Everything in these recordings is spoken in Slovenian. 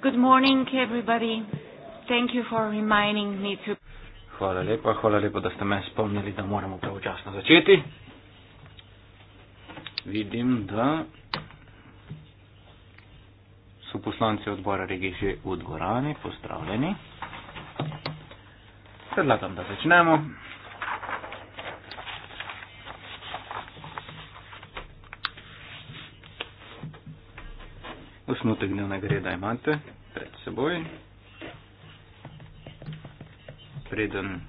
Good morning, everybody. Thank you for reminding me to. Hvala lepa, hvala lepa, da ste me spomnili, da moramo pravočasno začeti. Vidim, da so poslanci odbora regije že v dvorani, pozdravljeni. Predlagam, da začnemo. osnutek dnevnega reda imate pred seboj. Preden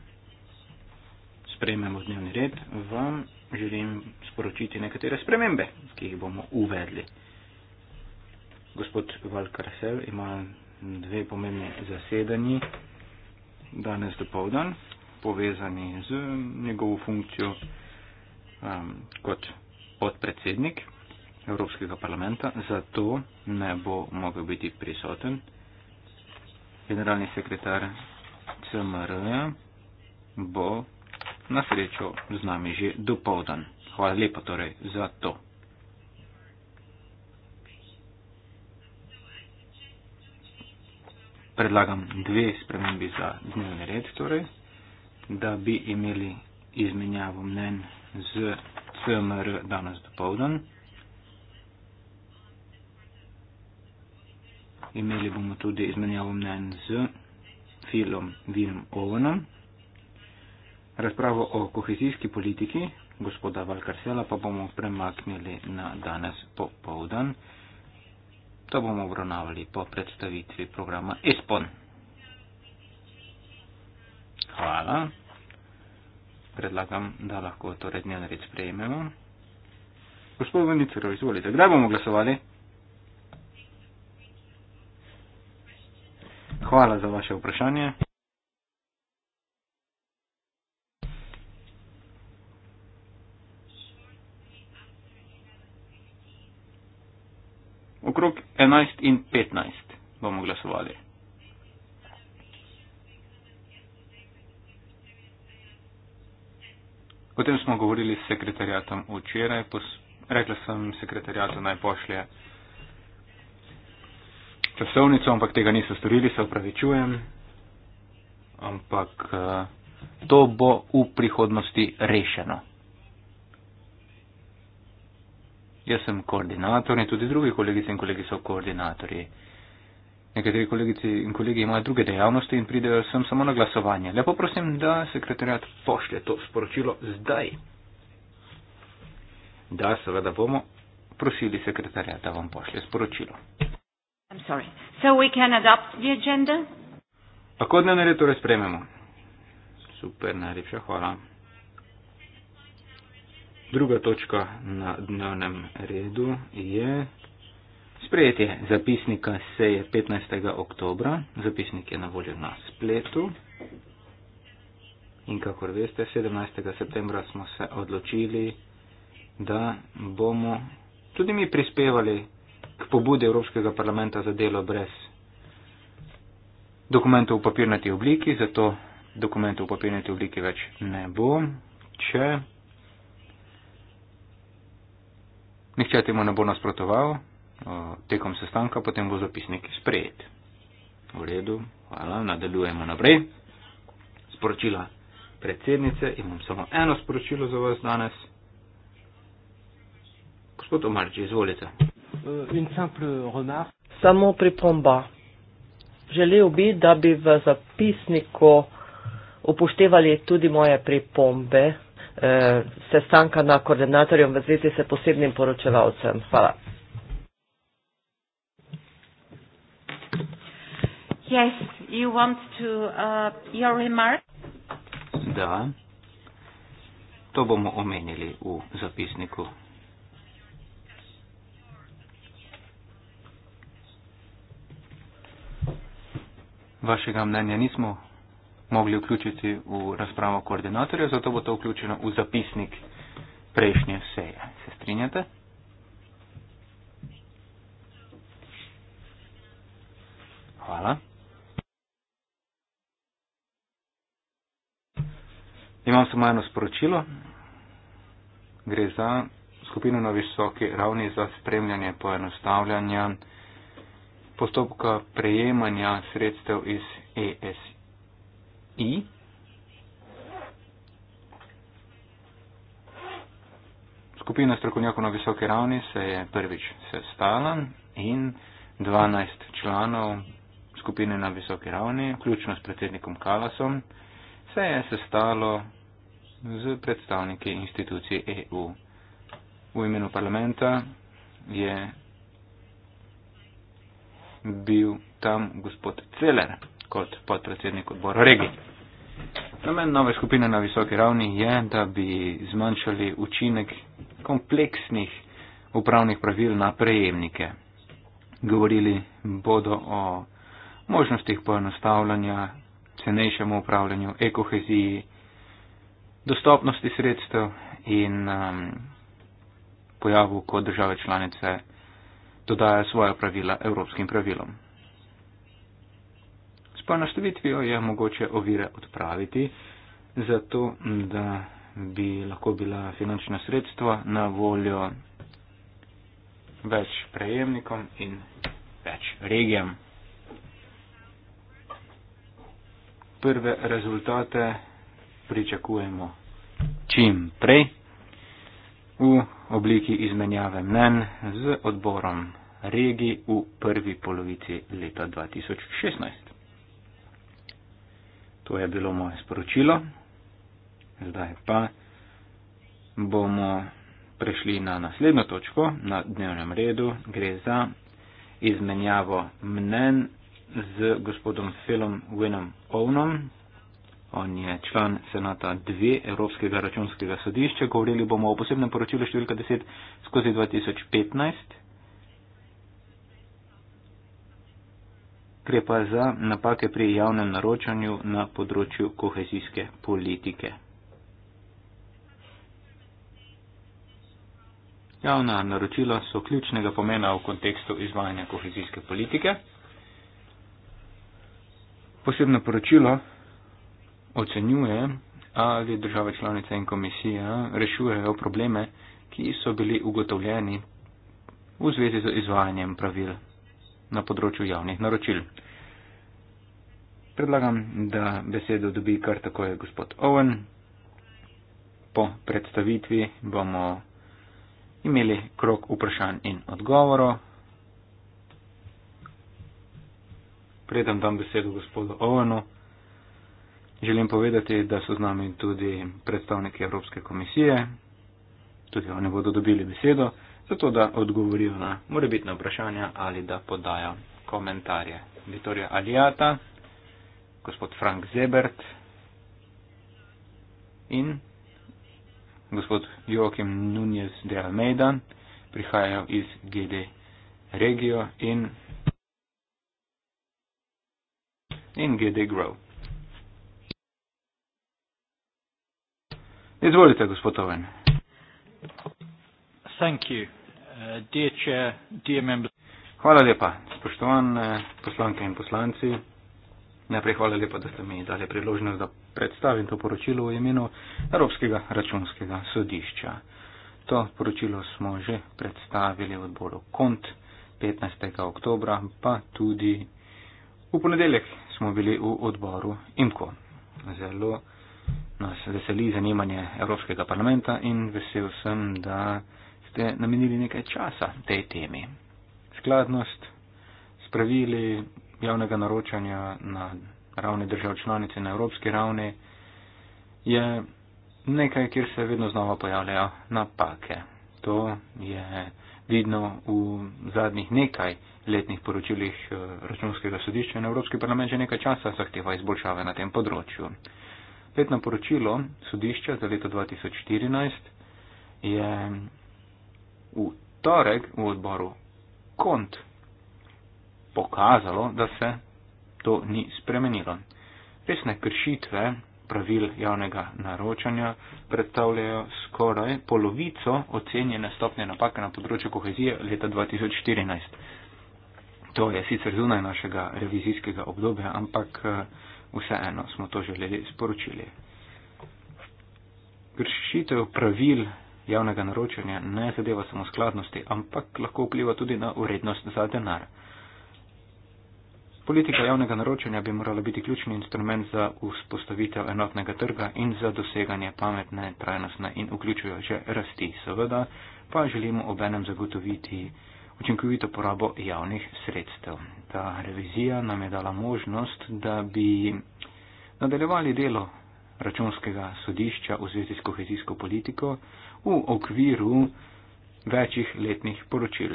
sprejmemo dnevni red, vam želim sporočiti nekatere spremembe, ki jih bomo uvedli. Gospod Valkarsel ima dve pomembni zasedanji danes do povdan, povezani z njegovo funkcijo um, kot podpredsednik Evropskega parlamenta, zato ne bo mogel biti prisoten generalni sekretar CMR bo na srečo z nami že dopoldan. Hvala lepa torej za to. Predlagam dve spremembi za dnevni red, torej, da bi imeli izmenjavo mnen z CMR danes dopoldan. imeli bomo tudi izmenjavo mnen z Filom Vilm Ovenom. Razpravo o kohezijski politiki gospoda Valkarsela pa bomo premaknili na danes popovdan. To bomo obravnavali po predstavitvi programa ESPON. Hvala. Predlagam, da lahko to redni red sprejmemo. Gospod Venicerov, izvolite, kdaj bomo glasovali? Hvala za vaše vprašanje. Okrog 11 in 15 bomo glasovali. O tem smo govorili s sekretarjatom včeraj. Rekla sem sekretarjatu naj pošlje časovnico, ampak tega niso storili, se upravičujem. Ampak eh, to bo v prihodnosti rešeno. Jaz sem koordinator in tudi drugi kolegice in kolegi so koordinatorji. Nekateri kolegici in kolegi imajo druge dejavnosti in pridejo sem samo na glasovanje. Lepo prosim, da sekretarjat pošlje to sporočilo zdaj. Da, seveda bomo prosili sekretarjata, da vam pošlje sporočilo. I'm sorry. So we can adopt the agenda? Lahko dnevno red torej sprememo. Super, najlepša hvala. Druga točka na dnevnem redu je sprejetje zapisnika seje 15. oktobra. Zapisnik je na voljo na spletu. In kakor veste, 17. septembra smo se odločili, da bomo tudi mi prispevali k pobudi Evropskega parlamenta za delo brez dokumentov v papirnati obliki, zato dokumentov v papirnati obliki več ne bo. Če nihče temu ne bo nasprotoval, tekom sestanka potem bo zapisnik sprejet. V redu, hvala, nadaljujemo naprej. Sporočila predsednice, imam samo eno sporočilo za vas danes. Gospod Omarči, izvolite euh, une simple remarque. Samo pripomba. Želel bi, da bi v zapisniku upoštevali tudi moje pripombe e, sestanka na koordinatorjem v zvezi s posebnim poročevalcem. Hvala. Yes, you want to, uh, your remark? Da, to bomo omenili v zapisniku. vašega mnenja nismo mogli vključiti v razpravo koordinatorja, zato bo to vključeno v zapisnik prejšnje seje. Se strinjate? Hvala. Imam samo eno sporočilo. Gre za skupino na visoki ravni za spremljanje poenostavljanja postopka prejemanja sredstev iz ESI. Skupina strokovnjakov na visoki ravni se je prvič sestala in 12 članov skupine na visoki ravni, vključno s predsednikom Kalasom, se je sestalo z predstavniki institucij EU. V imenu parlamenta je bil tam gospod Celer kot podpredsednik odbora regije. Namen nove skupine na visoki ravni je, da bi zmanjšali učinek kompleksnih upravnih pravil na prejemnike. Govorili bodo o možnostih poenostavljanja, cenejšemu upravljanju, ekoheziji, dostopnosti sredstev in um, pojavu kot države članice dodaja svoja pravila evropskim pravilom. S ponaštevitvijo je mogoče ovire odpraviti, zato da bi lahko bila finančna sredstva na voljo več prejemnikom in več regijam. Prve rezultate pričakujemo čim prej v obliki izmenjave mnen z odborom regiji v prvi polovici leta 2016. To je bilo moje sporočilo. Zdaj pa bomo prešli na naslednjo točko na dnevnem redu. Gre za izmenjavo mnen z gospodom Felom Winom Ownom. On je član senata 2 Evropskega računskega sodišča. Govorili bomo o posebnem poročilu številka 10 skozi 2015. gre pa za napake pri javnem naročanju na področju kohezijske politike. Javna naročila so ključnega pomena v kontekstu izvajanja kohezijske politike. Posebno poročilo ocenjuje, ali države članice in komisija rešujejo probleme, ki so bili ugotovljeni v zvezi z izvajanjem pravil na področju javnih naročil. Predlagam, da besedo dobi kar tako je gospod Owen. Po predstavitvi bomo imeli krok vprašanj in odgovorov. Predem dam besedo gospodu Owenu. Želim povedati, da so z nami tudi predstavniki Evropske komisije. Tudi oni bodo dobili besedo zato da odgovorijo na morebitne vprašanja ali da podajo komentarje. Vitorija Aljata, gospod Frank Zebert in gospod Joachim Nunez de Almeida prihajajo iz GD Regio in, in GD Grow. Izvolite, gospod Oven. Thank you. Dear Chair, dear members. Hvala lepa, spoštovane poslanke in poslanci. Najprej hvala lepa, da ste mi dali priložnost, da predstavim to poročilo v imenu Evropskega računskega sodišča. To poročilo smo že predstavili v odboru KONT 15. oktobra, pa tudi v ponedeljek smo bili v odboru IMKO. Zelo nas veseli zanimanje Evropskega parlamenta in vesel sem, da ste namenili nekaj časa tej temi. Skladnost s pravili javnega naročanja na ravni držav članice, na evropski ravni je nekaj, kjer se vedno znova pojavljajo napake. To je vidno v zadnjih nekaj letnih poročilih eh, računskega sodišča in Evropski parlament že nekaj časa zahteva izboljšave na tem področju. Letno poročilo sodišča za leto 2014 je u toreg u odboru kont pokazalo, da se to ni spremenilo. Resne kršitve pravil javnega naročanja predstavljajo skoraj polovico ocenjene stopnje napake na področju kohezije leta 2014. To je sicer zunaj našega revizijskega obdobja, ampak eh, vseeno smo to želeli sporočili. Kršitev pravil javnega naročanja ne zadeva samo skladnosti, ampak lahko vpliva tudi na urednost za denar. Politika javnega naročanja bi morala biti ključni instrument za vzpostavitev enotnega trga in za doseganje pametne, trajnostne in vključujoče rasti. Seveda pa želimo obenem zagotoviti učinkovito porabo javnih sredstev. Ta revizija nam je dala možnost, da bi nadaljevali delo računskega sodišča v zvezi s kohezijsko politiko v okviru večjih letnih poročil.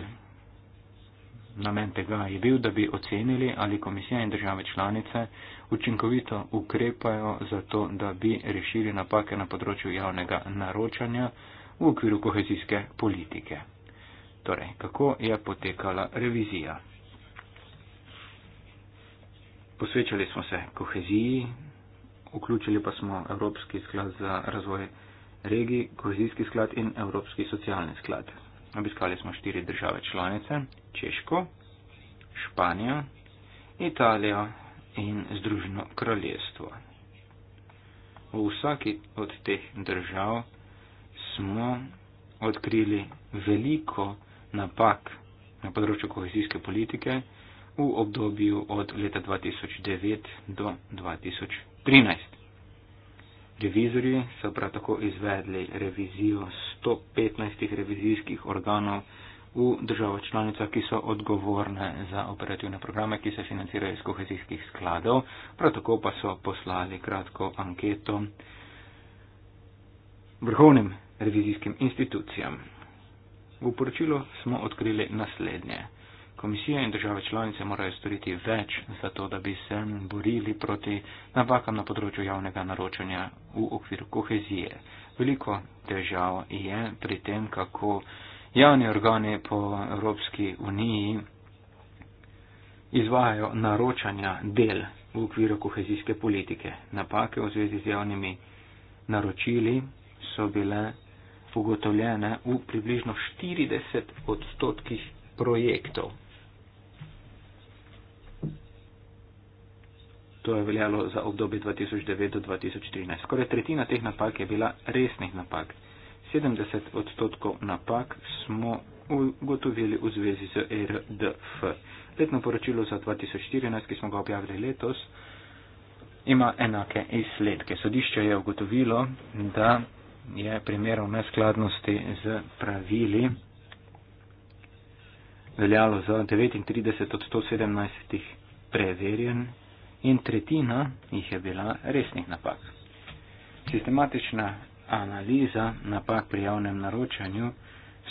Namen tega je bil, da bi ocenili, ali komisija in države članice učinkovito ukrepajo za to, da bi rešili napake na področju javnega naročanja v okviru kohezijske politike. Torej, kako je potekala revizija? Posvečali smo se koheziji, vključili pa smo Evropski sklad za razvoj regij, kohezijski sklad in Evropski socialni sklad. Obiskali smo štiri države članice, Češko, Španijo, Italijo in Združeno kraljestvo. V vsaki od teh držav smo odkrili veliko napak na področju kohezijske politike v obdobju od leta 2009 do 2013. Revizori so prav tako izvedli revizijo 115 revizijskih organov v državah članicah, ki so odgovorne za operativne programe, ki se financirajo iz kohezijskih skladov. Prav tako pa so poslali kratko anketo vrhovnim revizijskim institucijam. V poročilu smo odkrili naslednje komisija in države članice morajo storiti več za to, da bi se borili proti napakam na področju javnega naročanja v okviru kohezije. Veliko težav je pri tem, kako javni organi po Evropski uniji izvajajo naročanja del v okviru kohezijske politike. Napake v zvezi z javnimi naročili so bile ugotovljene v približno 40 odstotkih projektov. To je veljalo za obdobje 2009 do 2013. Skoraj tretjina teh napak je bila resnih napak. 70 odstotkov napak smo ugotovili v zvezi z RDF. Letno poročilo za 2014, ki smo ga objavili letos, ima enake izsledke. Sodišče je ugotovilo, da je primerov neskladnosti z pravili veljalo za 39 od 117 preverjenih in tretjina jih je bila resnih napak. Sistematična analiza napak pri javnem naročanju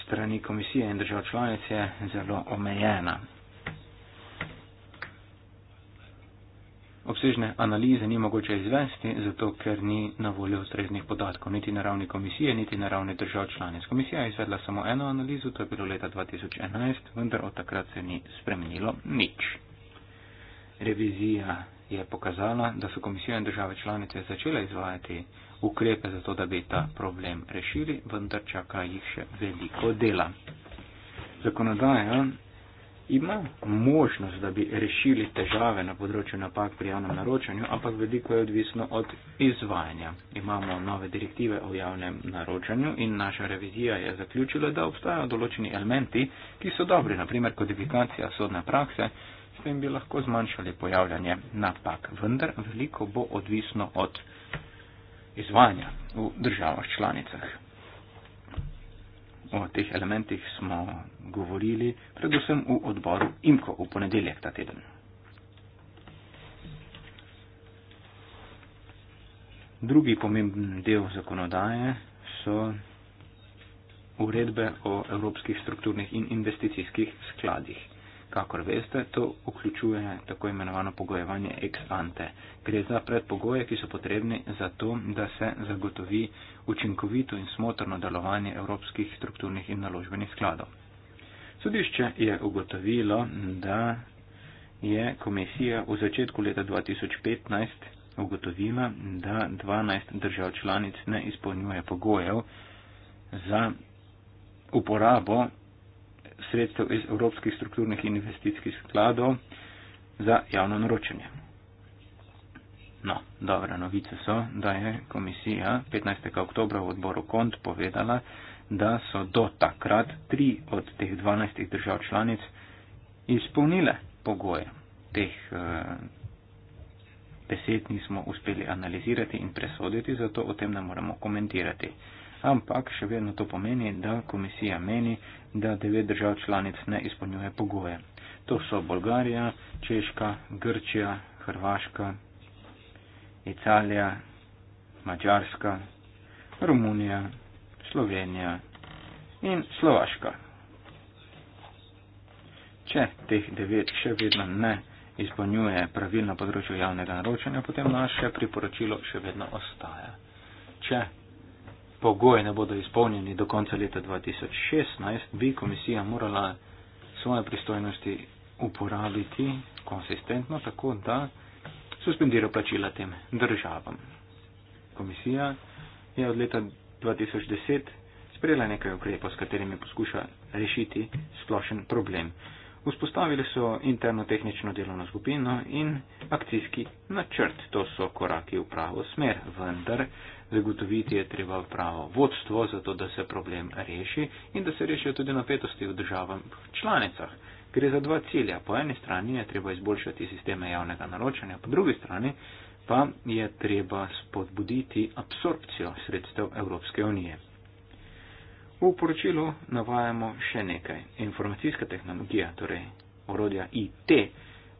strani komisije in držav članic je zelo omejena. Obsežne analize ni mogoče izvesti, zato ker ni na voljo ustreznih podatkov niti na ravni komisije, niti na ravni držav članic. Komisija je izvedla samo eno analizo, to je bilo leta 2011, vendar od takrat se ni spremenilo nič. Revizija je pokazala, da so komisije in države članice začele izvajati ukrepe za to, da bi ta problem rešili, vendar čaka jih še veliko dela. Zakonodaja ima možnost, da bi rešili težave na področju napak pri javnem naročanju, ampak veliko je odvisno od izvajanja. Imamo nove direktive o javnem naročanju in naša revizija je zaključila, da obstajajo določeni elementi, ki so dobri, naprimer kodifikacija sodne prakse, s tem bi lahko zmanjšali pojavljanje napak. Vendar veliko bo odvisno od izvanja v državah članicah. O teh elementih smo govorili predvsem v odboru IMKO v ponedeljek ta teden. Drugi pomemben del zakonodaje so uredbe o evropskih strukturnih in investicijskih skladih kakor veste, to vključuje tako imenovano pogojevanje ex ante. Gre za predpogoje, ki so potrebni za to, da se zagotovi učinkovito in smotrno delovanje evropskih strukturnih in naložbenih skladov. Sodišče je ugotovilo, da je komisija v začetku leta 2015 ugotovila, da 12 držav članic ne izpolnjuje pogojev za uporabo sredstev iz Evropskih strukturnih in investicijskih skladov za javno naročanje. No, dobre novice so, da je komisija 15. oktobra v odboru KONT povedala, da so do takrat tri od teh 12 držav članic izpolnile pogoje teh besed, eh, nismo uspeli analizirati in presoditi, zato o tem ne moremo komentirati ampak še vedno to pomeni, da komisija meni, da devet držav članic ne izpolnjuje pogoje. To so Bolgarija, Češka, Grčija, Hrvaška, Italija, Mačarska, Romunija, Slovenija in Slovaška. Če teh devet še vedno ne izpolnjuje pravilno področje javnega naročanja, potem naše priporočilo še vedno ostaja. Če pogoji ne bodo izpolnjeni do konca leta 2016, bi komisija morala svoje pristojnosti uporabiti konsistentno, tako da suspendira plačila tem državam. Komisija je od leta 2010 sprejela nekaj ukrepov, s katerimi poskuša rešiti splošen problem. Vzpostavili so interno tehnično delovno skupino in akcijski načrt. To so koraki v pravo smer, vendar zagotoviti je treba pravo vodstvo, zato da se problem reši in da se rešijo tudi napetosti v državah članicah. Gre za dva cilja. Po eni strani je treba izboljšati sisteme javnega naročanja, po drugi strani pa je treba spodbuditi absorpcijo sredstev Evropske unije. V poročilu navajamo še nekaj. Informacijska tehnologija, torej orodja IT,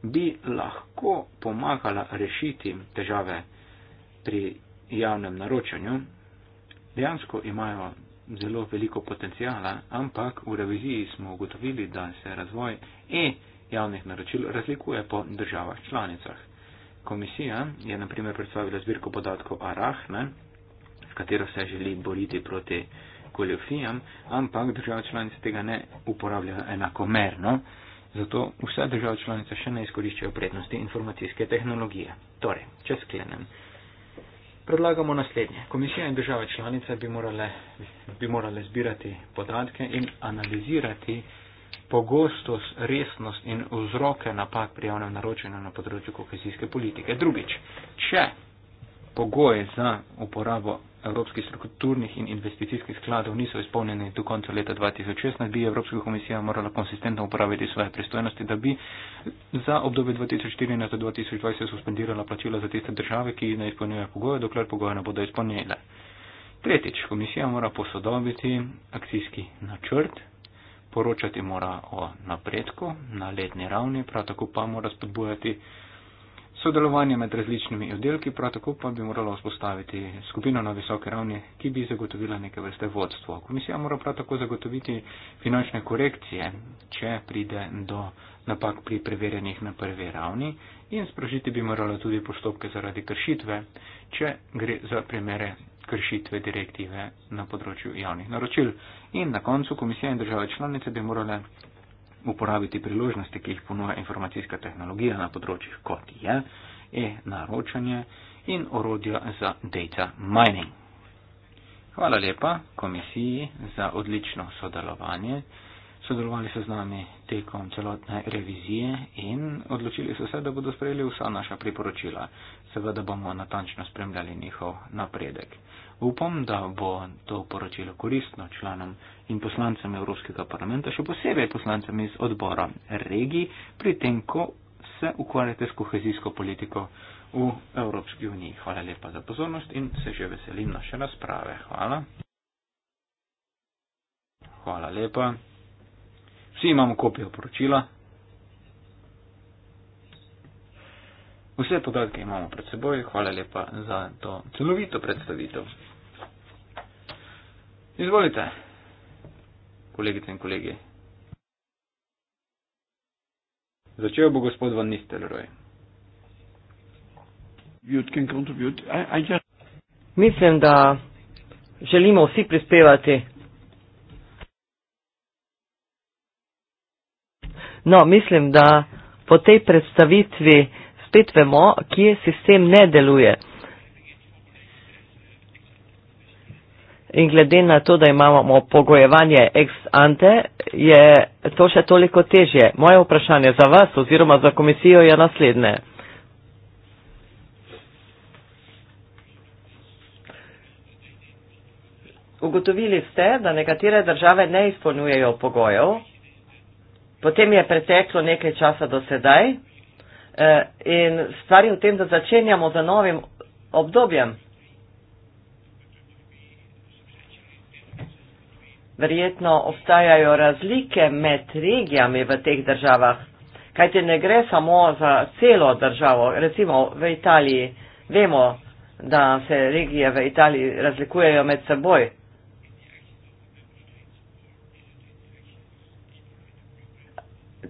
bi lahko pomagala rešiti težave pri javnem naročanju, dejansko imajo zelo veliko potencijala, ampak v reviziji smo ugotovili, da se razvoj e-javnih naročil razlikuje po državah članicah. Komisija je na primer predstavila zbirko podatkov Arahne, s katero se želi boriti proti goljofijam, ampak države članice tega ne uporabljajo enakomerno, zato vse države članice še ne izkoriščajo prednosti informacijske tehnologije. Torej, če sklenem, predlagamo naslednje. Komisija in države članice bi morale, bi morale zbirati podatke in analizirati pogostost, resnost in vzroke napak pri javnem naročanju na področju kohezijske politike. Drugič, če pogoje za uporabo evropskih strukturnih in investicijskih skladov niso izpolnjeni do konca leta 2016, bi Evropska komisija morala konsistentno upraviti svoje pristojnosti, da bi za obdobje 2014-2020 suspendirala plačila za tiste države, ki ne izpolnjujejo pogoje, dokler pogoje ne bodo izpolnjene. Tretjič, komisija mora posodobiti akcijski načrt, poročati mora o napredku na letni ravni, prav tako pa mora spodbujati sodelovanje med različnimi oddelki, prav tako pa bi moralo vzpostaviti skupino na visoke ravni, ki bi zagotovila neke vrste vodstvo. Komisija mora prav tako zagotoviti finančne korekcije, če pride do napak pri preverjenih na prvi ravni in sprožiti bi morala tudi postopke zaradi kršitve, če gre za primere kršitve direktive na področju javnih naročil. In na koncu komisija in države članice bi morale uporabiti priložnosti, ki jih ponuja informacijska tehnologija na področjih kot je e-naročanje in orodja za data mining. Hvala lepa komisiji za odlično sodelovanje sodelovali so z nami tekom celotne revizije in odločili so se, da bodo sprejeli vsa naša priporočila. Seveda bomo natančno spremljali njihov napredek. Upam, da bo to poročilo koristno članom in poslancem Evropskega parlamenta, še posebej poslancem iz odbora regij, pri tem, ko se ukvarjate s kohezijsko politiko v Evropski uniji. Hvala lepa za pozornost in se že veselim naše razprave. Hvala. Hvala lepa. Vsi imamo kopijo poročila. Vse podatke imamo pred seboj. Hvala lepa za to celovito predstavitev. Izvolite, kolegice in kolegi. Začel bo gospod Van Nistelrooy. Mislim, da želimo vsi prispevati No, mislim, da po tej predstavitvi spet vemo, kje sistem ne deluje. In glede na to, da imamo pogojevanje ex ante, je to še toliko težje. Moje vprašanje za vas oziroma za komisijo je naslednje. Ugotovili ste, da nekatere države ne izpolnjujejo pogojev. Potem je preteklo nekaj časa do sedaj eh, in stvar je v tem, da začenjamo z novim obdobjem. Verjetno obstajajo razlike med regijami v teh državah, kajte ne gre samo za celo državo. Recimo v Italiji vemo, da se regije v Italiji razlikujejo med seboj.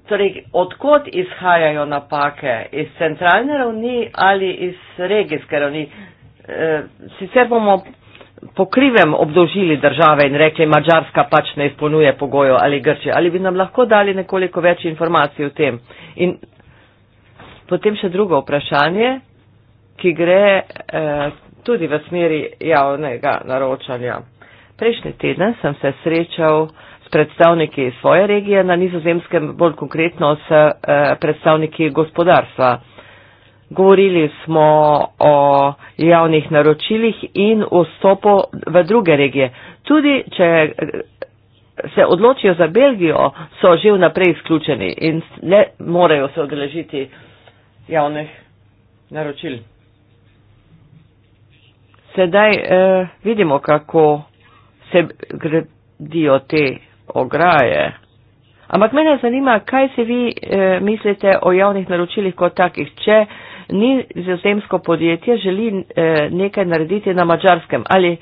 torej, odkot izhajajo napake, iz centralne ravni ali iz regijske ravni? E, sicer bomo pokrivem obdožili države in rekli, Mačarska pač ne izpolnjuje pogojev ali Grče. Ali bi nam lahko dali nekoliko več informacij o tem? In potem še drugo vprašanje, ki gre e, tudi v smeri javnega naročanja. Prejšnji teden sem se srečal, predstavniki svoje regije, na nizozemskem bolj konkretno s eh, predstavniki gospodarstva. Govorili smo o javnih naročilih in vstopu v druge regije. Tudi, če eh, se odločijo za Belgijo, so že vnaprej izključeni in ne morejo se odeležiti javnih naročil. Sedaj eh, vidimo, kako se gradijo te ograje. Ampak mene zanima, kaj se vi e, mislite o javnih naročilih kot takih, če ni zazemsko podjetje, želi e, nekaj narediti na mačarskem, ali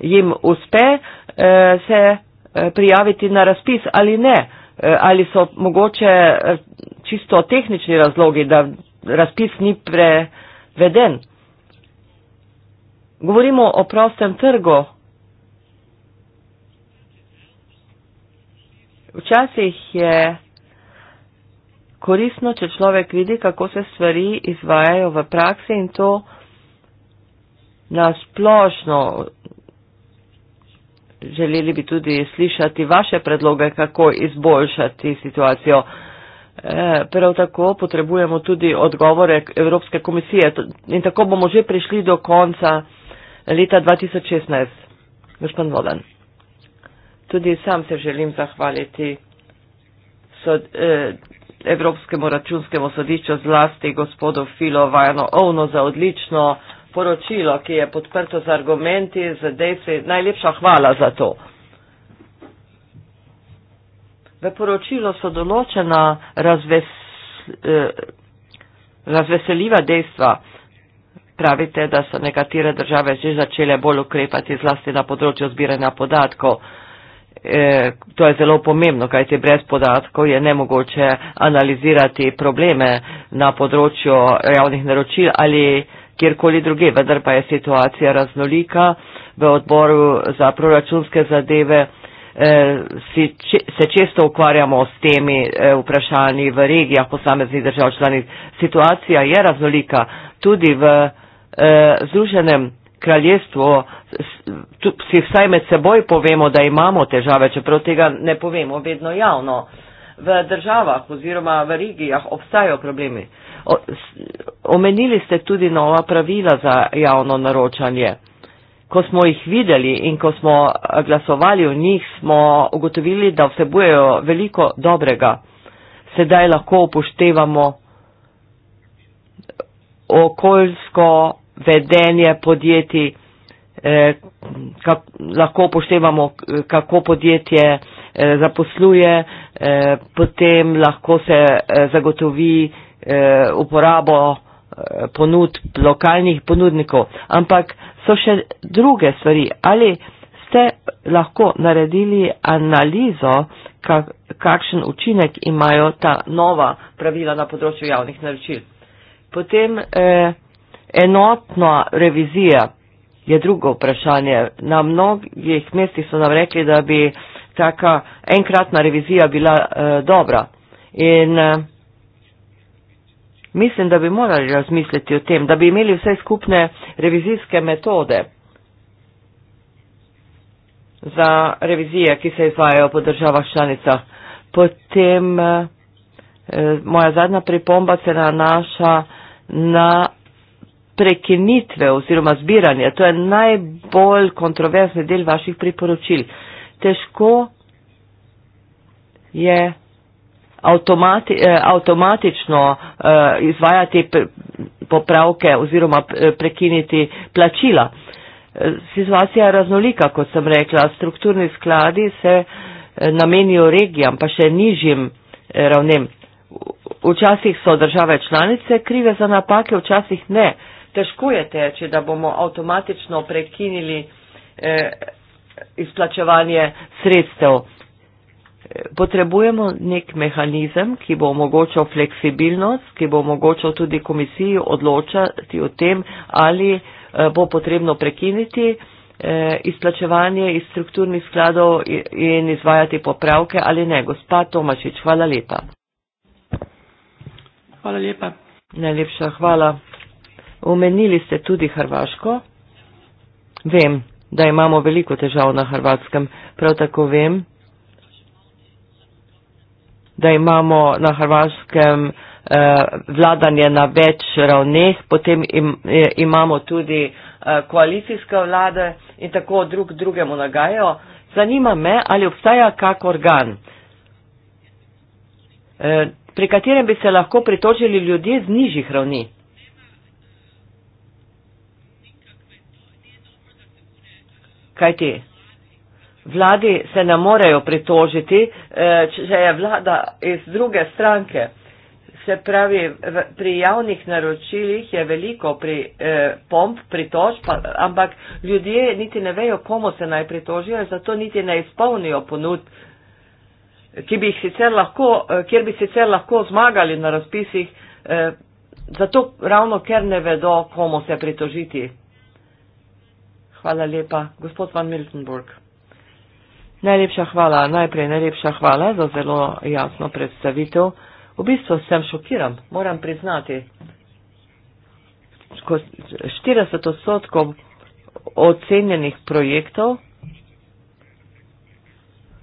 jim uspe e, se e, prijaviti na razpis ali ne, e, ali so mogoče e, čisto tehnični razlogi, da razpis ni preveden. Govorimo o prostem trgu. včasih je koristno, če človek vidi, kako se stvari izvajajo v praksi in to nasplošno. Želeli bi tudi slišati vaše predloge, kako izboljšati situacijo. E, prav tako potrebujemo tudi odgovore Evropske komisije in tako bomo že prišli do konca leta 2016. Gospod Vodan. Tudi sam se želim zahvaliti sod, eh, Evropskemu računskemu sodišču zlasti gospodu Filo Vajano Ovno za odlično poročilo, ki je podprto z argumenti, z dejstvi. Najlepša hvala za to. V poročilu so določena razves, eh, razveseljiva dejstva. Pravite, da so nekatere države že začele bolj ukrepati zlasti na področju zbiranja podatkov. Eh, to je zelo pomembno, kajti brez podatkov je nemogoče analizirati probleme na področju javnih naročil ali kjerkoli druge, vendar pa je situacija raznolika. V odboru za proračunske zadeve eh, se često ukvarjamo s temi eh, vprašanji v regijah posameznih držav članic. Situacija je raznolika tudi v Združenem kraljestvo, vsi vsaj med seboj povemo, da imamo težave, čeprav tega ne povemo vedno javno. V državah oziroma v regijah obstajajo problemi. O, s, omenili ste tudi nova pravila za javno naročanje. Ko smo jih videli in ko smo eh, glasovali o njih, smo ugotovili, da vsebujejo veliko dobrega. Sedaj lahko upoštevamo okoljsko vedenje podjetij, eh, lahko poštevamo, eh, kako podjetje eh, zaposluje, potem lahko se zagotovi uporabo ponudb lokalnih ponudnikov. Ampak so še druge stvari. Ali ste lahko naredili analizo, kakšen učinek imajo ta nova pravila na področju javnih naročil? Potem eh, Enotna revizija je drugo vprašanje. Na mnogih mestih so nam rekli, da bi taka enkratna revizija bila eh, dobra. In eh, mislim, da bi morali razmisliti o tem, da bi imeli vse skupne revizijske metode za revizije, ki se izvajajo po državah članicah. Potem eh, eh moja zadnja pripomba se nanaša na prekinitve oziroma zbiranja. To je najbolj kontroverzni del vaših priporočil. Težko je automati, eh, automatično eh, izvajati popravke oziroma prekiniti plačila. Situacija je raznolika, kot sem rekla. Strukturni skladi se eh, namenijo regijam, pa še nižjim eh, ravnem. Včasih so države članice krive za napake, včasih ne. Eh, težko je teči, da bomo avtomatično prekinili eh, izplačevanje sredstev. Potrebujemo nek mehanizem, ki bo omogočal fleksibilnost, ki bo omogočal tudi komisiji odločati o tem, ali eh, bo potrebno prekiniti eh, izplačevanje iz strukturnih skladov in izvajati popravke ali ne. Gospa Tomašič, hvala lepa. Hvala lepa. Najlepša hvala. Omenili ste tudi Hrvaško. Vem, da imamo veliko težav na Hrvatskem. Prav tako vem, da imamo na Hrvaškem eh, vladanje na več ravneh, potem eh, imamo tudi eh, koalicijske vlade in tako drug drugemu nagajajo. Zanima me, ali obstaja kak organ, pri katerem bi se lahko pritožili ljudje z nižjih ravni. kajti vladi se ne morejo pritožiti, eh, če je vlada iz druge stranke. Se pravi, pri javnih naročilih je veliko pri eh, pomp, pritož, ampak ljudje niti ne vejo, komu se naj pritožijo, zato niti ne izpolnijo ponud. Ki bi jih sicer lahko, eh, kjer bi sicer lahko zmagali na razpisih, eh, zato ravno ker ne vedo, komu se pritožiti. Hvala lepa. Gospod van Miltenburg. Najlepša hvala. Najprej najlepša hvala za zelo jasno predstavitev. V bistvu sem šokiran, moram priznati. 40 odstotkov ocenjenih projektov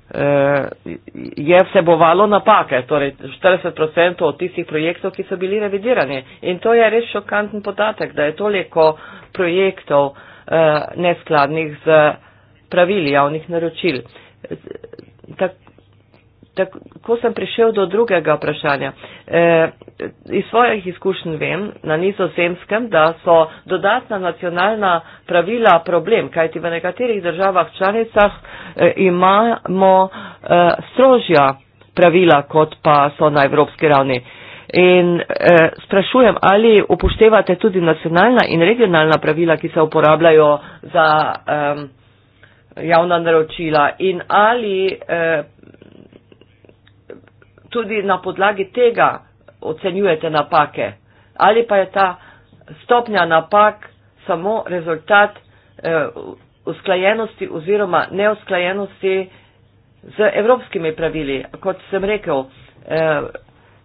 eh, je vsebovalo napake, torej 40 odstotkov od tistih projektov, ki so bili revidirani. In to je res šokanten podatek, da je toliko projektov, Eh, neskladnih z pravili javnih naročil. Tak, tako sem prišel do drugega vprašanja. E, iz svojih izkušenj vem na nizozemskem, da so dodatna nacionalna pravila problem, kajti v nekaterih državah članicah e, imamo e, strožja pravila, kot pa so na evropski ravni. E, In eh, sprašujem, ali upoštevate tudi nacionalna in regionalna pravila, ki se uporabljajo za eh, javna naročila in ali eh, tudi na podlagi tega ocenjujete napake. Ali pa je ta stopnja napak samo rezultat eh, usklajenosti oziroma neusklajenosti z evropskimi pravili, kot sem rekel. Eh,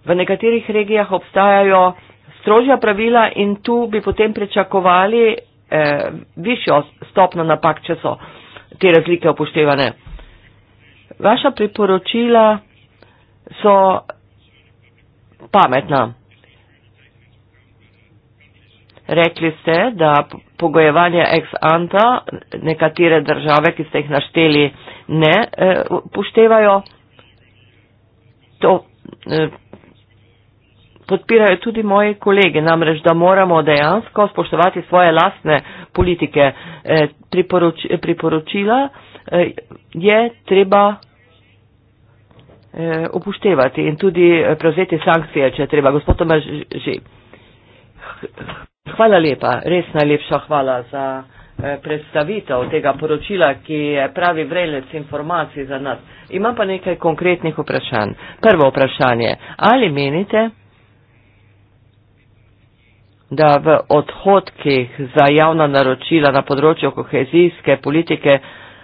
V nekaterih regijah obstajajo strožja pravila in tu bi potem pričakovali eh, višjo stopno napak, če so te razlike upoštevane. Vaša priporočila so pametna. Rekli ste, da pogojevanje ex anta nekatere države, ki ste jih našteli, ne eh, upoštevajo. Eh, to eh, podpirajo tudi moji kolegi, namreč, da moramo dejansko spoštovati svoje lastne politike. E, priporoč, priporočila e, je treba e, upoštevati in tudi prevzeti sankcije, če je treba. Gospod Tomaž, že. Hvala lepa, res najlepša hvala za predstavitev tega poročila, ki je pravi vrelec informacij za nas. Imam pa nekaj konkretnih vprašanj. Prvo vprašanje, ali menite, da v odhodkih za javna naročila na področju kohezijske politike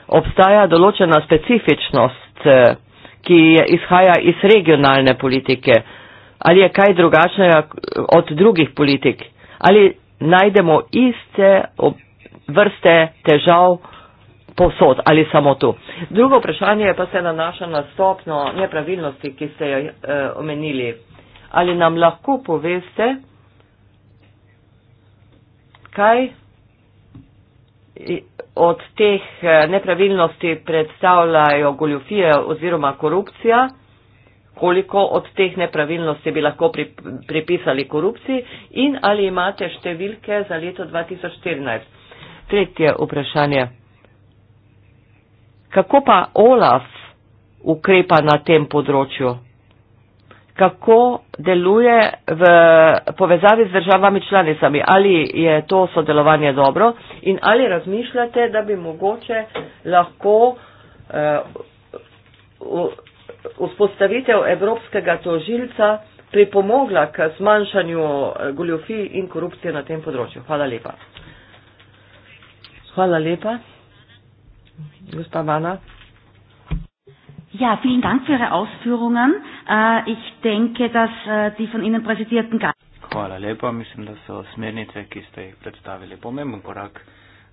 obstaja določena specifičnost, eh, ki izhaja iz regionalne politike. Ali je kaj drugačnega eh, od drugih politik? Ali najdemo iste vrste težav posod ali samo tu? Drugo vprašanje pa se nanaša na stopno nepravilnosti, ki ste jo eh, omenili. Ali nam lahko poveste, kaj od teh eh, nepravilnosti predstavljajo goljofije oziroma korupcija, koliko od teh nepravilnosti bi lahko pripisali korupciji in ali imate številke za leto 2014. Tretje vprašanje. Kako pa Olaf ukrepa na tem področju? kako deluje v povezavi z državami članicami. Ali je to sodelovanje dobro in ali razmišljate, da bi mogoče lahko eh, vzpostavitev evropskega tožilca pripomogla k zmanjšanju eh, goljofij in korupcije na tem področju. Hvala lepa. Hvala lepa. Gospa Mana. Ja, vielen Dank für Ihre Ausführungen. Äh, ich denke, dass äh, die von Ihnen präsentierten Hvala lepa, mislim, da so smernice, ki ste jih predstavili, pomemben korak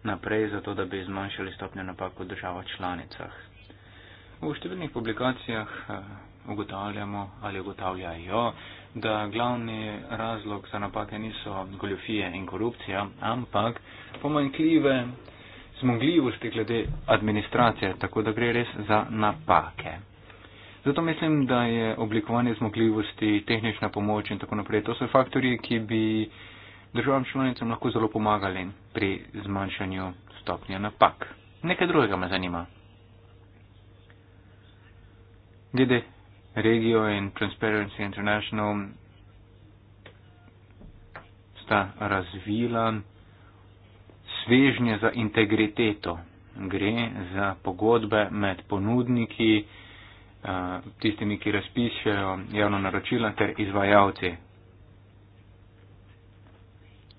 naprej za to, da bi zmanjšali stopnjo napak v državah članicah. V številnih publikacijah eh, ugotavljamo ali ugotavljajo, da glavni razlog za napake niso goljofije in korupcija, ampak pomanjkljive zmogljivosti glede administracije, tako da gre res za napake. Zato mislim, da je oblikovanje zmogljivosti, tehnična pomoč in tako naprej, to so faktori, ki bi državam članicam lahko zelo pomagali pri zmanjšanju stopnje napak. Nekaj drugega me zanima. Glede regijo in Transparency International sta razvila svežnje za integriteto. Gre za pogodbe med ponudniki, eh, tistimi, ki razpišajo javno naročila, ter izvajalci.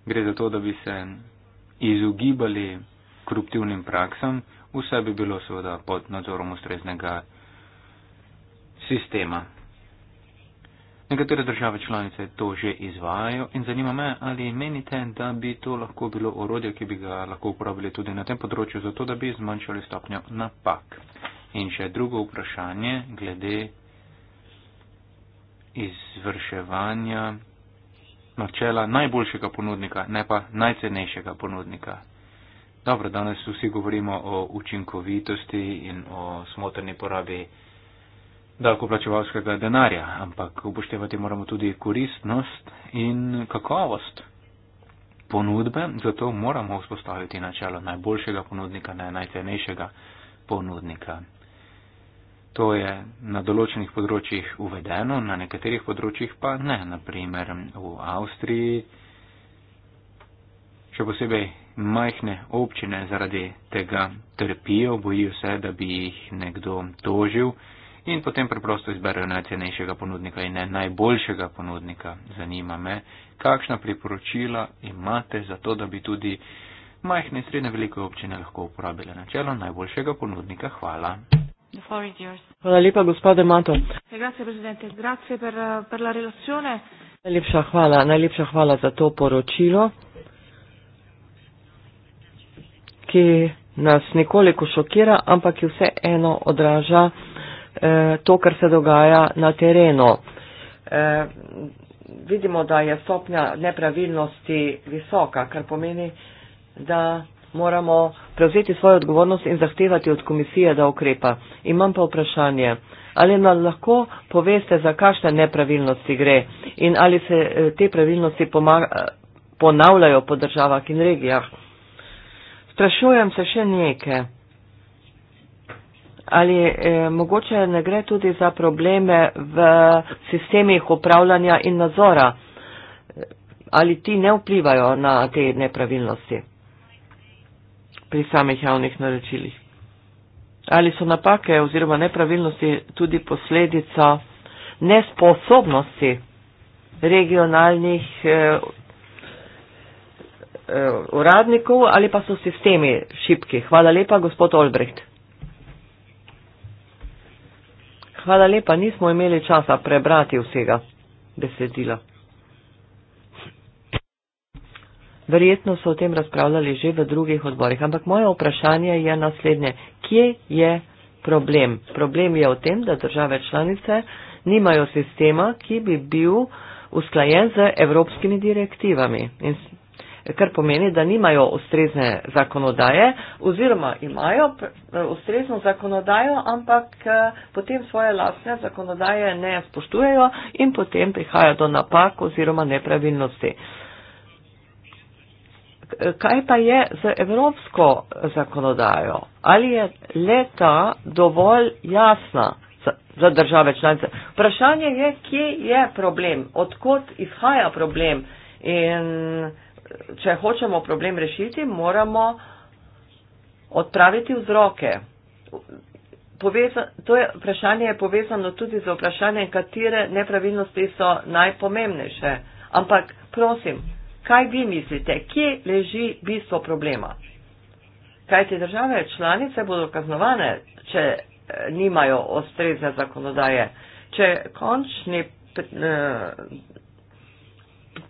Gre za to, da bi se izogibali koruptivnim praksam, vse bi bilo seveda pod nadzorom ustreznega sistema. Nekatere države članice to že izvajajo in zanima me, ali menite, da bi to lahko bilo orodje, ki bi ga lahko uporabili tudi na tem področju, zato da bi zmanjšali stopnjo napak. In še drugo vprašanje glede izvrševanja načela najboljšega ponudnika, ne pa najcenejšega ponudnika. Dobro, danes vsi govorimo o učinkovitosti in o smotrni porabi davkoplačevalskega denarja, ampak upoštevati moramo tudi koristnost in kakovost ponudbe, zato moramo vzpostaviti načelo najboljšega ponudnika, ne najcenejšega ponudnika. To je na določenih področjih uvedeno, na nekaterih področjih pa ne, naprimer v Avstriji, še posebej majhne občine zaradi tega trpijo, bojijo se, da bi jih nekdo tožil, in potem preprosto izberejo najcenejšega ponudnika in ne najboljšega ponudnika. Zanima me, kakšna priporočila imate za to, da bi tudi majhne in srednje velike občine lahko uporabile načelo najboljšega ponudnika. Hvala. Hvala lepa, gospode Mato. Najlepša hvala, najlepša hvala za to poročilo, ki nas nekoliko šokira, ampak ki vse eno odraža. Eh, to, kar se dogaja na terenu. Eh, vidimo, da je stopnja nepravilnosti visoka, kar pomeni, da moramo prevzeti svojo odgovornost in zahtevati od komisije, da ukrepa. Imam pa vprašanje, ali nam lahko poveste, za kakšne nepravilnosti gre in ali se eh, te pravilnosti ponavljajo po državah in regijah. Sprašujem se še nekaj ali eh, mogoče ne gre tudi za probleme v sistemih upravljanja in nadzora, ali ti ne vplivajo na te nepravilnosti pri samih javnih naročilih. Ali so napake oziroma nepravilnosti tudi posledica nesposobnosti regionalnih eh, eh uradnikov ali pa so sistemi šipki? Hvala lepa, gospod Olbrecht. Hvala lepa, nismo imeli časa prebrati vsega besedila. Verjetno so o tem razpravljali že v drugih odborih, ampak moje vprašanje je naslednje. Kje je problem? Problem je v tem, da države članice nimajo sistema, ki bi bil usklajen z evropskimi direktivami. In kar pomeni, da nimajo ustrezne zakonodaje oziroma imajo eh, ustrezno zakonodajo, ampak eh, potem svoje lastne zakonodaje ne spoštujejo in potem prihaja do napak oziroma nepravilnosti. Kaj pa je z evropsko zakonodajo? Ali je leta dovolj jasna? za države članice. Vprašanje je, kje je problem, odkot izhaja problem in če hočemo problem rešiti, moramo odpraviti vzroke. Poveza, to je, vprašanje je povezano tudi z vprašanjem, katere nepravilnosti so najpomembnejše. Ampak, prosim, kaj vi mislite, kje leži bistvo problema? Kaj te države članice bodo kaznovane, če eh, nimajo ostrezne zakonodaje? Če končni eh,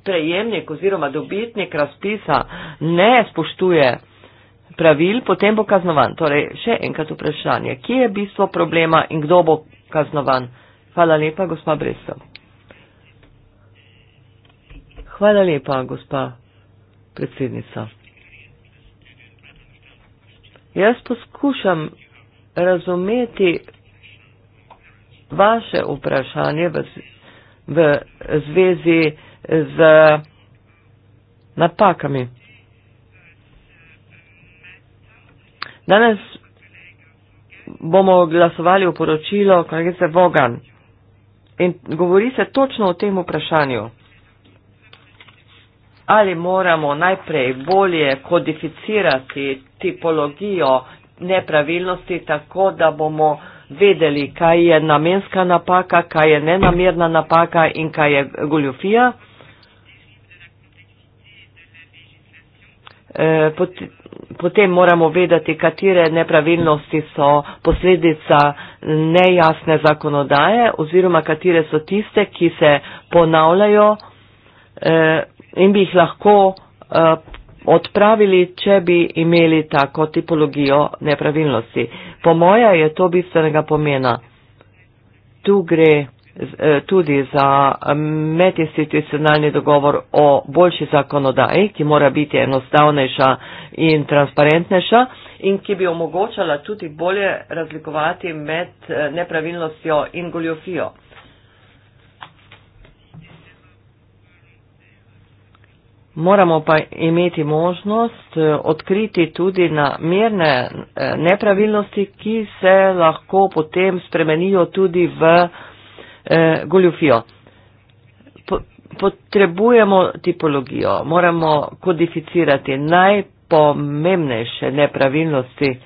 prejemnik oziroma dobitnik razpisa ne spoštuje pravil, potem bo kaznovan. Torej, še enkrat vprašanje, kje je bistvo problema in kdo bo kaznovan? Hvala lepa, gospa Bresto. Hvala lepa, gospa predsednica. Jaz poskušam razumeti vaše vprašanje v, v zvezi z napakami. Danes bomo glasovali v poročilo, kaj je se vogan. In govori se točno o tem vprašanju. Ali moramo najprej bolje kodificirati tipologijo nepravilnosti, tako da bomo vedeli, kaj je namenska napaka, kaj je nenamerna napaka in kaj je goljofija. Eh, pot, potem moramo vedeti, katere nepravilnosti so posledica nejasne zakonodaje oziroma katere so tiste, ki se ponavljajo eh, in bi jih lahko eh, odpravili, če bi imeli tako tipologijo nepravilnosti. Po moja je to bistvenega pomena. Tu gre. Eh, tudi za eh, medinstitucionalni dogovor o boljši zakonodaji, ki mora biti enostavnejša in transparentnejša in ki bi omogočala tudi bolje razlikovati med eh, nepravilnostjo in goljofijo. Moramo pa imeti možnost odkriti tudi na mirne nepravilnosti, ki se lahko potem spremenijo tudi v eh, goljufijo. Po, potrebujemo tipologijo, moramo kodificirati najpomembnejše nepravilnosti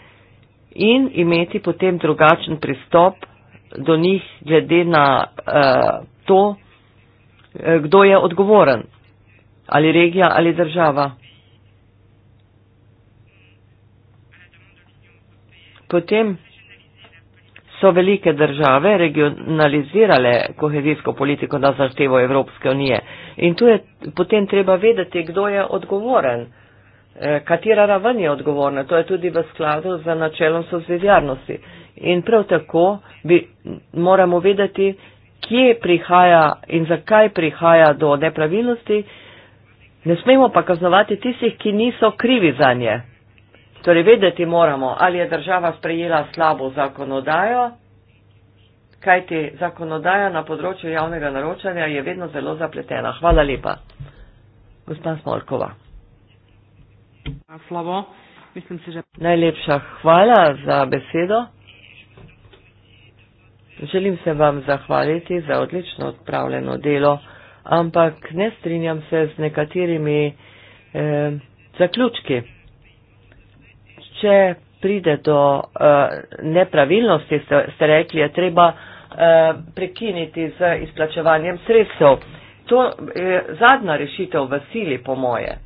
in imeti potem drugačen pristop do njih glede na eh, to, eh, kdo je odgovoren, ali regija ali država. Potem so velike države regionalizirale kohezijsko politiko na zahtevo Evropske unije. In tu je potem treba vedeti, kdo je odgovoren, eh, katera raven je odgovorna. To je tudi v skladu z načelom sozvezjarnosti. In prav tako bi, moramo vedeti, kje prihaja in zakaj prihaja do nepravilnosti. Ne smemo pa kaznovati tistih, ki niso krivi za nje. Torej, vedeti moramo, ali je država sprejela slabo zakonodajo, kajti zakonodaja na področju javnega naročanja je vedno zelo zapletena. Hvala lepa. Gospa Smolkova. Slabo. Mislim si, že... Najlepša hvala za besedo. Želim se vam zahvaliti za odlično odpravljeno delo, ampak ne strinjam se z nekaterimi eh, zaključki če pride do uh, nepravilnosti, ste, ste rekli, je treba uh, prekiniti z izplačevanjem sredstev. To je zadnja rešitev v sili, po moje.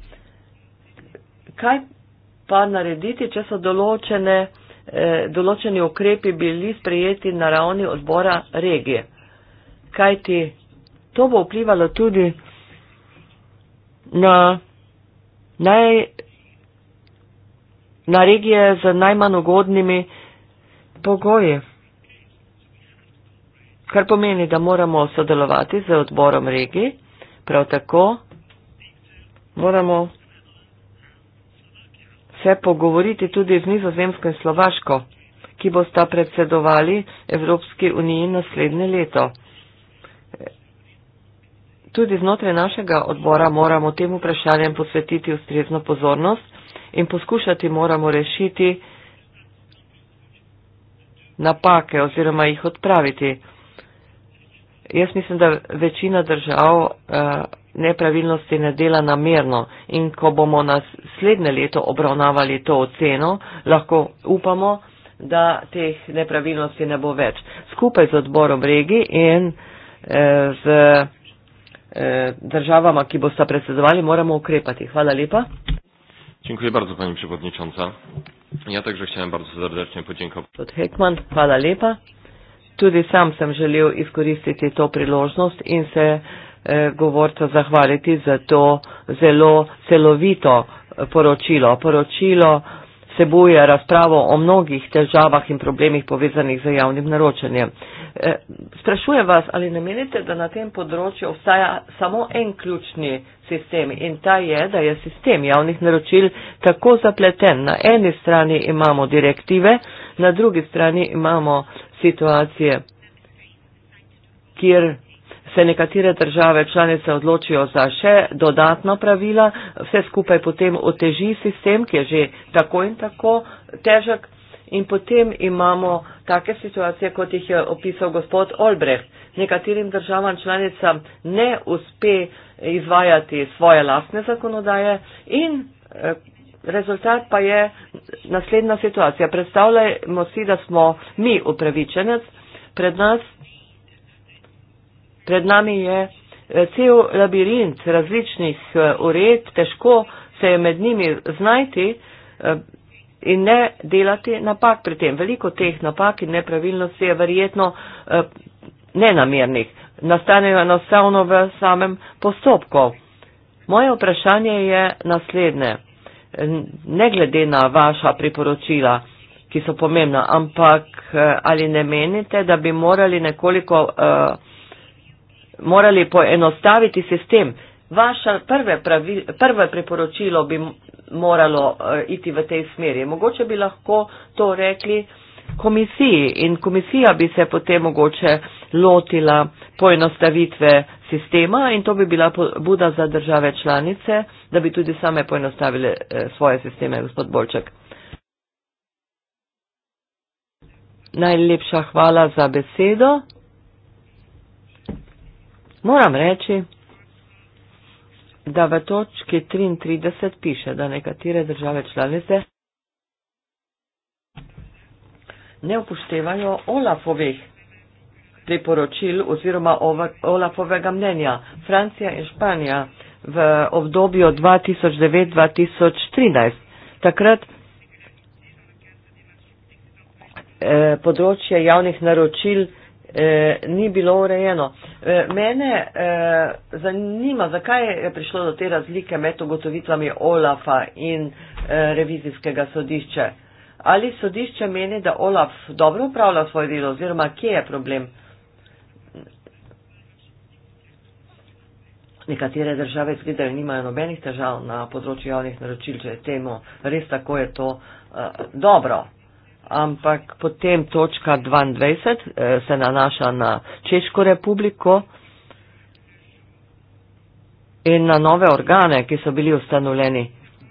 Kaj pa narediti, če so določene, eh, določeni ukrepi bili sprejeti na ravni odbora regije? Kaj ti to bo vplivalo tudi na naj na regije z najmanj ugodnimi pogoji. Kar pomeni, da moramo sodelovati z odborom regij, prav tako moramo se pogovoriti tudi z nizozemsko in slovaško, ki bosta predsedovali Evropski uniji naslednje leto. Tudi znotraj našega odbora moramo tem vprašanjem posvetiti ustrezno pozornost, in poskušati moramo rešiti napake oziroma jih odpraviti. Jaz mislim, da večina držav eh, nepravilnosti ne dela namerno in ko bomo naslednje leto obravnavali to oceno, lahko upamo, da teh nepravilnosti ne bo več. Skupaj z odborom regi in eh, z eh, državama, ki bosta predsedovali, moramo ukrepati. Hvala lepa. Dziękuję bardzo Pani Przewodnicząca. Ja także chciałem bardzo serdecznie podziękować. Pod Hekman, hvala lepa. Tudi sam sam želel iskoristiti to priložnost in se eh, govorca zahvaliti za to zelo celovito eh, poročilo. Poročilo sebuje razpravo o mnogih težavah in problemih povezanih z javnim naročanjem. Eh, sprašujem vas, ali ne menite, da na tem področju obstaja samo en ključni sistem in ta je, da je sistem javnih naročil tako zapleten. Na eni strani imamo direktive, na drugi strani imamo situacije, kjer se nekatere države članice odločijo za še dodatna pravila, vse skupaj potem oteži sistem, ki je že tako in tako težek. In potem imamo take situacije, kot jih je opisal gospod Olbreh. Nekaterim državam članicam ne uspe izvajati svoje lastne zakonodaje in eh, rezultat pa je naslednja situacija. Predstavljajmo si, da smo mi upravičenec, pred, nas, pred nami je eh, cel labirint različnih eh, ured, težko se je med njimi znajti in ne delati napak pri tem. Veliko teh napak in nepravilnosti je verjetno nenamernih nastane enostavno v samem postopku. Moje vprašanje je naslednje. Ne glede na vaša priporočila, ki so pomembna, ampak eh, ali ne menite, da bi morali nekoliko uh, morali poenostaviti sistem? Vaše prvo priporočilo bi moralo uh, iti v tej smeri. Mogoče bi lahko to rekli komisiji in komisija bi se potem mogoče lotila poenostavitve sistema in to bi bila buda za države članice, da bi tudi same poenostavile eh, svoje sisteme, gospod Bolček. Najlepša hvala za besedo. Moram reči, da v točki 33 piše, da nekatere države članice ne upoštevajo Olafovih priporočil oziroma Olafovega mnenja. Francija in Španija v obdobju 2009-2013. Takrat eh, področje javnih naročil eh, ni bilo urejeno. Eh, mene eh, zanima, zakaj je prišlo do te razlike med ugotovitvami Olafa in eh, revizijskega sodišča ali sodišče meni, da Olaf dobro upravlja svoje delo oziroma kje je problem. Nekatere države izgledajo, nimajo nobenih težav na področju javnih naročil, če je temu res tako, je to uh, dobro. Ampak potem točka 22 eh, se nanaša na Češko republiko in na nove organe, ki so bili ustanovljeni.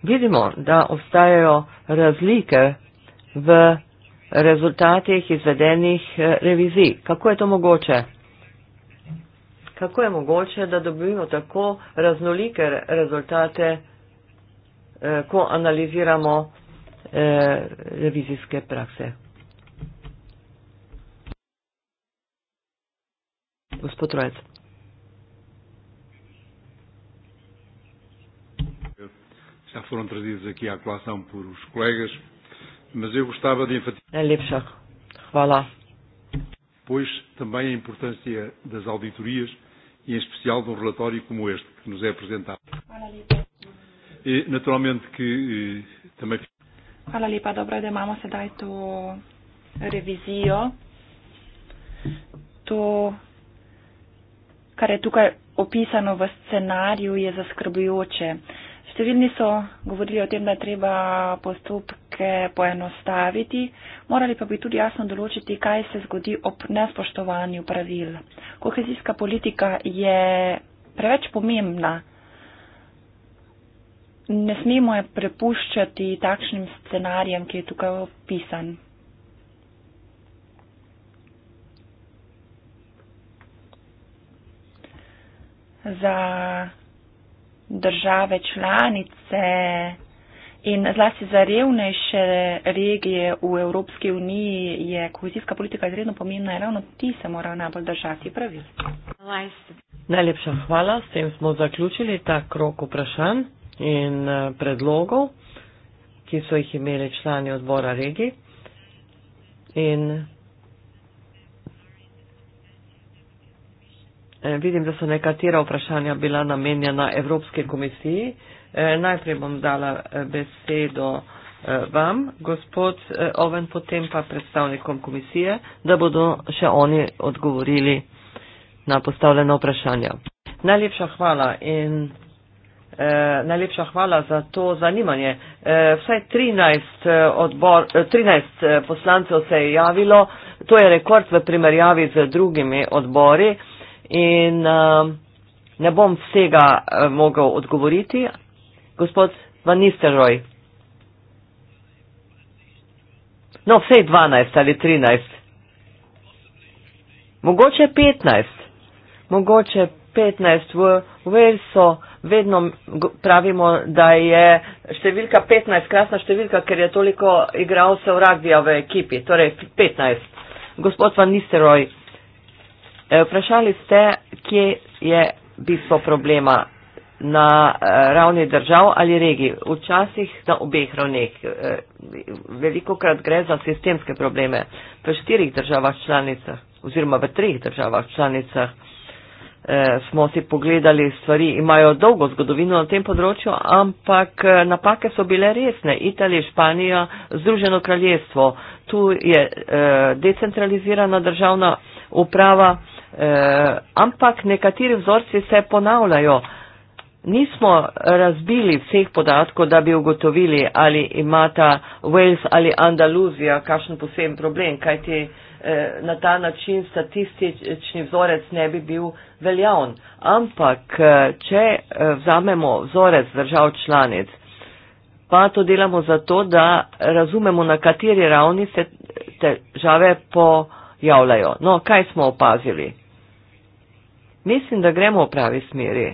Vidimo, da obstajajo razlike v rezultatih izvedenih eh, revizij. Kako je to mogoče? Kako je mogoče, da dobimo tako raznolike rezultate, eh, ko analiziramo eh, revizijske prakse? Gospod Rojec. Já foram trazidos aqui à colação por os colegas. Mas eu gostava de enfatizar. Voilà. Pois também a importância das auditorias, e em especial de um relatório como este que nos é apresentado. E, naturalmente que e, também. Hvala lepa, dobro, da imamo sedaj to revizijo. To, kar je tukaj opisano v scenariju, je zaskrbljujoče. Številni so govorili o tem, da je treba postopke postopke poenostaviti, morali pa bi tudi jasno določiti, kaj se zgodi ob nespoštovanju pravil. Kohezijska politika je preveč pomembna. Ne smemo je prepuščati takšnim scenarijem, ki je tukaj opisan. Za države članice. In zlasti za revnejše regije v Evropski uniji je kohezijska politika izredno pomembna in ravno ti se morajo najbolj držati pravil. Najlepša hvala. S tem smo zaključili ta krok vprašanj in eh, predlogov, ki so jih imeli člani odbora regij. In eh, vidim, da so nekatera vprašanja bila namenjena Evropske komisiji. Eh, najprej bom dala eh, besedo eh, vam, gospod Oven, potem pa predstavnikom komisije, da bodo še oni odgovorili na postavljeno vprašanje. Najlepša hvala in eh, najlepša hvala za to zanimanje. Eh, vsaj 13, odbor, 13 poslancev se je javilo, to je rekord v primerjavi z drugimi odbori in eh, ne bom vsega eh, mogel odgovoriti, gospod Van Nistelrooy. No, vse je 12 ali 13. Mogoče 15. Mogoče 15. V Walesu vedno pravimo, da je številka 15 krasna številka, ker je toliko igralcev ragbija v ekipi. Torej 15. Gospod Van Nistelrooy, eh, vprašali ste, kje je bistvo problema na eh, ravni držav ali regij, včasih na obeh ravneh. Eh, Veliko krat gre za sistemske probleme v štirih državah članicah oziroma v treh državah članicah. Eh, smo si pogledali stvari, imajo dolgo zgodovino na tem področju, ampak napake so bile resne. Italija, Španija, Združeno kraljestvo, tu je decentralizirana državna uprava, ampak nekateri vzorci se ponavljajo. Nismo razbili vseh podatkov, da bi ugotovili, ali imata Wales ali Andaluzija kakšen poseben problem, kajti eh, na ta način statistični vzorec ne bi bil veljavn. Ampak, eh, če eh, vzamemo vzorec držav članic, pa to delamo zato, da razumemo, na kateri ravni se težave pojavljajo. No, kaj smo opazili? Mislim, da gremo v pravi smeri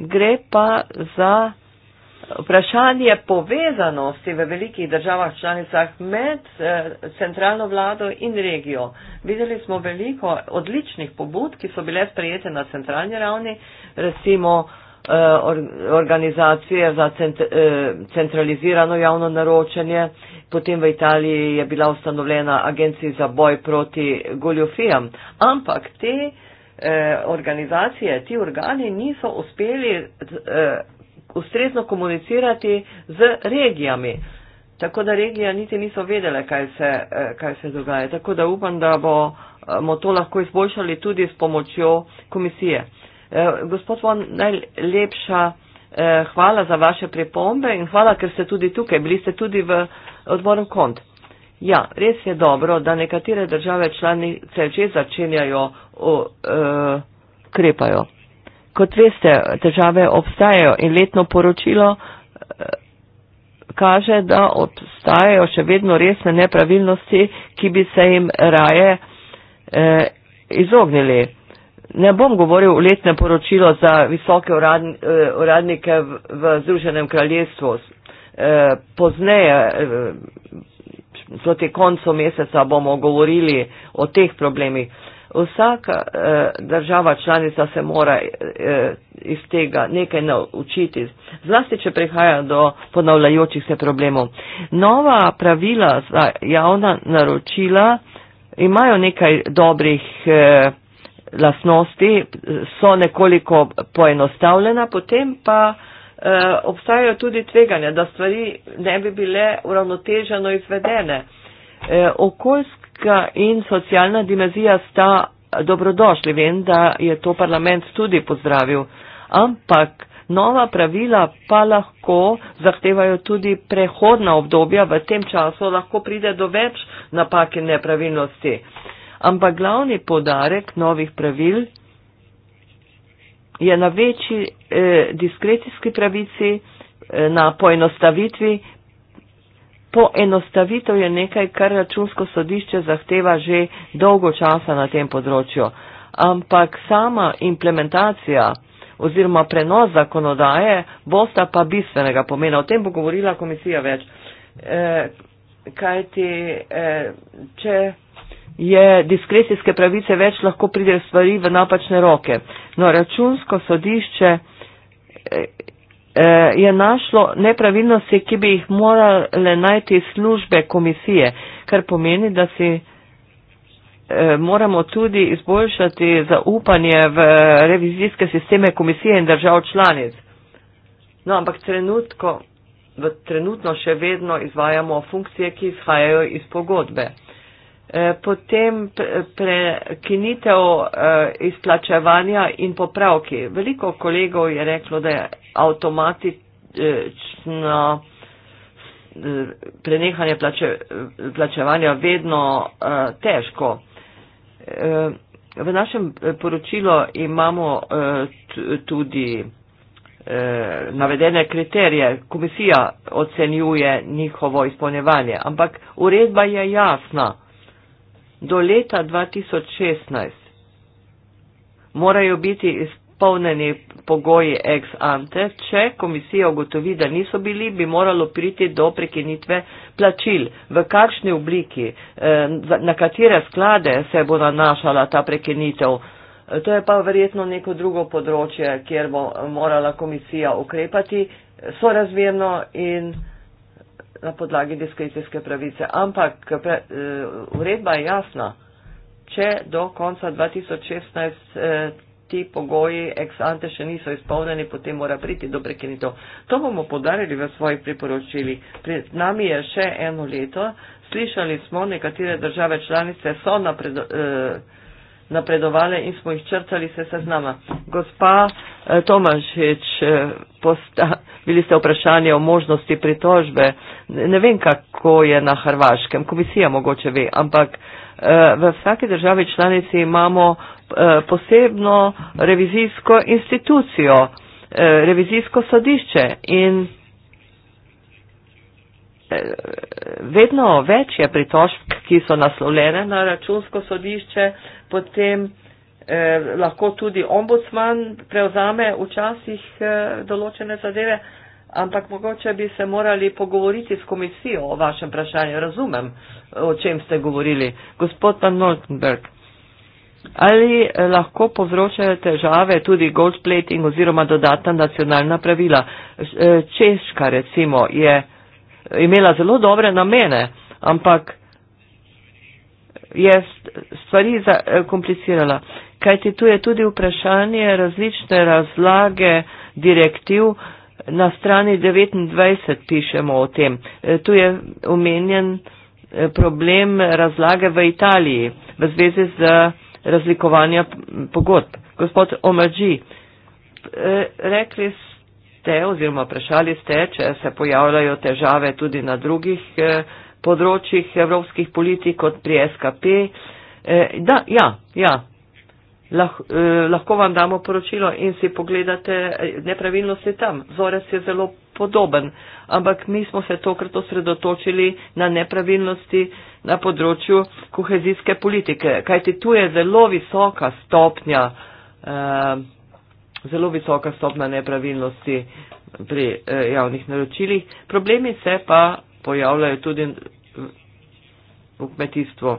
gre pa za vprašanje povezanosti v velikih državah članicah med eh, centralno vlado in regijo. Videli smo veliko odličnih pobud, ki so bile sprejete na centralni ravni, recimo eh, organizacije za eh, centralizirano javno naročanje, potem v Italiji je bila ustanovljena agencija za boj proti goljofijam, ampak te eh, organizacije, ti organi niso uspeli eh, ustrezno komunicirati z regijami. Tako da regija niti niso vedele, kaj se, eh, kaj se dogaja. Tako da upam, da bomo eh, to lahko izboljšali tudi s pomočjo komisije. Eh, gospod Von, najlepša eh, hvala za vaše pripombe in hvala, ker ste tudi tukaj. Bili ste tudi v odboru KONT. Ja, res je dobro, da nekatere države članice že začenjajo E, ukrepajo. Kot veste, težave obstajajo in letno poročilo e, kaže, da obstajajo še vedno resne nepravilnosti, ki bi se jim raje e, izognili. Ne bom govoril o letnem poročilu za visoke uradnike v Združenem kraljestvu. Pozneje, proti koncu meseca, bomo govorili o teh problemih vsaka eh, država članica se mora eh, iz tega nekaj naučiti, zlasti če prihaja do ponavljajočih se problemov. Nova pravila za javna naročila imajo nekaj dobrih eh, lasnosti, so nekoliko poenostavljena, potem pa eh, obstajajo tudi tveganja, da stvari ne bi bile uravnoteženo izvedene. Eh, okoljsko ekonomska in socialna dimenzija sta dobrodošli. Vem, da je to parlament tudi pozdravil, ampak nova pravila pa lahko zahtevajo tudi prehodna obdobja, v tem času lahko pride do več napak in nepravilnosti. Ampak glavni podarek novih pravil je na večji eh, diskrecijski pravici, eh, na poenostavitvi Poenostavitev je nekaj, kar računsko sodišče zahteva že dolgo časa na tem področju, ampak sama implementacija oziroma prenos zakonodaje bosta pa bistvenega pomena. O tem bo govorila komisija več. E, eh, kaj ti, e, eh, če je diskresijske pravice več, lahko pride stvari v napačne roke. No, računsko sodišče. E, Eh, je našlo nepravilnosti, ki bi jih morale najti službe komisije, kar pomeni, da si eh, moramo tudi izboljšati zaupanje v revizijske sisteme komisije in držav članic. No, ampak trenutko, trenutno še vedno izvajamo funkcije, ki izhajajo iz pogodbe. Eh, potem prekinitev eh, izplačevanja in popravki. Veliko kolegov je reklo, da je avtomatično eh, prenehanje plače, plačevanja vedno težko. V našem poročilu imamo tudi navedene kriterije. Komisija ocenjuje njihovo izpolnjevanje, ampak uredba je jasna do leta 2016 morajo biti izpolneni pogoji ex ante. Če komisija ugotovi, da niso bili, bi moralo priti do prekinitve plačil. V kakšni obliki, eh, na katere sklade se bo nanašala ta prekinitev, eh, to je pa verjetno neko drugo področje, kjer bo morala komisija ukrepati eh, sorazmerno in na podlagi diskrecijske pravice. Ampak pre, e, uredba je jasna, če do konca 2016 e, ti pogoji ex ante še niso izpolnjeni, potem mora priti do prekinitev. To bomo podarili v svojih priporočilih. Pred nami je še eno leto. Slišali smo, nekatere države članice so napredovali. Eh, napredovale in smo jih črtali se seznama. Gospa eh, Tomašič, eh, posta, bili ste vprašanje o možnosti pritožbe. Ne vem, kako je na Hrvaškem, komisija mogoče ve, ampak eh, v vsaki državi članici imamo posebno revizijsko institucijo, revizijsko sodišče in Eh, vedno več je pritožb, ki so naslovljene na računsko sodišče, potem eh, lahko tudi ombudsman prevzame včasih eh, določene zadeve, ampak mogoče bi se morali pogovoriti s komisijo o vašem vprašanju. Razumem, o čem ste govorili. Gospod Van Noltenberg, ali eh, lahko povzročajo težave tudi goldplating oziroma dodatna nacionalna pravila? Eh, Češka recimo je imela zelo dobre namene, ampak je stvari zakomplicirala. Eh, Kaj ti tu je tudi vprašanje različne razlage direktiv, na strani 29 pišemo o tem. Eh, tu je omenjen eh, problem razlage v Italiji v zvezi z razlikovanjem pogodb. Gospod Omađi, rekli ste, ste oziroma vprašali ste, če se pojavljajo težave tudi na drugih eh, področjih evropskih politik kot pri SKP. Eh, da, ja, ja. Eh, lahko vam damo poročilo in si pogledate nepravilnosti tam. Zorec je zelo podoben, ampak mi smo se tokrat osredotočili na nepravilnosti na področju kohezijske politike, kajti tu je zelo visoka stopnja. Uh, zelo visoka stopna nepravilnosti pri eh, javnih naročilih. Problemi se pa pojavljajo tudi v kmetijstvu.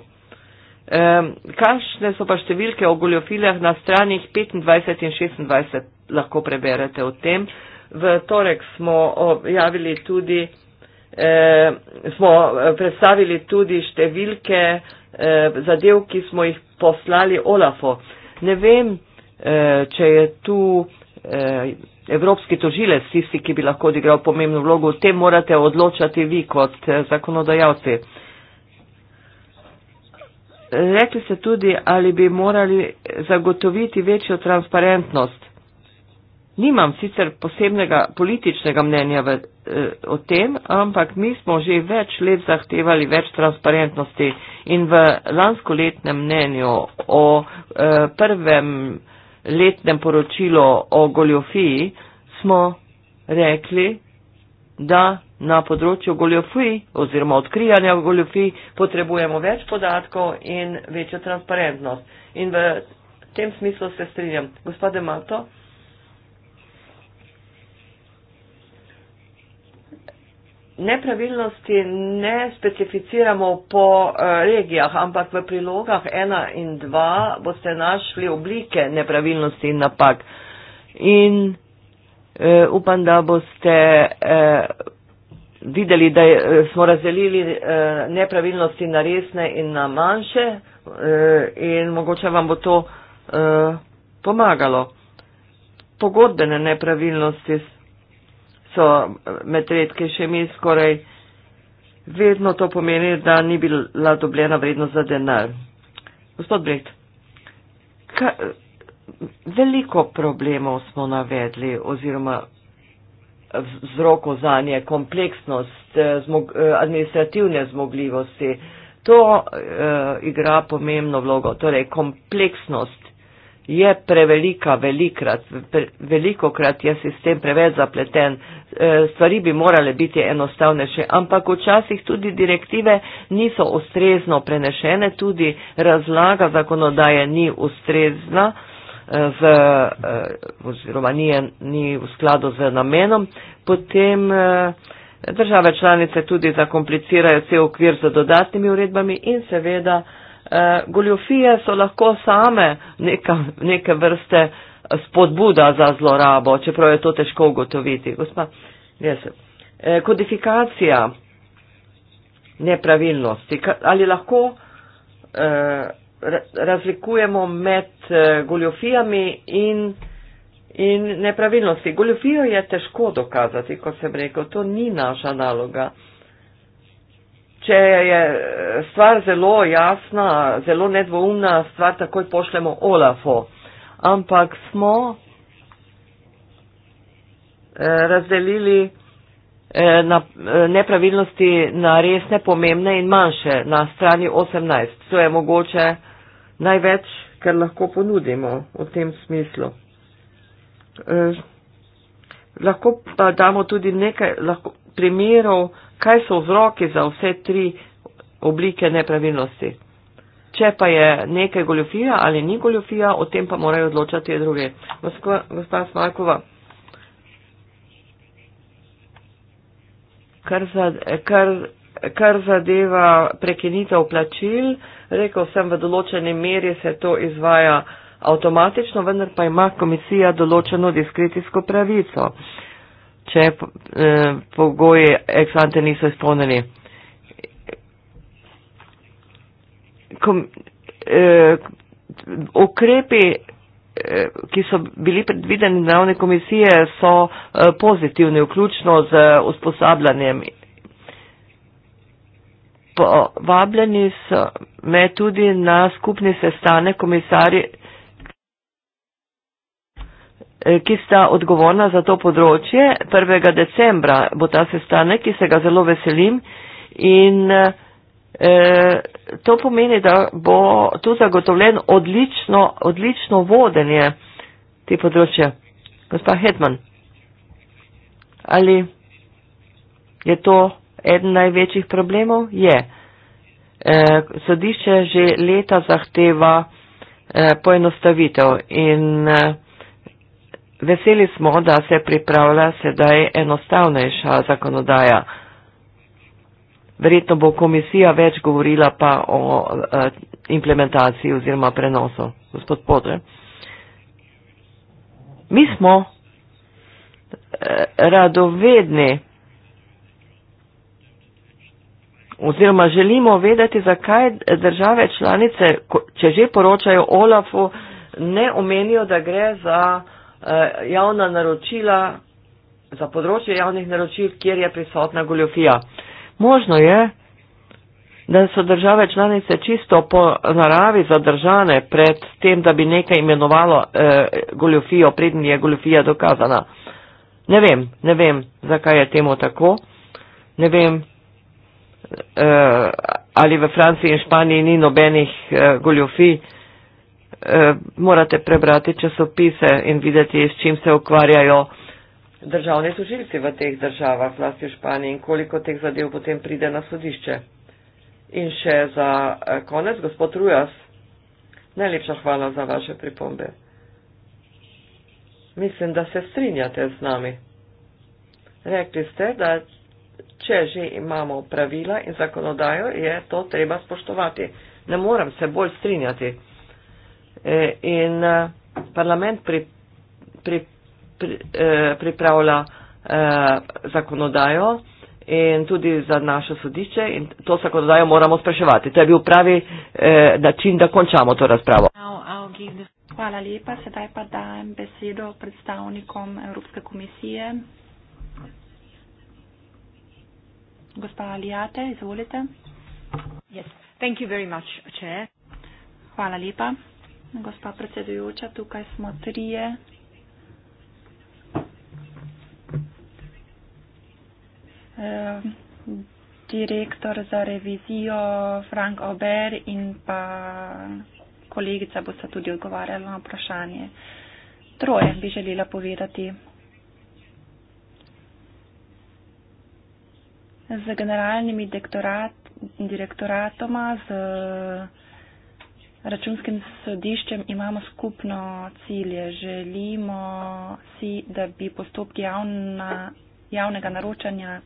Eh, kašne so pa številke o goljofilah na stranih 25 in 26, lahko preberete o tem. V torek smo objavili tudi, eh, smo predstavili tudi številke eh, zadev, ki smo jih poslali Olafo. Ne vem, Eh, če je tu eh, evropski tožilec tisti, ki bi lahko odigral pomembno vlogo, o tem morate odločati vi kot eh, zakonodajalci. Rekli ste tudi, ali bi morali zagotoviti večjo transparentnost. Nimam sicer posebnega političnega mnenja v, eh, o tem, ampak mi smo že več let zahtevali več transparentnosti in v lanskoletnem mnenju o eh, prvem letnem poročilu o goljofiji smo rekli, da na področju goljofij oziroma odkrijanja goljofij potrebujemo več podatkov in večjo transparentnost. In v tem smislu se strinjam. Gospod Demato, nepravilnosti ne specificiramo po eh, regijah, ampak v prilogah 1 in 2 boste našli oblike nepravilnosti in napak. In uh, upam, da boste uh, videli, da je, smo razdelili uh, nepravilnosti na resne in na manjše uh, in mogoče vam bo to uh, pomagalo. Pogodbene nepravilnosti so eh, medvedke še mi skoraj vedno to pomeni, da ni bila dobljena vrednost za denar. Gospod Bred, ka, eh, veliko problemov smo navedli oziroma vzrokov za nje, kompleksnost, eh, zmog, administrativne zmogljivosti. To uh, igra pomembno vlogo, torej kompleksnost je prevelika, velikrat, pre, veliko krat je sistem preveč zapleten, e, stvari bi morale biti enostavnejše, ampak včasih tudi direktive niso ustrezno prenešene, tudi razlaga zakonodaje ni ustrezna z, e, e, oziroma ni, ni v skladu z namenom, potem države članice tudi zakomplicirajo cel okvir z dodatnimi uredbami in seveda Eh, goljofije so lahko same neka, neke vrste spodbuda za zlorabo, čeprav je to težko ugotoviti. Gospa, eh, kodifikacija nepravilnosti. Ka, ali lahko eh, razlikujemo med eh, goljofijami in, in nepravilnosti? Goljofijo je težko dokazati, kot sem rekel, to ni naša naloga če je eh, stvar zelo jasna, zelo nedvoumna, stvar takoj pošljemo Olafu. Ampak smo eh, razdelili eh, na nepravilnosti na resne, pomembne in manjše na strani 18. To je mogoče največ, kar lahko ponudimo v tem smislu. Eh, lahko pa damo tudi nekaj lahko, primerov, kaj so vzroki za vse tri oblike nepravilnosti. Če pa je nekaj goljofija ali ni goljofija, o tem pa morajo odločati druge. Gospa Smarkova, kar, za, kar, kar zadeva prekinitev plačil, rekel sem, v določeni meri se to izvaja avtomatično, vendar pa ima komisija določeno diskretijsko pravico. Uh, če eh, pogoji eksante niso izpolnjeni. Kom, eh, ukrepi, eh, ki so bili predvideni na ravni komisije, so eh, pozitivni, vključno z usposabljanjem. Povabljeni so me tudi na skupni sestanek komisarjev. Eh, ki sta odgovorna za to področje. 1. decembra bo ta sestanek, ki se ga zelo veselim. In eh, to pomeni, da bo tu zagotovljen odlično, odlično vodenje te področje. Gospa Hetman, ali je to eden največjih problemov? Je. Eh, sodišče že leta zahteva eh, poenostavitev in eh, Veseli smo, da se pripravlja sedaj enostavnejša zakonodaja. Verjetno bo komisija več govorila pa o eh, implementaciji oziroma prenosu. Gospod Podre. Mi smo eh, radovedni oziroma želimo vedeti, zakaj države članice, če že poročajo Olafu, ne omenijo, da gre za. Eh, javna naročila, za področje javnih naročil, kjer je prisotna goljofija. Možno je, da so države članice čisto po naravi zadržane pred tem, da bi nekaj imenovalo eh, goljofijo, predn je goljofija dokazana. Ne vem, ne vem, zakaj je temu tako. Ne vem, eh, ali v Franciji in Španiji ni nobenih eh, goljofij eh, morate prebrati časopise in videti, s čim se ukvarjajo državni sužilci v teh državah, vlasti v Španiji in koliko teh zadev potem pride na sodišče. In še za eh, konec, gospod Rujas, najlepša hvala za vaše pripombe. Mislim, da se strinjate z nami. Rekli ste, da če že imamo pravila in zakonodajo, je to treba spoštovati. Ne morem se bolj strinjati. E, in e, parlament pri, pri, pri, eh, pripravlja eh, zakonodajo in tudi za naše sodišče in to zakonodajo moramo spraševati. To je bil pravi eh, način, da končamo to razpravo. Hvala lepa. Sedaj pa dajem besedo predstavnikom Evropske komisije. Gospa Alijate, izvolite. Yes. Hvala lepa. Gospa predsedujoča, tukaj smo trije. Direktor za revizijo Frank Ober in pa kolegica bo se tudi odgovarjala na vprašanje. Troje bi želela povedati. Z generalnimi direktorat, direktoratoma, z računskim sodiščem imamo skupno cilje. Želimo si, da bi postopki javna, javnega naročanja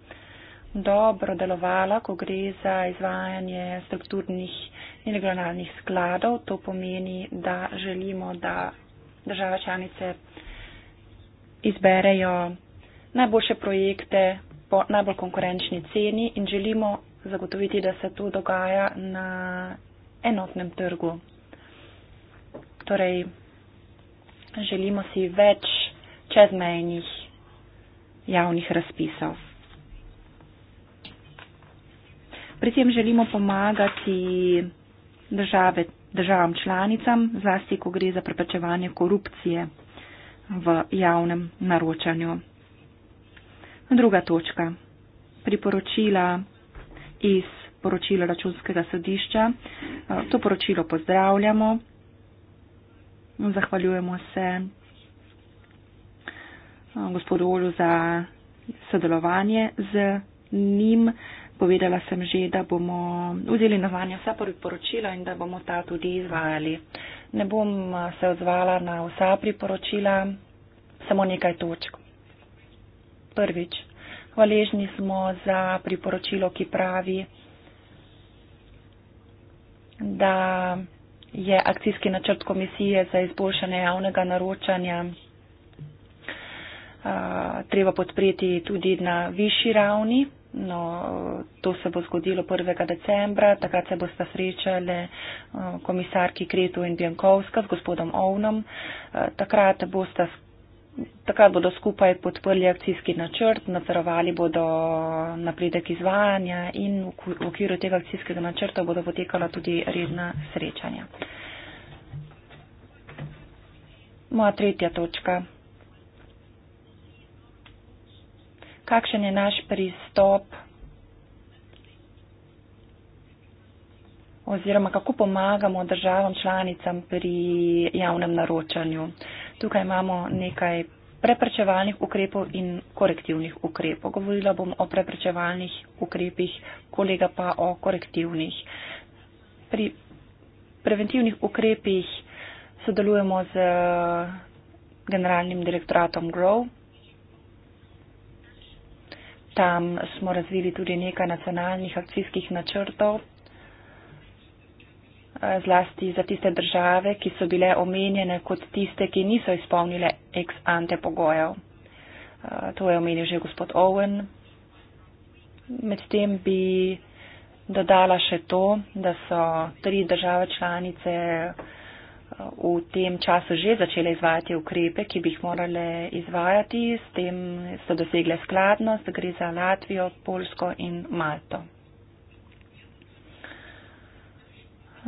dobro delovala, ko gre za izvajanje strukturnih in regionalnih skladov. To pomeni, da želimo, da država članice izberejo najboljše projekte po najbolj konkurenčni ceni in želimo zagotoviti, da se to dogaja na enotnem trgu. Torej, želimo si več čezmejnih javnih razpisov. Pri tem želimo pomagati države, državam članicam, zlasti, ko gre za preprečevanje korupcije v javnem naročanju. Druga točka. Priporočila iz poročilo računskega sodišča. Eh, to poročilo pozdravljamo. Zahvaljujemo se eh, gospodu Olu za sodelovanje z njim. Povedala sem že, da bomo vzeli na vanje vsa priporočila in da bomo ta tudi izvajali. Ne bom eh, se odzvala na vsa priporočila, samo nekaj točk. Prvič, hvaležni smo za priporočilo, ki pravi, da je akcijski načrt komisije za izboljšanje javnega naročanja a, treba podpreti tudi na višji ravni. No, to se bo zgodilo 1. decembra, takrat se boste srečali komisarki Kretu in Bjankovska s gospodom Ovnom. Takrat boste Takrat bodo skupaj podprli akcijski načrt, nadzorovali bodo napredek izvajanja in v okviru tega akcijskega načrta bodo potekala tudi redna srečanja. Moja tretja točka. Kakšen je naš pristop oziroma kako pomagamo državam članicam pri javnem naročanju? Uh, Tukaj imamo nekaj preprečevalnih ukrepov in korektivnih ukrepov. Govorila bom o preprečevalnih ukrepih, kolega pa o korektivnih. Pri preventivnih ukrepih sodelujemo z generalnim direktoratom GROW. Tam smo razvili tudi nekaj nacionalnih akcijskih načrtov, Eh, zlasti za tiste države, ki so bile omenjene kot tiste, ki niso izpolnile ex ante pogojev. Eh, to je omenil že gospod Owen. Medtem bi dodala še to, da so tri države članice eh, v tem času že začele izvajati ukrepe, ki bi jih morale izvajati, s tem so dosegle skladnost, gre za Latvijo, Polsko in Malto.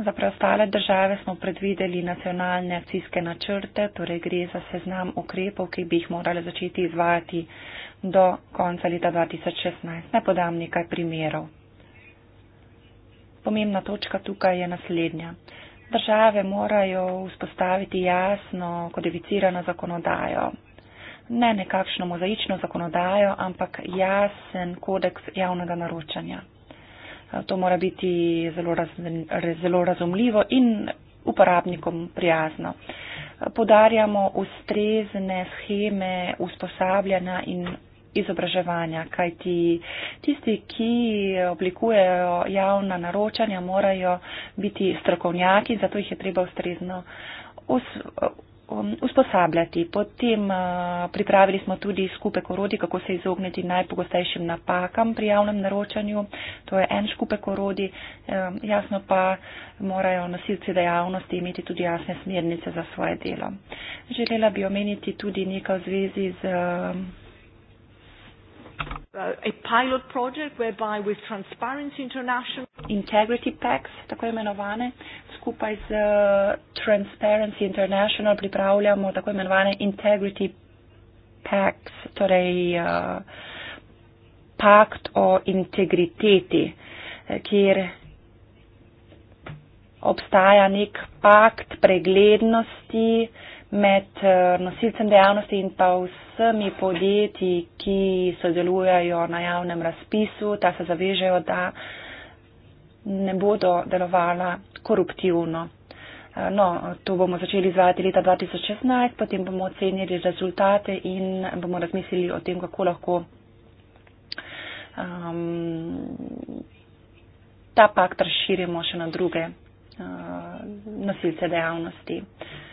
Za preostale države smo predvideli nacionalne akcijske načrte, torej gre za seznam ukrepov, ki bi jih morali začeti izvajati do konca leta 2016. Ne podam nekaj primerov. Pomembna točka tukaj je naslednja. Države morajo vzpostaviti jasno kodificirano zakonodajo. Ne nekakšno mozaično zakonodajo, ampak jasen kodeks javnega naročanja. Eh, to mora biti zelo, raz, zelo razumljivo in uporabnikom prijazno. Eh, podarjamo ustrezne scheme usposabljanja in izobraževanja, kajti tisti, ki oblikujejo javna naročanja, morajo biti strokovnjaki, zato jih je treba ustrezno Um, usposabljati. Potem uh, pripravili smo tudi skupek orodij, kako se izogniti najpogostejšim napakam pri javnem naročanju. To je en skupek orodij. Um, jasno pa morajo nosilci dejavnosti imeti tudi jasne smernice za svoje delo. Želela bi omeniti tudi nekaj v zvezi z Uh, a pilot project whereby with Transparency International Integrity Packs, tako imenovane, skupaj z uh, Transparency International pripravljamo tako imenovane Integrity Packs, torej uh, pakt o integriteti, eh, kjer obstaja nek pakt preglednosti, uh, med eh, nosilcem dejavnosti in pa vsemi podjetji, ki sodelujajo na javnem razpisu, ta se zavežejo, da ne bodo delovala koruptivno. Eh, no, to bomo začeli izvajati leta 2016, potem bomo ocenili rezultate in bomo razmislili o tem, kako lahko um, ta pakt razširimo še na druge uh, nosilce dejavnosti. Uh,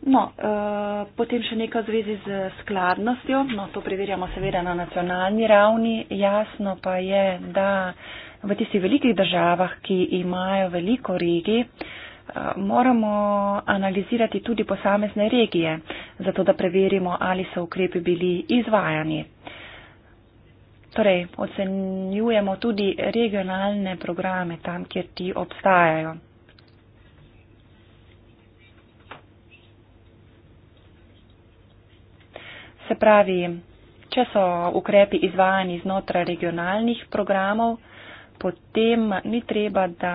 No, eh, potem še nekaj v zvezi z skladnostjo. No, to preverjamo seveda na nacionalni ravni. Jasno pa je, da v tistih velikih državah, ki imajo veliko regij, eh, Moramo analizirati tudi posamezne regije, zato da preverimo, ali so ukrepi bili izvajani. Torej, ocenjujemo tudi regionalne programe tam, kjer ti obstajajo. se pravi, če so ukrepi izvajani znotraj regionalnih programov, potem ni treba, da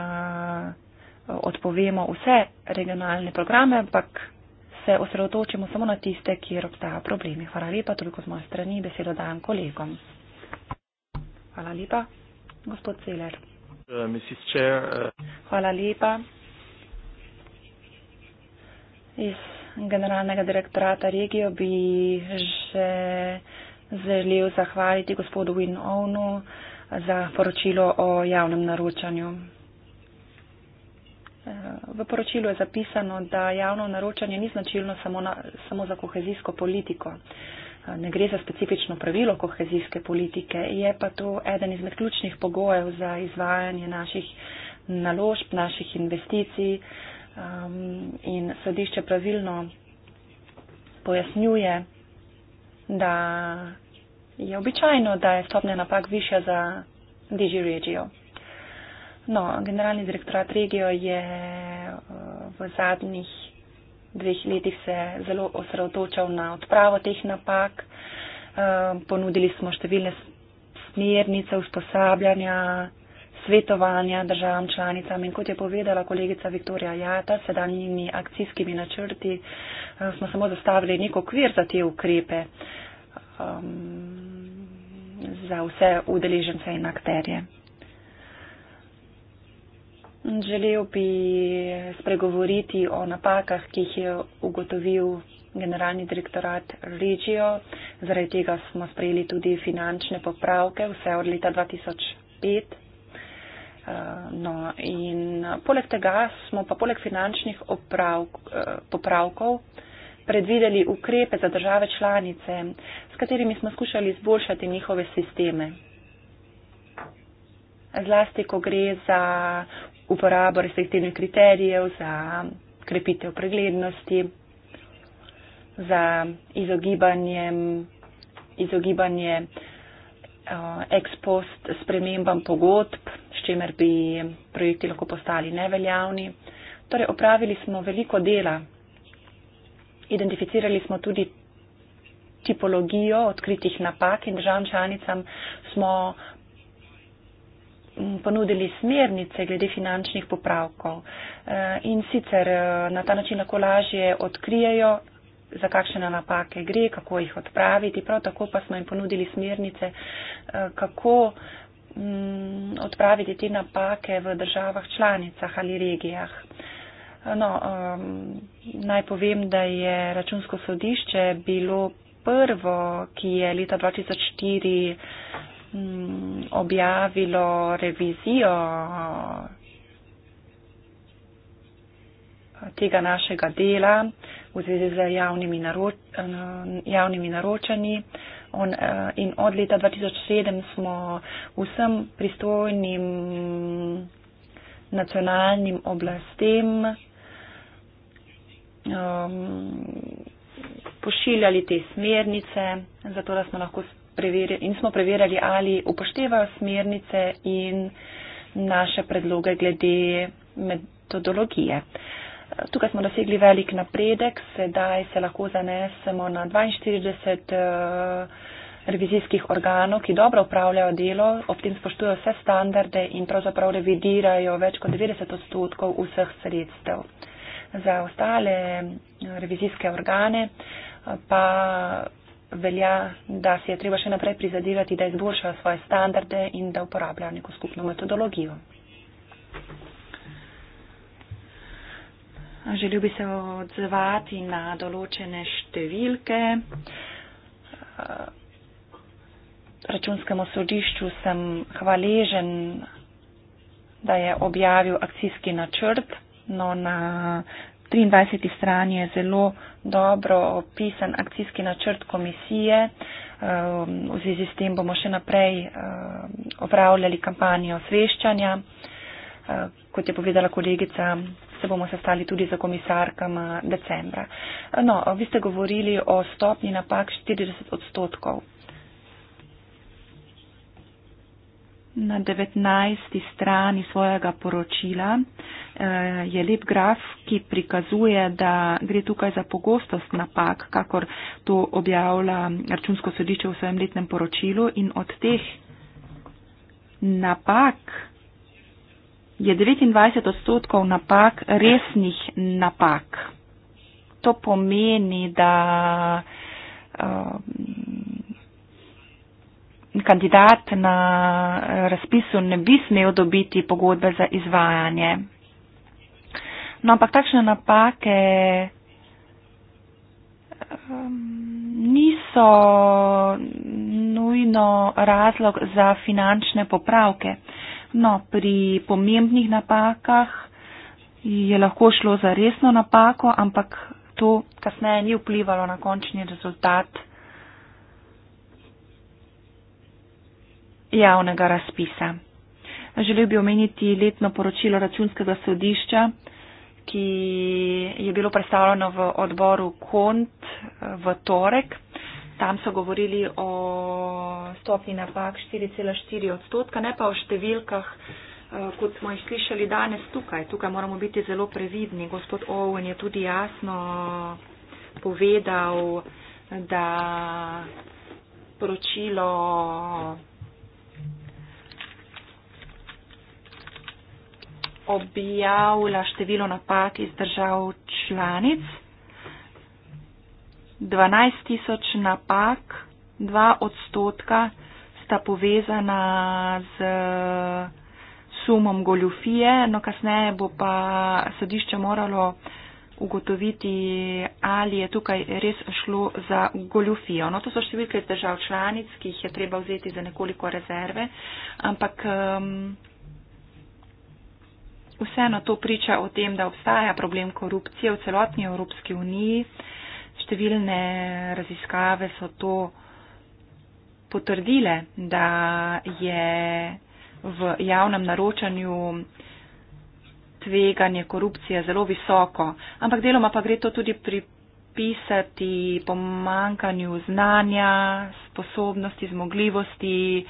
eh, odpovemo vse regionalne programe, ampak se osredotočimo samo na tiste, kjer obstaja problemi. Hvala lepa, toliko z moje strani, besedo dajem kolegom. Hvala lepa, gospod Celer. Uh, uh, Hvala lepa. Jaz generalnega direktorata regijo bi že želel zahvaliti gospodu Winovnu za poročilo o javnem naročanju. V poročilu je zapisano, da javno naročanje ni značilno samo, na, samo za kohezijsko politiko. Ne gre za specifično pravilo kohezijske politike, je pa to eden izmed ključnih pogojev za izvajanje naših naložb, naših investicij, um, in sodišče pravilno pojasnjuje, da je običajno, da je stopnja napak višja za Digi Regio. No, generalni direktorat Regio je uh, v zadnjih dveh letih se zelo osredotočal na odpravo teh napak. Um, ponudili smo številne smernice usposabljanja, svetovanja državam članicam in kot je povedala kolegica Viktorija Jata, sedanjimi akcijskimi načrti eh, smo samo zastavili nek okvir za te ukrepe um, za vse udeležence in akterje. Želel bi spregovoriti o napakah, ki jih je ugotovil generalni direktorat Regio. Zaradi tega smo sprejeli tudi finančne popravke vse od leta 2005. Eh, no, in eh, poleg tega smo pa poleg finančnih opravk, eh, popravkov predvideli ukrepe za države članice, s katerimi smo skušali izboljšati njihove sisteme. Zlasti, ko gre za uporabo restriktivnih kriterijev, za krepitev preglednosti, za izogibanje, izogibanje uh, Eh, ex post spremembam pogodb, s čimer bi projekti lahko postali neveljavni. Torej, opravili smo veliko dela, identificirali smo tudi tipologijo odkritih napak in državam članicam smo mm, ponudili smernice glede finančnih popravkov. Eh, in sicer eh, na ta način lahko lažje odkrijejo za kakšne napake gre, kako jih odpraviti. Prav tako pa smo jim ponudili smernice, eh, kako mm, odpraviti te napake v državah članicah ali regijah. No, um, naj povem, da je računsko sodišče bilo prvo, ki je leta 2004 um, mm, objavilo revizijo eh, tega našega dela, v zvezi z javnimi, naroč, eh, javnimi naročanji. On, eh, in od leta 2007 smo vsem pristojnim nacionalnim oblastem um, pošiljali te smernice, zato da smo lahko preverili in smo preverjali, ali upoštevajo smernice in naše predloge glede metodologije. Uh, Tukaj smo dosegli velik napredek, sedaj se lahko zanesemo na 42 eh, revizijskih organov, ki dobro upravljajo delo, ob tem spoštujejo vse standarde in pravzaprav revidirajo več kot 90 odstotkov vseh sredstev. Za ostale eh, revizijske organe eh, pa velja, da si je treba še naprej prizadirati, da izboljšajo svoje standarde in da uporabljajo neko skupno metodologijo. Želel bi se odzvati na določene številke. Računskemu sodišču sem hvaležen, da je objavil akcijski načrt, no na 23. strani je zelo dobro opisan akcijski načrt komisije. Ehm, v zvezi s tem bomo še naprej ehm, opravljali kampanjo osveščanja. Ehm, kot je povedala kolegica, se bomo sestali tudi za komisarkama decembra. No, vi ste govorili o stopnji napak 40 odstotkov. Na 19. strani svojega poročila eh, je lep graf, ki prikazuje, da gre tukaj za pogostost napak, kakor to objavlja Računsko sodišče v svojem letnem poročilu in od teh napak je 29 odstotkov napak resnih napak. To pomeni, da um, kandidat na eh, razpisu ne bi smel dobiti pogodbe za izvajanje. No, ampak takšne napake um, niso nujno razlog za finančne popravke. No, pri pomembnih napakah je lahko šlo za resno napako, ampak to kasneje ni vplivalo na končni rezultat javnega razpisa. Želel bi omeniti letno poročilo računskega sodišča, ki je bilo predstavljeno v odboru KONT eh, v torek Tam so govorili o stopni napak 4,4 odstotka, ne pa o številkah, eh, kot smo jih slišali danes tukaj. Tukaj moramo biti zelo previdni. Gospod Owen je tudi jasno povedal, da poročilo. objavlja število napak iz držav članic. 12 tisoč napak, 2 odstotka sta povezana z sumom goljufije, no kasneje bo pa sodišče moralo ugotoviti, ali je tukaj res šlo za goljufijo. No, to so številke iz držav članic, ki jih je treba vzeti za nekoliko rezerve, ampak um, vseeno to priča o tem, da obstaja problem korupcije v celotni Evropski uniji. Uh, številne raziskave so to potrdile, da je v javnem naročanju tveganje korupcije zelo visoko. Ampak deloma pa gre to tudi pripisati pomankanju znanja, sposobnosti, zmogljivosti.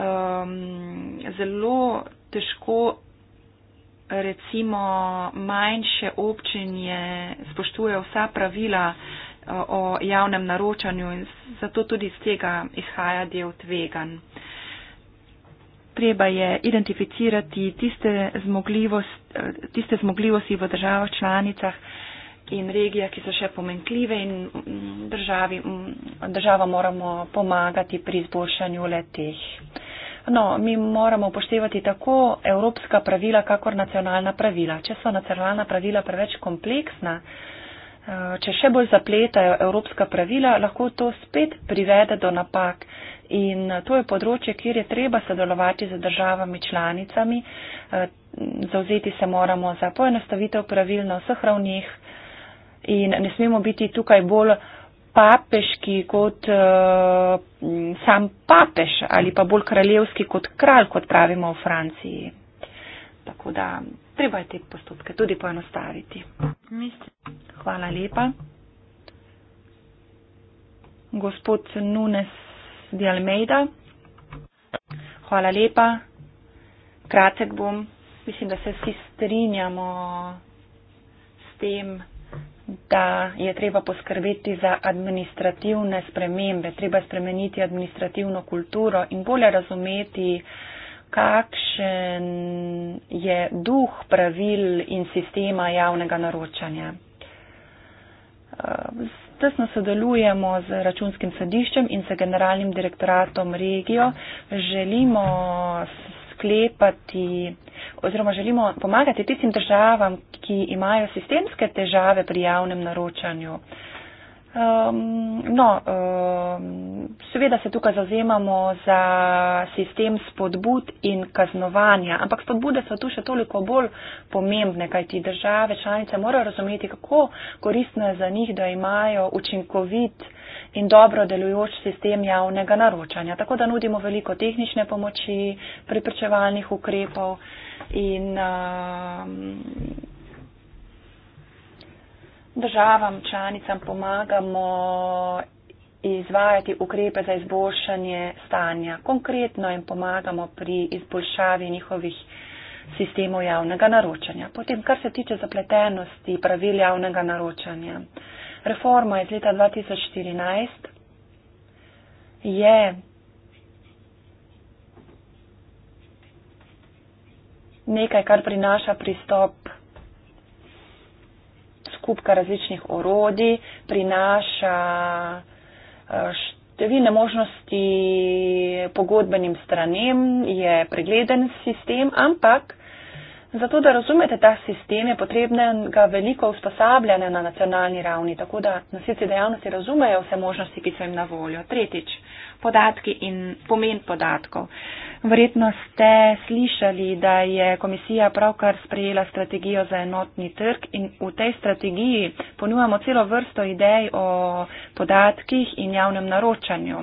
Um, zelo težko recimo manjše občine spoštuje vsa pravila, o javnem naročanju in zato tudi iz tega izhaja del tvegan. Treba je identificirati tiste zmogljivosti, tiste zmogljivosti v državah članicah in regijah, ki so še pomenkljive in mm, državi, mm, država moramo pomagati pri izboljšanju leteh. No, mi moramo upoštevati tako evropska pravila, kakor nacionalna pravila. Če so nacionalna pravila preveč kompleksna, Če še bolj zapletajo evropska pravila, lahko to spet privede do napak. In eh, to je področje, kjer je treba sodelovati z državami članicami. Eh, Zauzeti se moramo za poenostavitev pravil na vseh ravnih in ne smemo biti tukaj bolj papeški kot uh, sam papež ali pa bolj kraljevski kot kralj, kot pravimo v Franciji. Tako da treba je te postopke tudi poenostaviti. Hvala lepa. Gospod Nunes de Almeida. Hvala lepa. Kratek bom. Mislim, da se vsi strinjamo s tem, da je treba poskrbeti za administrativne spremembe, treba spremeniti administrativno kulturo in bolje razumeti, uh, kakšen je duh pravil in sistema javnega naročanja. Eh, tesno sodelujemo z računskim sodiščem in z generalnim direktoratom regijo. Želimo sklepati oziroma želimo pomagati tistim državam, ki imajo sistemske težave pri javnem naročanju. Uh, Um, no, um, seveda se tukaj zazemamo za sistem spodbud in kaznovanja, ampak spodbude so tu še toliko bolj pomembne, kajti države članice morajo razumeti, kako koristno je za njih, da imajo učinkovit in dobro delujoč sistem javnega naročanja. Tako da nudimo veliko tehnične pomoči, priprečevalnih ukrepov in. Um, državam članicam pomagamo izvajati ukrepe za izboljšanje stanja. Konkretno jim pomagamo pri izboljšavi njihovih sistemov javnega naročanja. Potem, kar se tiče zapletenosti pravil javnega naročanja, reforma iz leta 2014 je nekaj, kar prinaša pristop kupka različnih orodij, prinaša eh, številne možnosti pogodbenim stranem, je pregleden sistem, ampak zato, da razumete ta sistem, je potrebno ga veliko usposabljanja na nacionalni ravni, tako da nasilci dejavnosti razumejo vse možnosti, ki so jim na voljo. Tretjič, podatki in pomen podatkov. Verjetno ste slišali, da je komisija pravkar sprejela strategijo za enotni trg in v tej strategiji ponujamo celo vrsto idej o podatkih in javnem naročanju.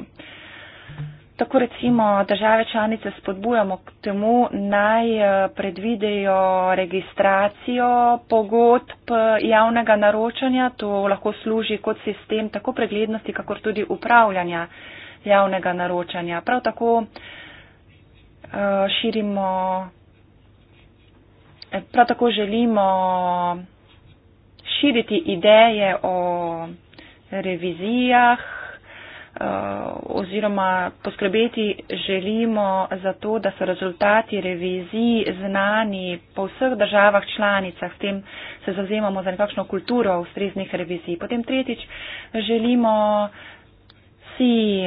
Tako recimo države članice spodbujamo k temu, naj eh, predvidejo registracijo pogodb eh, javnega naročanja. To lahko služi kot sistem tako preglednosti, kakor tudi upravljanja javnega naročanja. Prav tako eh, širimo, eh, prav tako želimo širiti ideje o revizijah. Eh, oziroma, poskrbeti želimo za to, da so rezultati revizij znani po vseh državah članicah, s tem se zazemamo za nekakšno kulturo ustreznih revizij. Potem tretjič, želimo si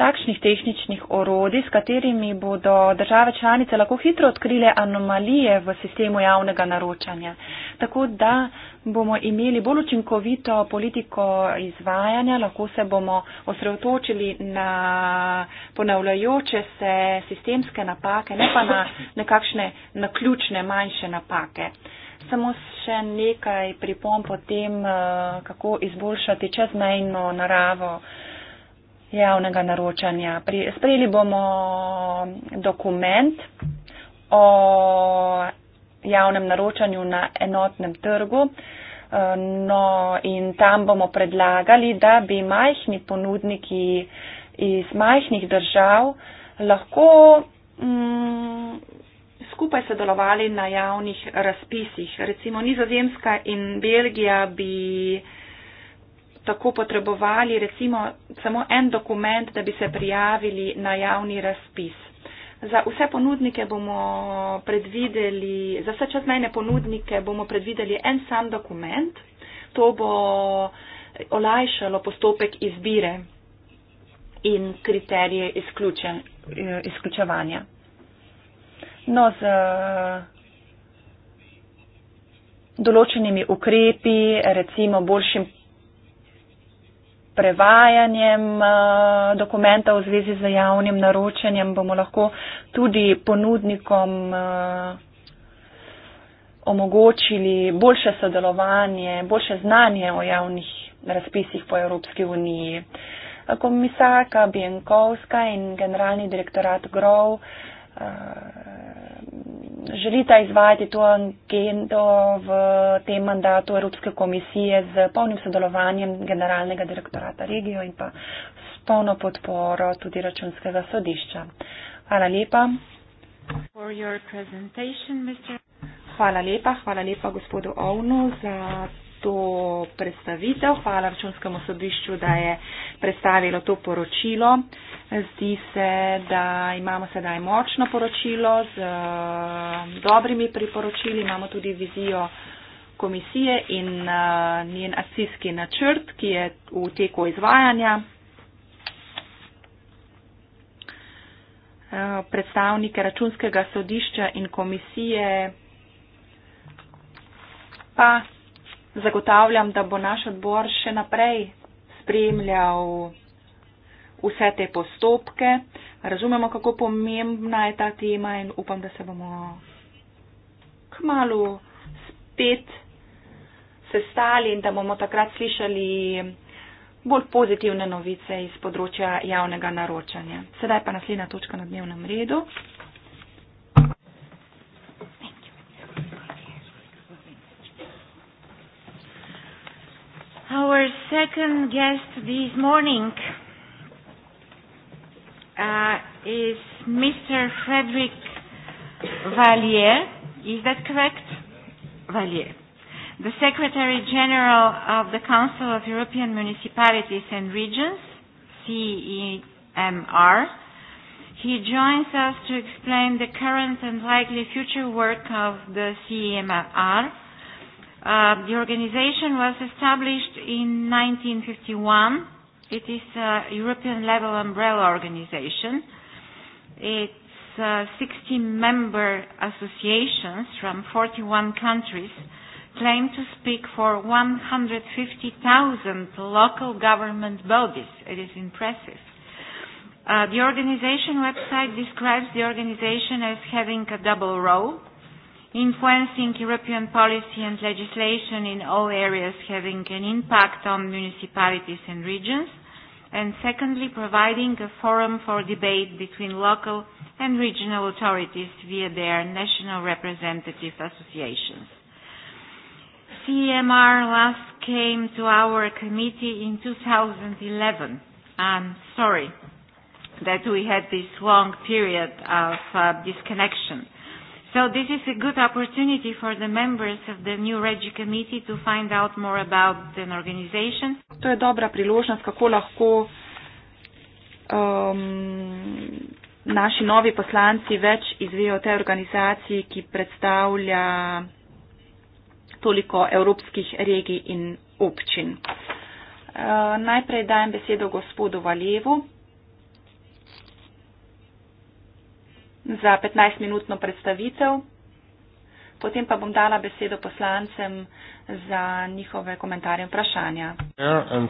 takšnih tehničnih orodij, s katerimi bodo države članice lahko hitro odkrile anomalije v sistemu javnega naročanja. Tako da bomo imeli bolj učinkovito politiko izvajanja, lahko se bomo osredotočili na ponavljajoče se sistemske napake, ne pa na nekakšne naključne manjše napake. Samo še nekaj pripomp o tem, eh, kako izboljšati čezmejno naravo javnega naročanja. Sprejeli bomo dokument o javnem naročanju na enotnem trgu no, in tam bomo predlagali, da bi majhni ponudniki iz majhnih držav lahko mm, skupaj sodelovali na javnih razpisih. Recimo Nizozemska in Belgija bi tako potrebovali recimo samo en dokument, da bi se prijavili na javni razpis. Za vse ponudnike bomo predvideli, za vse časmejne ponudnike bomo predvideli en sam dokument. To bo olajšalo postopek izbire in kriterije izključen, izključevanja. No, z eh, določenimi ukrepi, recimo boljšim prevajanjem eh, dokumentov v zvezi z javnim naročanjem bomo lahko tudi ponudnikom eh, omogočili boljše sodelovanje, boljše znanje o javnih razpisih po Evropski uniji. Eh, komisarka Bienkovska in generalni direktorat Grov želita izvajati to agendo v tem mandatu Evropske komisije z polnim sodelovanjem generalnega direktorata regijo in pa s polno podporo tudi računskega sodišča. Hvala lepa. Hvala lepa, hvala lepa gospodu Ovnu za to predstavitev. Hvala računskemu sodišču, da je predstavilo to poročilo. Zdi se, da imamo sedaj močno poročilo z eh, dobrimi priporočili. Imamo tudi vizijo komisije in eh, njen asijski načrt, ki je v teku izvajanja. Eh, predstavnike računskega sodišča in komisije pa zagotavljam, da bo naš odbor še naprej spremljal vse te postopke. Razumemo, kako pomembna je ta tema in upam, da se bomo kmalo spet sestali in da bomo takrat slišali bolj pozitivne novice iz področja javnega naročanja. Sedaj pa naslednja točka na dnevnem redu. Our second guest this morning uh, is Mr. Frederick Valier. Is that correct? Valier. The Secretary General of the Council of European Municipalities and Regions, CEMR. He joins us to explain the current and likely future work of the CEMR. Uh, the organization was established in 1951. It is a European level umbrella organization. It's uh, 60 member associations from 41 countries claim to speak for 150,000 local government bodies. It is impressive. Uh, the organization website describes the organization as having a double role influencing European policy and legislation in all areas having an impact on municipalities and regions, and secondly, providing a forum for debate between local and regional authorities via their national representative associations. CMR last came to our committee in 2011. I'm sorry that we had this long period of uh, disconnection. So this is a good opportunity for the members of the new Regi committee to find out more about an organization. To je dobra priložnost, kako lahko um, naši novi poslanci več izvejo o tej organizaciji, ki predstavlja toliko evropskih regij in občin. Uh, najprej dajem besedo gospodu Valjevu. za 15-minutno predstavitev. Potem pa bom dala besedo poslancem za njihove komentarje in vprašanja. Uh,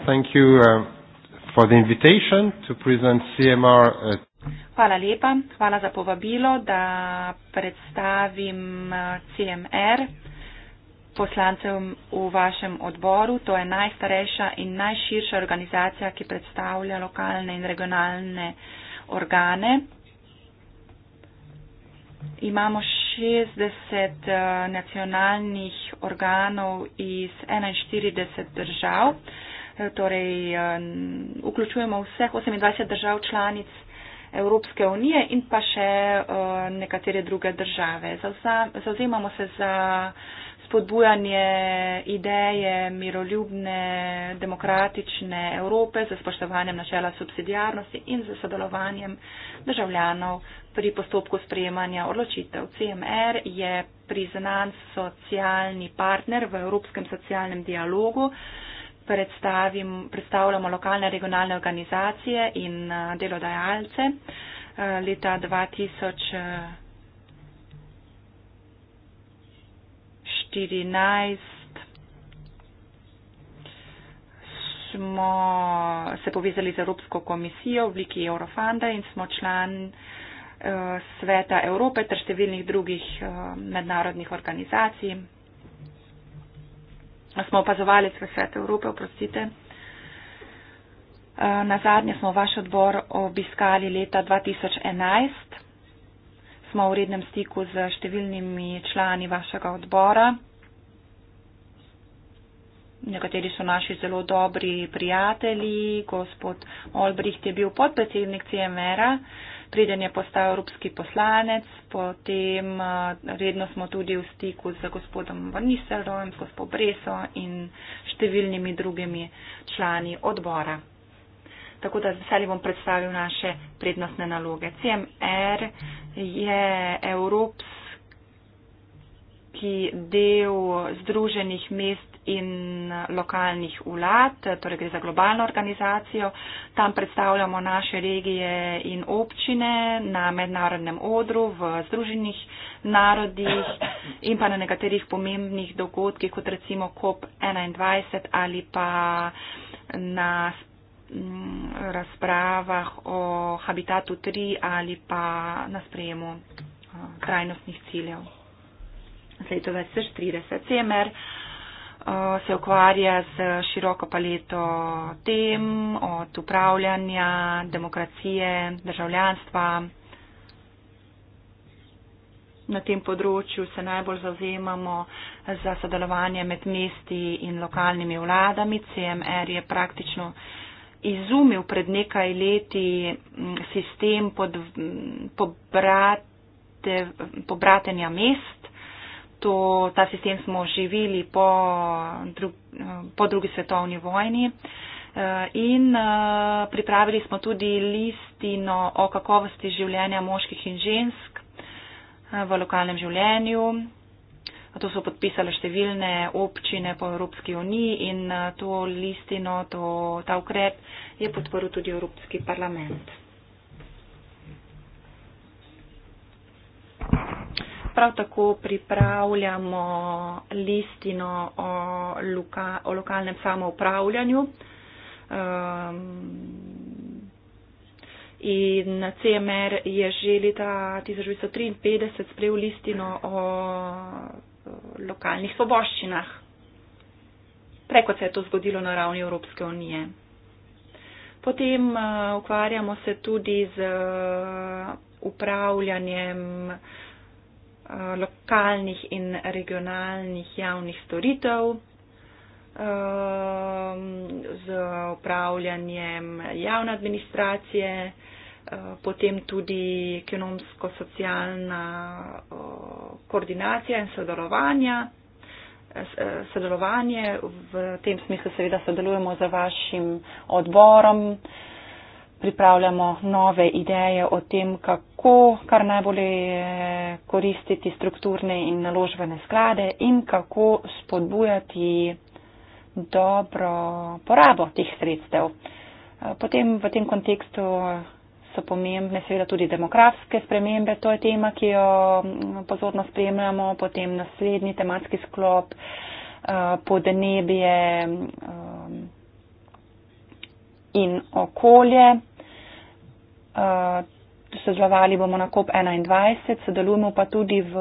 hvala lepa, hvala za povabilo, da predstavim uh, CMR poslancem v vašem odboru. To je najstarejša in najširša organizacija, ki predstavlja lokalne in regionalne organe imamo 60 uh, eh, nacionalnih organov iz 41 držav, eh, torej um, vključujemo vseh 28 držav članic Evropske unije in pa še uh, nekatere druge države. Zavzemamo se za spodbujanje ideje miroljubne, demokratične Evrope z spoštovanjem načela subsidijarnosti in z sodelovanjem državljanov pri postopku sprejemanja odločitev. CMR je priznan socialni partner v Evropskem socialnem dialogu. Predstavljamo lokalne regionalne organizacije in delodajalce. Leta 2000. štirinajst smo se povezali z Evropsko komisijo v obliki Eurofanda in smo član eh, Sveta Evrope ter številnih drugih eh, mednarodnih organizacij. Smo opazovalec v Svet Evrope, oprostite. Eh, Na zadnje smo vaš odbor obiskali leta 2011 smo v rednem stiku z številnimi člani vašega odbora. Nekateri so naši zelo dobri prijatelji. Gospod Olbricht je bil podpredsednik CMR-a, preden je postal evropski poslanec. Potem eh, redno smo tudi v stiku z gospodom Vrniselom, gospod Breso in številnimi drugimi člani odbora tako da z veseljem bom predstavil naše prednostne naloge. CMR je evropski del združenih mest in lokalnih vlad, torej gre za globalno organizacijo. Tam predstavljamo naše regije in občine na mednarodnem odru v združenih narodih in pa na nekaterih pomembnih dogodkih, kot recimo COP21 ali pa na Mm, razpravah o habitatu 3 ali pa na sprejemu eh, trajnostnih ciljev. Zdaj to 2030 CMR se ukvarja z široko paleto tem od upravljanja, demokracije, državljanstva. Na tem področju se najbolj zauzemamo za sodelovanje med mesti in lokalnimi vladami. CMR je praktično izumil pred nekaj leti mm, sistem pod, pobrate, pobratenja mest. To, ta sistem smo živeli po, drug, po drugi svetovni vojni. Eh, in eh, pripravili smo tudi listino o kakovosti življenja moških in žensk eh, v lokalnem življenju. To so podpisale številne občine po Evropski uniji in eh, to listino, to, ta ukrep je podporil tudi Evropski parlament. Prav tako pripravljamo listino o, loka, o lokalnem samoupravljanju. Um, In CMR je že leta 1953 sprejel listino o Eh, lokalnih svoboščinah. Preko se je to zgodilo na ravni Evropske unije. Potem uh, ukvarjamo se tudi z uh, upravljanjem uh, lokalnih in regionalnih javnih storitev, uh, z upravljanjem javne administracije, uh, Eh, potem tudi ekonomsko-socialna eh, koordinacija in sodelovanja. Eh, sodelovanje v tem smislu seveda sodelujemo z vašim odborom, pripravljamo nove ideje o tem, kako kar najbolje koristiti strukturne in naložbene sklade in kako spodbujati dobro porabo teh sredstev. Potem v tem kontekstu so pomembne seveda tudi demografske spremembe, to je tema, ki jo mm, pozorno spremljamo, potem naslednji tematski sklop, eh, podnebje eh, in okolje. Eh, sodelovali bomo na COP21, sodelujemo pa tudi v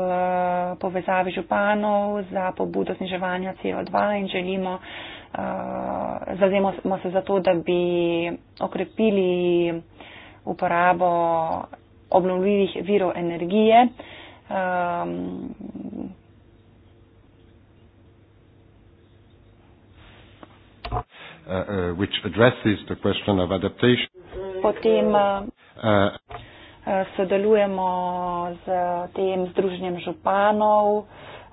povezavi županov za pobudo zniževanja CO2 in želimo, uh, zazemo se za to, da bi okrepili uporabo obnovljivih virov energije. Um, uh, uh, which addresses the question of adaptation. Potem uh, uh, uh sodelujemo z tem združenjem županov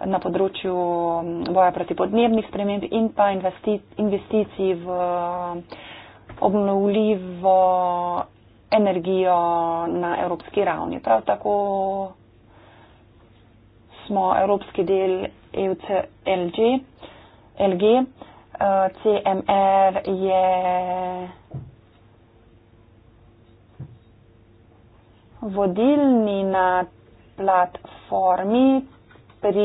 na področju um, boja proti podnebnih sprememb in pa investicij v um, obnovljivo energijo na evropski ravni. Prav tako smo evropski del EUCLG, LG, eh, CMR je. Vodilni na platformi, pri,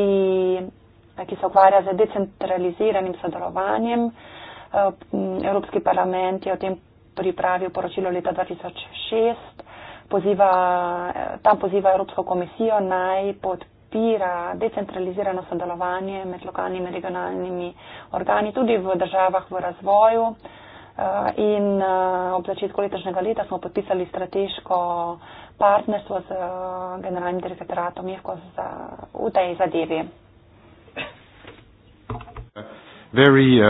ki se ukvarja z decentraliziranim sodelovanjem, eh, Evropski parlament je o tem pripravil poročilo leta 2006. Poziva, tam poziva Evropsko komisijo naj podpira decentralizirano sodelovanje med lokalnimi in regionalnimi organi tudi v državah v razvoju. Eh, in eh, ob začetku letošnjega leta smo podpisali strateško partnerstvo z eh, generalnim direktoratom Jehko za, v tej zadevi. Very, uh,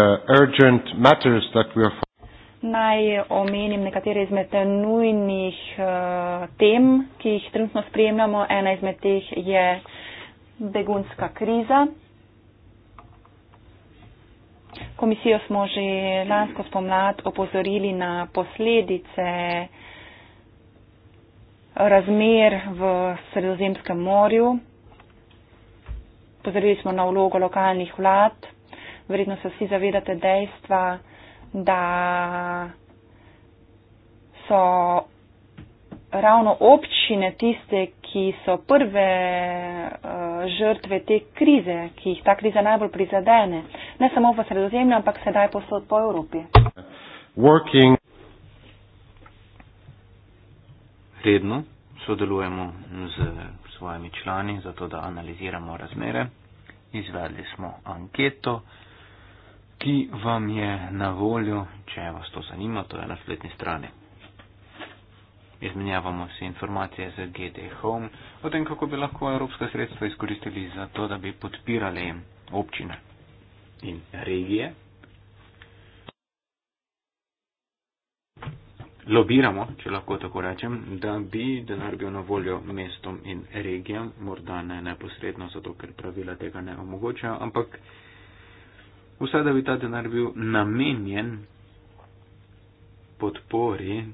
Naj omenim nekatere izmed nujnih eh, tem, ki jih trenutno spremljamo. Ena izmed teh je begunska kriza. Komisijo smo že lansko spomlad opozorili na posledice razmer v Sredozemskem morju. Pozorili smo na vlogo lokalnih vlad. Verjetno se vsi zavedate dejstva, da so ravno občine tiste, ki so prve uh, žrtve te krize, ki jih ta kriza najbolj prizadene, ne samo v sredozemlju, ampak sedaj posod po Evropi. Working. Redno sodelujemo z svojimi člani, zato da analiziramo razmere. Izvedli smo anketo ki vam je na voljo, če vas to zanima, to je na spletni strani. Izmenjavamo se informacije z GD Home o tem, kako bi lahko evropska sredstva izkoristili za to, da bi podpirali občine in regije. Lobiramo, če lahko tako rečem, da bi denar bil na voljo mestom in regijam, morda ne neposredno, zato ker pravila tega ne omogočajo, ampak vse da bi ta denar bil namenjen podpori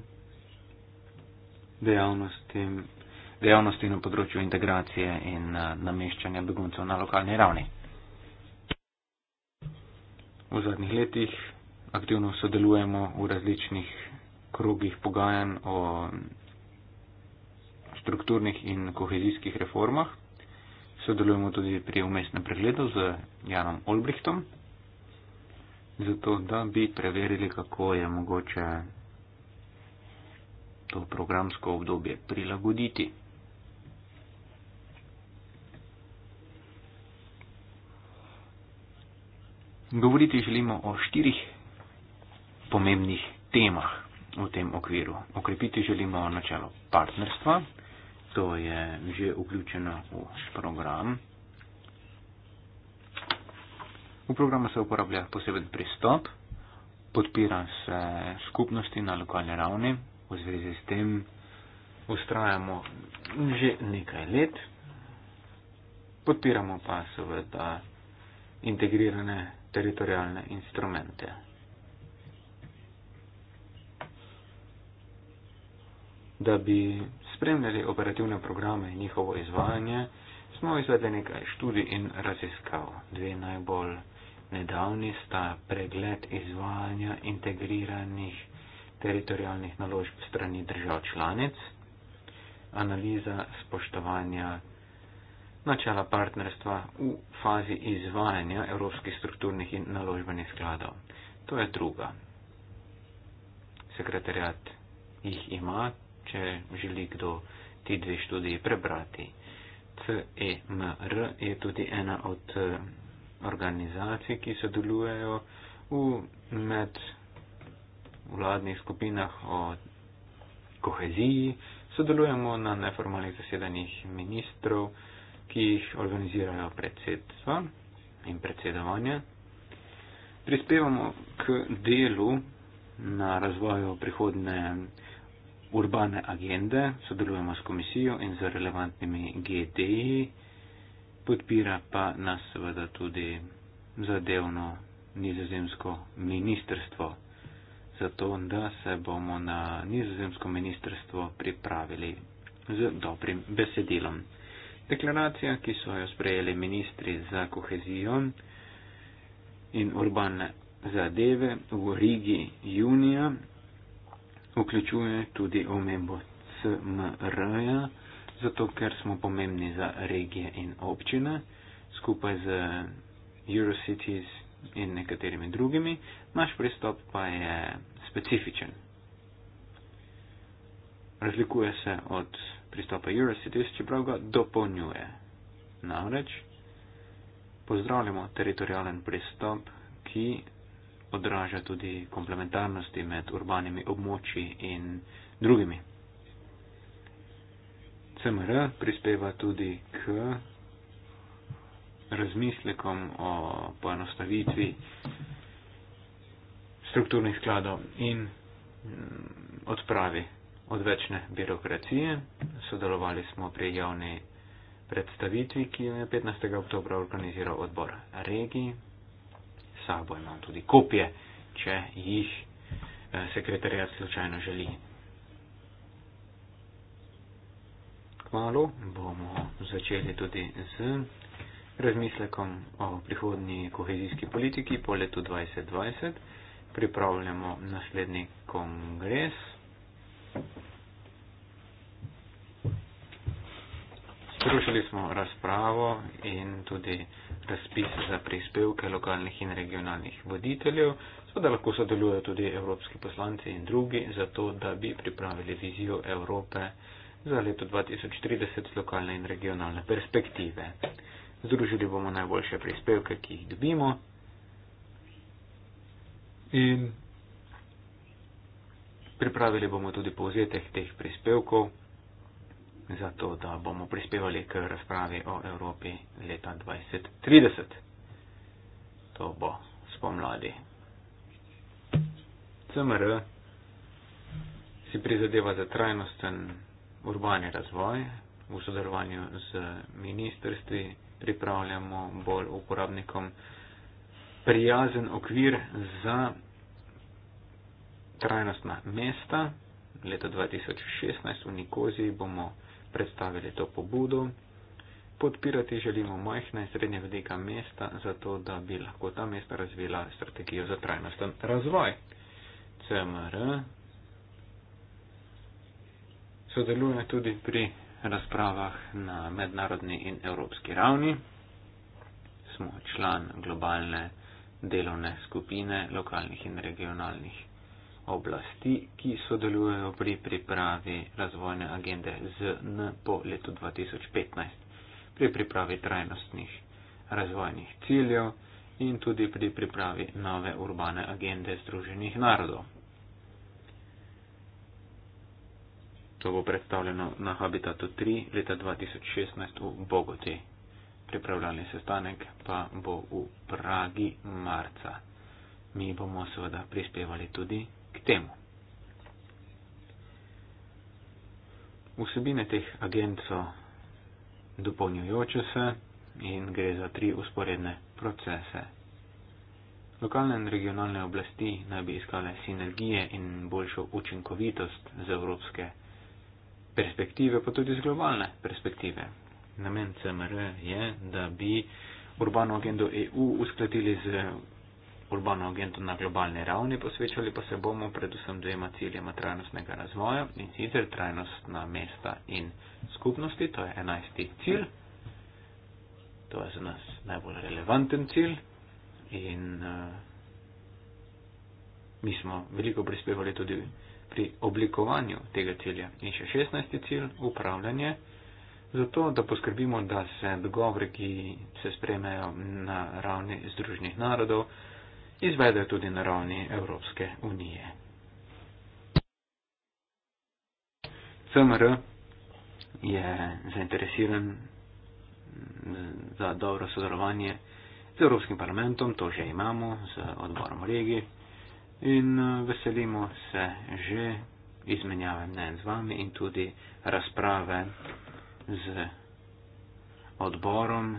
dejavnosti, dejavnosti na področju integracije in eh, nameščanja beguncev na lokalni ravni. V zadnjih letih aktivno sodelujemo v različnih krogih pogajanj o strukturnih in kohezijskih reformah. Sodelujemo tudi pri umestnem pregledu z Janom Olbrichtom, zato da bi preverili, kako je mogoče to programsko obdobje prilagoditi. Govoriti želimo o štirih pomembnih temah v tem okviru. Okrepiti želimo načelo partnerstva, to je že vključeno v program V programu se uporablja poseben pristop, podpira se skupnosti na lokalni ravni, v zvezi s tem ustrajamo že nekaj let, podpiramo pa seveda integrirane teritorijalne instrumente. Da bi spremljali operativne programe in njihovo izvajanje, smo izvedli nekaj študij in raziskav. Dve najbolj Nedavni sta pregled izvajanja integriranih teritorijalnih naložb strani držav članic, analiza spoštovanja načela partnerstva v fazi izvajanja evropskih strukturnih in naložbenih skladov. To je druga. Sekretarjat jih ima, če želi kdo ti dve študiji prebrati. CEMR je tudi ena od. Eh, organizacij, ki sodelujejo v med vladnih skupinah o koheziji, sodelujemo na neformalnih zasedanjih ministrov, ki jih organizirajo predsedstva in predsedovanje. Prispevamo k delu na razvoju prihodne urbane agende, sodelujemo s komisijo in z relevantnimi GDI podpira pa nas seveda tudi zadevno nizozemsko ministrstvo, zato da se bomo na nizozemsko ministrstvo pripravili z dobrim besedilom. Deklaracija, ki so jo sprejeli ministri za kohezijo in urbane zadeve v Rigi junija, vključuje tudi omembo CMR-ja, zato ker smo pomembni za regije in občine, skupaj z Eurocities in nekaterimi drugimi, naš pristop pa je specifičen. Razlikuje se od pristopa Eurocities, čeprav ga dopolnjuje. Namreč, pozdravljamo teritorijalen pristop, ki odraža tudi komplementarnosti med urbanimi območji in drugimi. CMR prispeva tudi k razmislekom o poenostavitvi strukturnih skladov in mm, odpravi odvečne birokracije. Sodelovali smo pri javni predstavitvi, ki jo je 15. oktobra organiziral odbor regij. Sabo imam tudi kopije, če jih eh, sekretarjat slučajno želi kmalo bomo začeli tudi z razmislekom o prihodnji kohezijski politiki po letu 2020. Pripravljamo naslednji kongres. Sprušili smo razpravo in tudi razpis za prispevke lokalnih in regionalnih voditeljev, seveda lahko sodelujo tudi evropski poslanci in drugi, zato da bi pripravili vizijo Evrope 2020 za leto 2030 lokalne in regionalne perspektive. Združili bomo najboljše prispevke, ki jih dobimo in pripravili bomo tudi povzetek teh prispevkov, zato da bomo prispevali k razpravi o Evropi leta 2030. To bo spomladi. CMR si prizadeva za trajnosten urbani razvoj. V sodelovanju z ministrstvi pripravljamo bolj uporabnikom prijazen okvir za trajnostna mesta. Leto 2016 v Nikoziji bomo predstavili to pobudo. Podpirati želimo majhna in srednje velika mesta, zato da bi lahko ta mesta razvila strategijo za trajnosten razvoj. CMR sodeluje tudi pri razpravah na mednarodni in evropski ravni. Smo član globalne delovne skupine lokalnih in regionalnih oblasti, ki sodelujejo pri pripravi razvojne agende ZN po letu 2015, pri pripravi trajnostnih razvojnih ciljev in tudi pri pripravi nove urbane agende Združenih narodov To bo predstavljeno na Habitatu 3 leta 2016 v Bogoti. Pripravljalni sestanek pa bo v Pragi marca. Mi bomo seveda prispevali tudi k temu. Vsebine teh agent so dopolnjujoče se in gre za tri usporedne procese. Lokalne in regionalne oblasti naj bi iskale sinergije in boljšo učinkovitost z evropske agencije perspektive, pa tudi z globalne perspektive. Namen CMR je, da bi urbano agendo EU uskladili z urbano agendo na globalni ravni, posvečali pa se bomo predvsem dvema ciljema trajnostnega razvoja in sicer trajnostna mesta in skupnosti, to je enajsti cilj, to je za nas najbolj relevanten cilj in uh, mi smo veliko prispevali tudi pri oblikovanju tega cilja. In še 16. cilj, upravljanje, zato da poskrbimo, da se dogovori, ki se spremejo na ravni Združenih narodov, izvedejo tudi na ravni Evropske unije. CMR je zainteresiran za dobro sodelovanje z Evropskim parlamentom, to že imamo, z odborom regij, in eh, veselimo se že izmenjave mnen z vami in tudi razprave z odborom.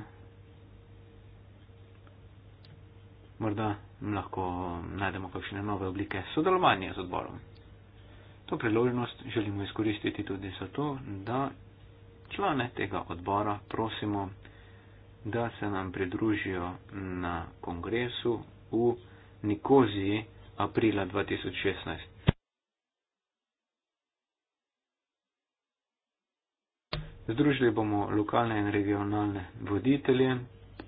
Morda lahko najdemo kakšne nove oblike sodelovanja z odborom. To priložnost želimo izkoristiti tudi zato, da člane tega odbora prosimo, da se nam pridružijo na kongresu v Nikoziji aprila 2016. Združili bomo lokalne in regionalne voditelje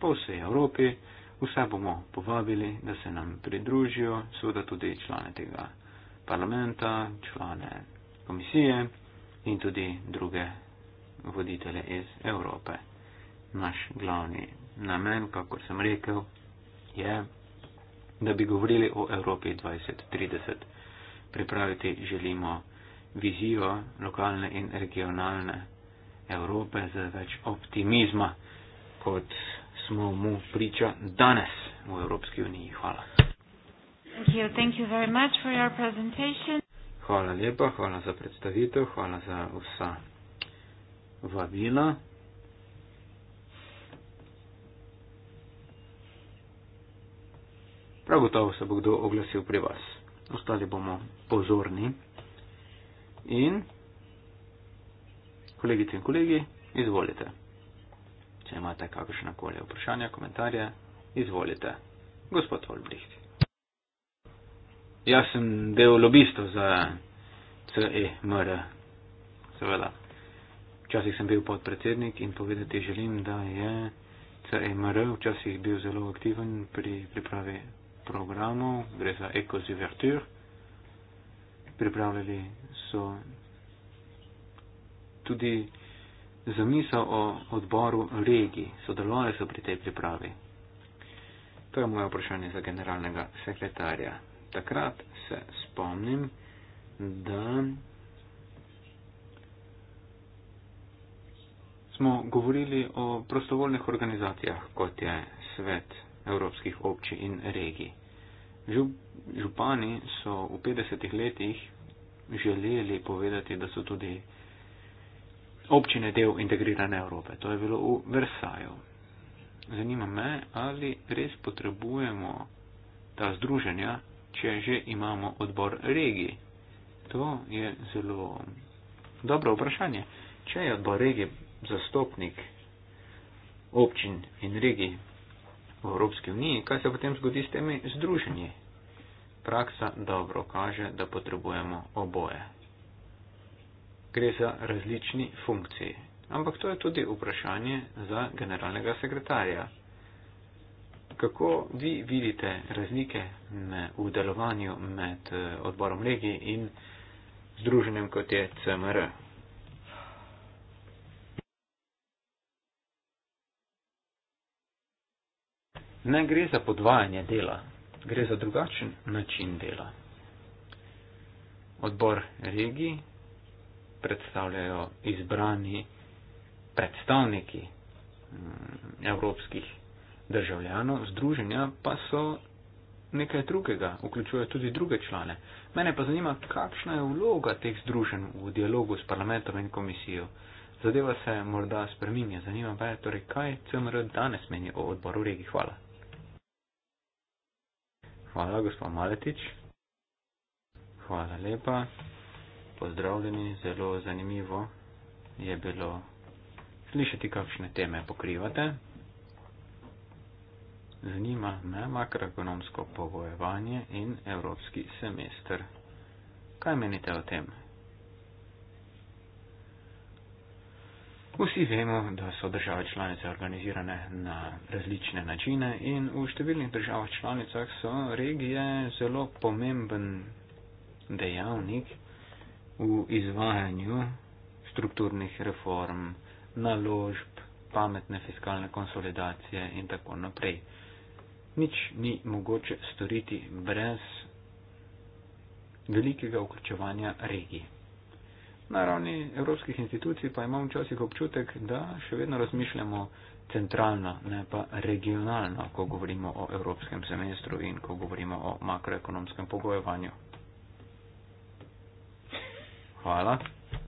po vsej Evropi, vse bomo povabili, da se nam pridružijo, seveda tudi člane tega parlamenta, člane komisije in tudi druge voditelje iz Evrope. Naš glavni namen, kako sem rekel, je da bi govorili o Evropi 2030. Pripraviti želimo vizijo lokalne in regionalne Evrope z več optimizma, kot smo mu priča danes v Evropski uniji. Hvala. Thank you. Thank you very much for your presentation. Hvala lepa, hvala za predstavitev, hvala za vsa vabila. Prav gotovo se bo kdo oglasil pri vas. Ostali bomo pozorni. In, kolegice in kolegi, izvolite. Če imate kakršne koli vprašanja, komentarje, izvolite. Gospod Olbricht. Jaz sem del lobistov za CEMR. Seveda. Včasih sem bil podpredsednik in povedati želim, da je CEMR včasih bil zelo aktiven pri pripravi programu, gre za ekoziverture. Pripravljali so tudi zamisel o odboru regij, sodelovali so pri tej pripravi. To je moje vprašanje za generalnega sekretarja. Takrat se spomnim, da smo govorili o prostovoljnih organizacijah, kot je svet evropskih občin in regij. Župani so v 50 letih želeli povedati, da so tudi občine del integrirane Evrope. To je bilo v Versaju. Zanima me, ali res potrebujemo ta združenja, če že imamo odbor regij. To je zelo dobro vprašanje. Če je odbor regij zastopnik občin in regij v Evropski uniji, kaj se potem zgodi s temi združenji. Praksa dobro kaže, da potrebujemo oboje. Gre za različni funkciji, ampak to je tudi vprašanje za generalnega sekretarja. Kako vi vidite razlike v delovanju med eh, odborom legi in združenjem, kot je CMR? ne gre za podvajanje dela, gre za drugačen način dela. Odbor regij predstavljajo izbrani predstavniki mm, evropskih državljanov, združenja pa so nekaj drugega, vključuje tudi druge člane. Mene pa zanima, kakšna je vloga teh združenj v dialogu s parlamentom in komisijo. Zadeva se morda spreminja, zanima pa je torej, kaj CMR danes meni o odboru regij. Hvala. Hvala, gospod Maletič. Hvala lepa. Pozdravljeni, zelo zanimivo je bilo slišati, kakšne teme pokrivate. Zanima me makroekonomsko pogojevanje in evropski semester. Kaj menite o tem? Vsi vemo, da so države članice organizirane na različne načine in v številnih državah članicah so regije zelo pomemben dejavnik v izvajanju strukturnih reform, naložb, pametne fiskalne konsolidacije in tako naprej. Nič ni mogoče storiti brez velikega vključevanja regije. Na ravni evropskih institucij pa imam včasih občutek, da še vedno razmišljamo centralno, ne pa regionalno, ko govorimo o evropskem semestru in ko govorimo o makroekonomskem pogojevanju. Hvala.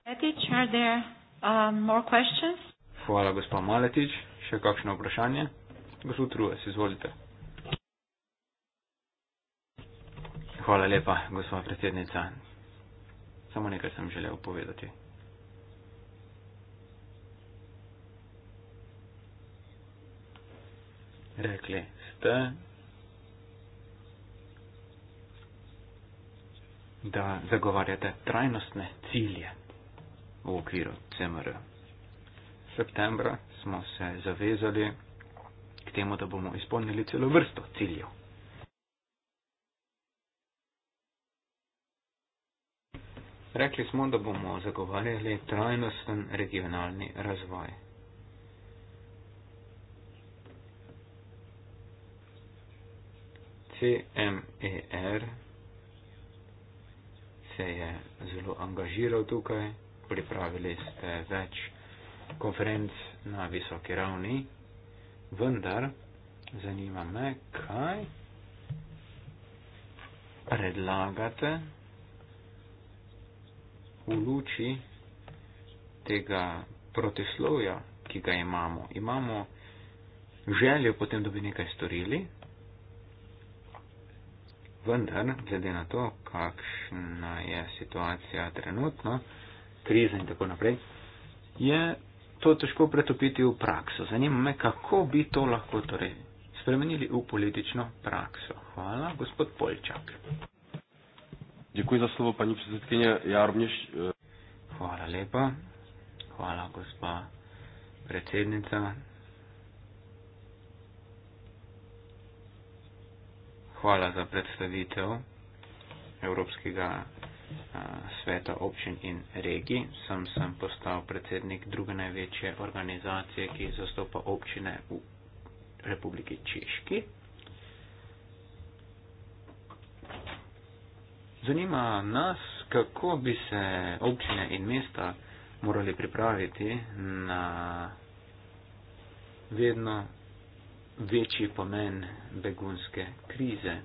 Maletič, are there um, more questions? Hvala, gospa Maletič. Še kakšno vprašanje? Gospod Trues, izvolite. Hvala lepa, gospa predsednica. Samo nekaj sem želel povedati. Rekli ste, da zagovarjate trajnostne cilje v okviru CMR. Septembra smo se zavezali k temu, da bomo izpolnili celo vrsto ciljev. Rekli smo, da bomo zagovarjali trajnosten regionalni razvoj. CMER se je zelo angažiral tukaj, pripravili ste več konferenc na visoki ravni, vendar zanima me, kaj predlagate v luči tega protislovja, ki ga imamo. Imamo željo potem, da bi nekaj storili, vendar, glede na to, kakšna je situacija trenutno, kriza in tako naprej, je to težko pretopiti v prakso. Zanima me, kako bi to lahko torej spremenili v politično prakso. Hvala, gospod Polčak. Děkuji za slovo, paní předsedkyně. Já rovněž... Eh, Hvala lepa. Hvala, gospa predsednica. Hvala za predstavitev Evropskega eh, sveta občin in regij. Sam sem postal predsednik druge največje organizacije, ki zastopa občine v Republiki Češki. Zanima nas, kako bi se občine in mesta morali pripraviti na vedno večji pomen begunske krize.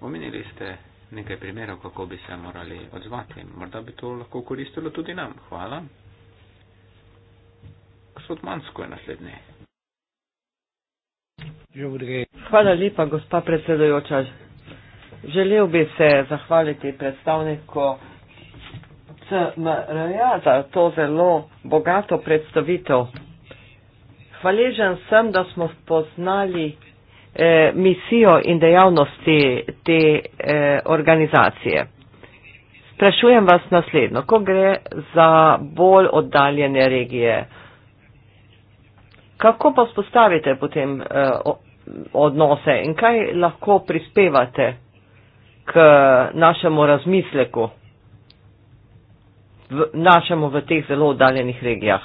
Omenili ste nekaj primerov, kako bi se morali odzvati. Morda bi to lahko koristilo tudi nam. Hvala. Gospod Mansko je naslednji. Hvala lepa, gospa predsedojoča. Želel bi se zahvaliti predstavniku CMR-ja za to zelo bogato predstavitev. Hvaležen sem, da smo spoznali eh, misijo in dejavnosti te eh, organizacije. Sprašujem vas naslednjo, ko gre za bolj oddaljene regije, kako pa spostavite potem eh, odnose in kaj lahko prispevate? k eh, našemu razmisleku, v, našemu v teh zelo oddaljenih regijah.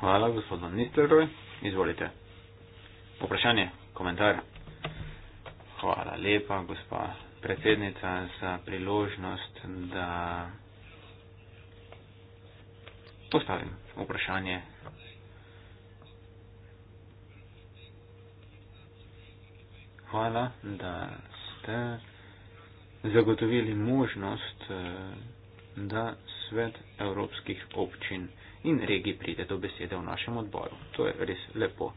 Hvala, gospod Van Nistelrooy. Izvolite. Poprašanje, komentar. Hvala lepa, gospa predsednica, za priložnost, da postavim vprašanje. Hvala, da ste zagotovili možnost, eh, da svet evropskih občin in regij pride do besede v našem odboru. To je res lepo.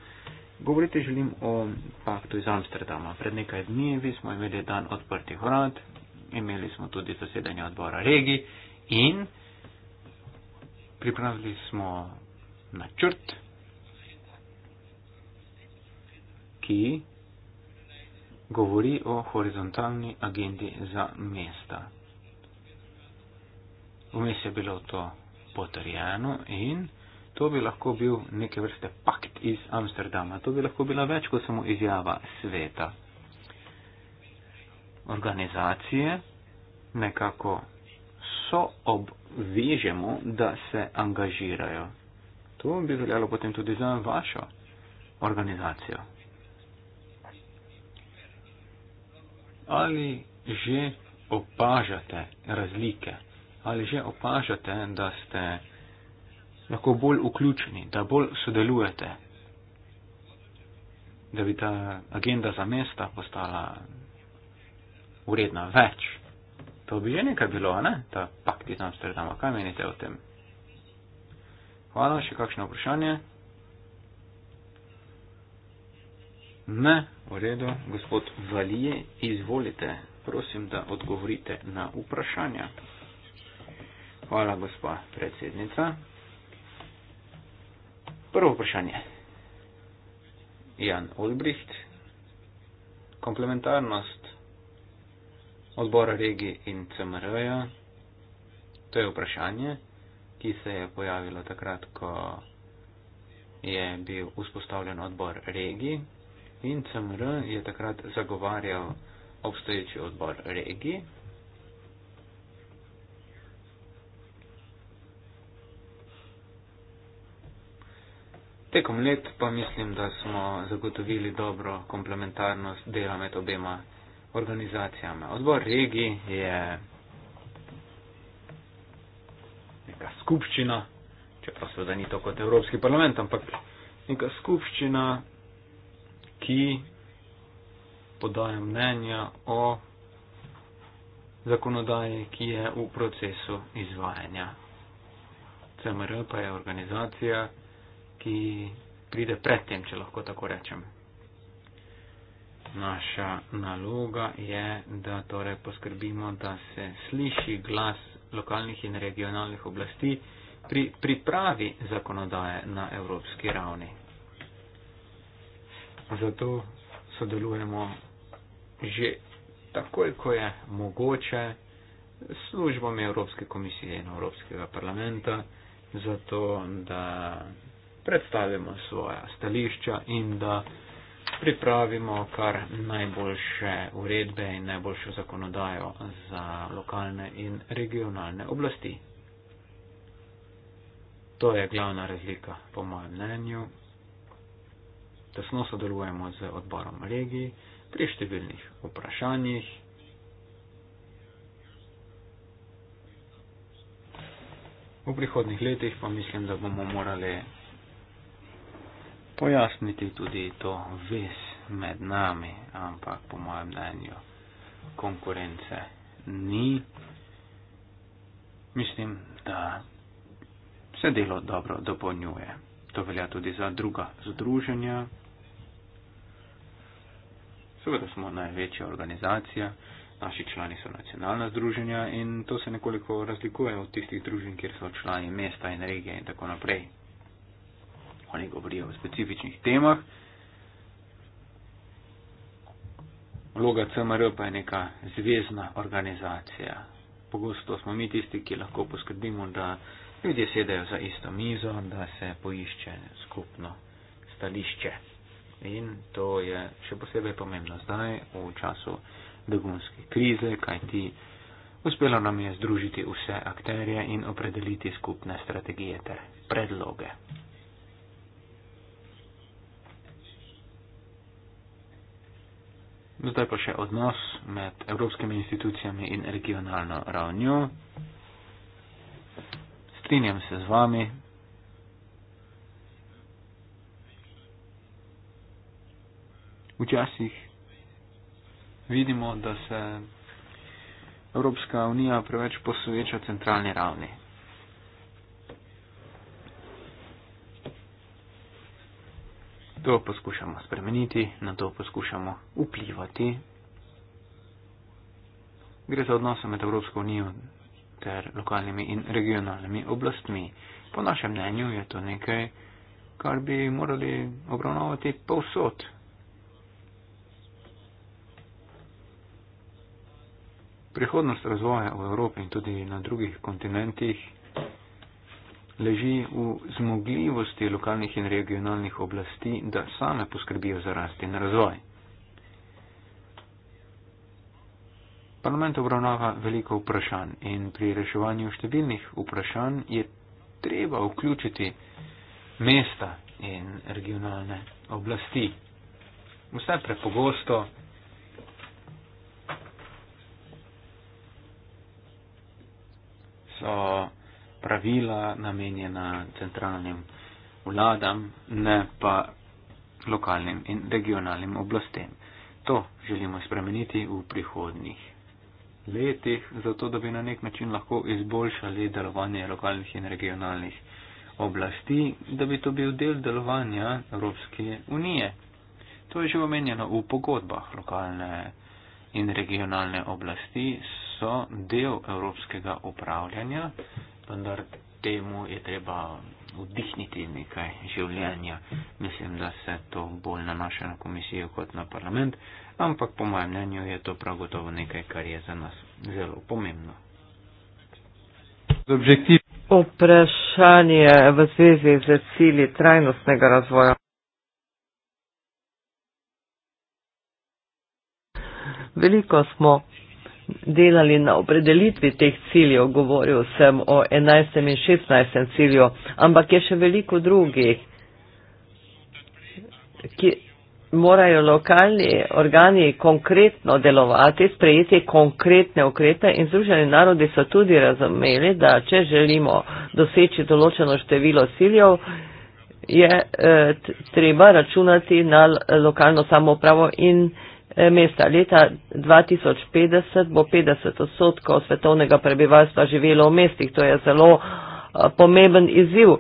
Govoriti želim o paktu iz Amsterdama. Pred nekaj dnevi smo imeli dan odprtih vrat, imeli smo tudi zasedanje odbora regij in pripravili smo načrt, ki govori o horizontalni agendi za mesta. Vmes je bilo to potrjeno in to bi lahko bil neke vrste pakt iz Amsterdama. To bi lahko bila več kot samo izjava sveta. Organizacije nekako so obvežemo, da se angažirajo. To bi veljalo potem tudi za vašo organizacijo. ali že opažate razlike, ali že opažate, da ste lahko bolj vključeni, da bolj sodelujete, da bi ta agenda za mesta postala uredna več. To bi že nekaj bilo, ne? Ta pakt iz Amsterdama. Kaj menite o tem? Hvala, še kakšno vprašanje? Ne, v redu, gospod Valije, izvolite, prosim, da odgovorite na vprašanja. Hvala, gospa predsednica. Prvo vprašanje. Jan Olbricht, komplementarnost odbora regi in CMR-ja, to je vprašanje, ki se je pojavilo takrat, ko je bil vzpostavljen odbor regi in CMR je takrat zagovarjal obstoječi odbor regij. Tekom let pa mislim, da smo zagotovili dobro komplementarnost dela med obema organizacijama. Odbor regij je neka skupščina, čeprav seveda ni to kot Evropski parlament, ampak neka skupščina, ki podaja mnenja o zakonodaji, ki je v procesu izvajanja. CMR pa je organizacija, ki pride pred tem, če lahko tako rečem. Naša naloga je, da torej poskrbimo, da se sliši glas lokalnih in regionalnih oblasti pri pripravi zakonodaje na evropski ravni zato sodelujemo že takoj, ko je mogoče s službami Evropske komisije in Evropskega parlamenta, zato da predstavimo svoja stališča in da pripravimo kar najboljše uredbe in najboljšo zakonodajo za lokalne in regionalne oblasti. To je glavna razlika, po mojem mnenju, tesno sodelujemo z odborom regij pri številnih vprašanjih. V prihodnih letih pa mislim, da bomo morali pojasniti tudi to vez med nami, ampak po mojem mnenju konkurence ni. Mislim, da se delo dobro dopolnjuje. To velja tudi za druga združenja. Seveda smo največja organizacija, naši člani so nacionalna združenja in to se nekoliko razlikuje od tistih družin, kjer so člani mesta in regije in tako naprej. Oni govorijo o specifičnih temah. Vloga CMR pa je neka zvezdna organizacija. Pogosto smo mi tisti, ki lahko poskrbimo, da. Ljudje sedajo za isto mizo, da se poišče skupno stališče. In to je še posebej pomembno zdaj, v času begunske krize, kajti uspelo nam je združiti vse akterje in opredeliti skupne strategije ter predloge. Zdaj pa še odnos med evropskimi institucijami in regionalno ravnjo strinjam se z vami. Včasih vidimo, da se Evropska unija preveč posveča centralni ravni. To poskušamo spremeniti, na to poskušamo vplivati. Gre za odnose med Evropsko unijo ter lokalnimi in regionalnimi oblastmi. Po našem mnenju je to nekaj, kar bi morali obravnavati povsod. Prihodnost razvoja v Evropi in tudi na drugih kontinentih leži v zmogljivosti lokalnih in regionalnih oblasti, da same poskrbijo za rast in razvoj. Parlament obravnava veliko vprašanj in pri reševanju številnih vprašanj je treba vključiti mesta in regionalne oblasti. Vse prepogosto so pravila namenjena centralnim vladam, ne pa lokalnim in regionalnim oblastem. To želimo spremeniti v prihodnjih letih, zato da bi na nek način lahko izboljšali delovanje lokalnih in regionalnih oblasti, da bi to bil del delovanja Evropske unije. To je že omenjeno v pogodbah. Lokalne in regionalne oblasti so del evropskega upravljanja, vendar temu je treba vdihniti nekaj življenja. Mislim, da se to bolj nanaša na komisijo kot na parlament, ampak po mojem mnenju je to prav gotovo nekaj, kar je za nas zelo pomembno. Objektiv. Vprašanje v zvezi z cilji trajnostnega razvoja. Veliko smo delali na opredelitvi teh ciljev, govoril sem o 11. in 16. cilju, ampak je še veliko drugih, ki morajo lokalni organi konkretno delovati, sprejeti konkretne ukrepe in Združeni narodi so tudi razumeli, da če želimo doseči določeno število ciljev, je eh, treba računati na lokalno samopravo in eh, Eh, mesta. Leta 2050 bo 50 odstotkov svetovnega prebivalstva živelo v mestih. To je zelo eh, pomemben izziv.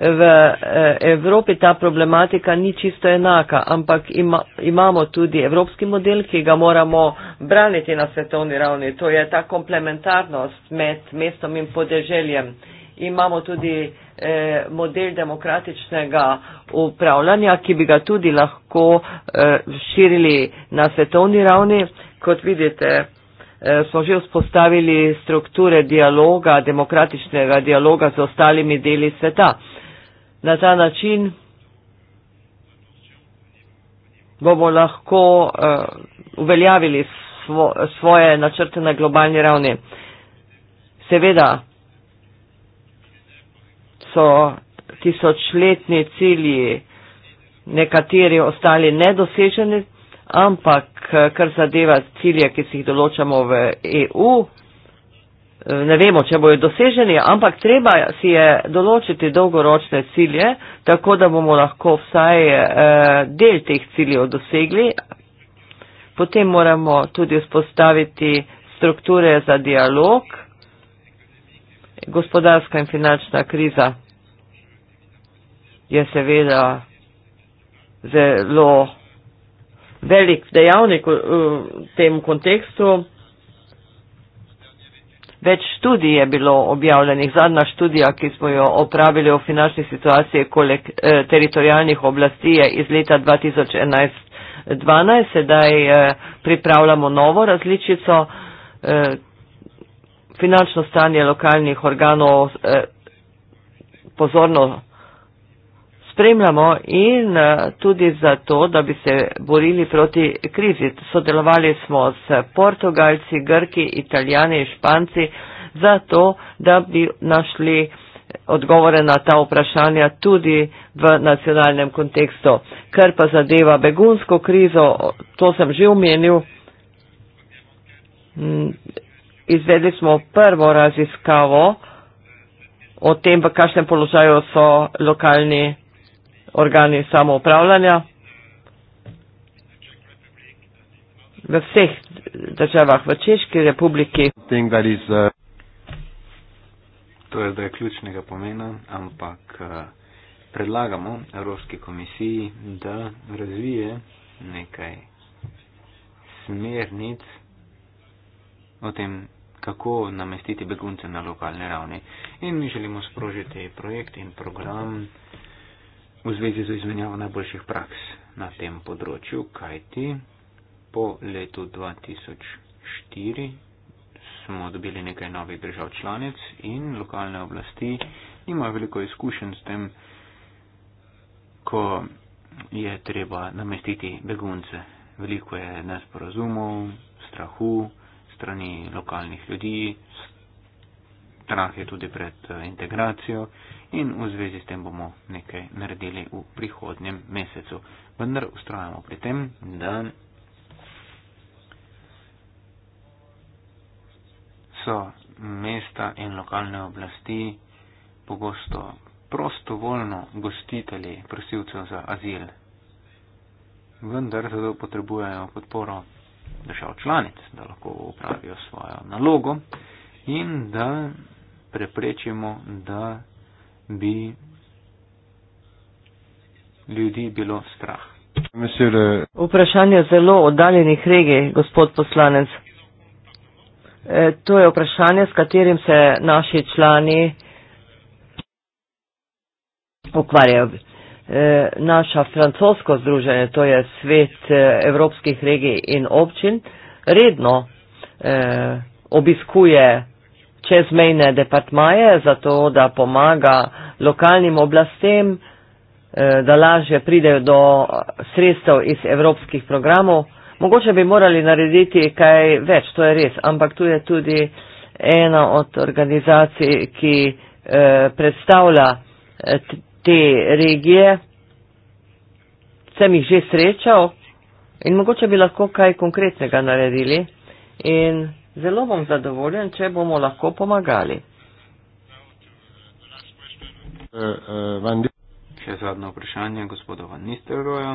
V eh, Evropi ta problematika ni čisto enaka, ampak ima, imamo tudi evropski model, ki ga moramo braniti na svetovni ravni. To je ta komplementarnost med mestom in podeželjem. Imamo tudi Eh, model demokratičnega upravljanja, ki bi ga tudi lahko eh, širili na svetovni ravni. Kot vidite, eh, smo že vzpostavili strukture dialoga, demokratičnega dialoga z ostalimi deli sveta. Na ta način bomo lahko uveljavili svoje načrte na globalni ravni. Seveda, so tisočletni cilji nekateri ostali nedoseženi, ampak eh, kar zadeva cilje, ki si jih določamo v EU, eh, ne vemo, če bojo doseženi, ampak treba si je določiti dolgoročne cilje, tako da bomo lahko vsaj eh, del teh ciljev dosegli. Potem moramo tudi vzpostaviti strukture za dialog. Gospodarska in finančna kriza je seveda zelo velik dejavnik v tem kontekstu. Več študij je bilo objavljenih. Zadnja študija, ki smo jo opravili o finančni situaciji kolek, eh, teritorijalnih oblasti, je iz leta 2011-2012. Sedaj eh, pripravljamo novo različico. Eh, finančno stanje lokalnih organov eh, pozorno spremljamo in eh, tudi zato, da bi se borili proti krizi. Sodelovali smo s Portugalci, Grki, Italijani in Španci zato, da bi našli eh, odgovore na ta vprašanja tudi v nacionalnem kontekstu. Ker pa zadeva begunsko krizo, to sem že omenil, mm, izvedli smo prvo raziskavo o tem, v kakšnem položaju so lokalni organi samoupravljanja. V vseh državah, v Češki republiki. Think that is, uh, eh, to je zdaj ključnega pomena, ampak uh, predlagamo Evropski komisiji, da razvije nekaj smernic o tem, kako namestiti begunce na lokalne ravni. In mi želimo sprožiti projekt in program v zvezi z izmenjavo najboljših praks na tem področju, kajti po letu 2004 smo dobili nekaj novih držav članic in lokalne oblasti imajo veliko izkušenj s tem, ko je treba namestiti begunce. Veliko je nesporazumov, strahu strani lokalnih ljudi, strah je tudi pred eh, integracijo in v zvezi s tem bomo nekaj naredili v prihodnjem mesecu. Vendar ustrajamo pri tem, da so mesta in lokalne oblasti pogosto prostovoljno gostitelji prosilcev za azil. Vendar zato potrebujejo podporo držav članic, da lahko upravijo svojo nalogo in da preprečimo, da bi ljudi bilo strah. Vprašanje zelo oddaljenih regij, gospod poslanec. E, to je vprašanje, s katerim se naši člani ukvarjajo. E, naša francosko združenje, to je svet e, evropskih regij in občin, redno obiskuje čezmejne departmaje za to, da pomaga lokalnim oblastem, eh, da lažje pridejo do sredstev iz evropskih programov. Mogoče bi morali narediti kaj več, to je res, ampak tu je tudi ena od organizacij, ki eh, predstavlja eh, te regije. Sem jih že srečal in mogoče bi lahko kaj konkretnega naredili. In Zelo bom zadovoljen, če bomo lahko pomagali. Še zadnje vprašanje gospoda Van Nistelrooja.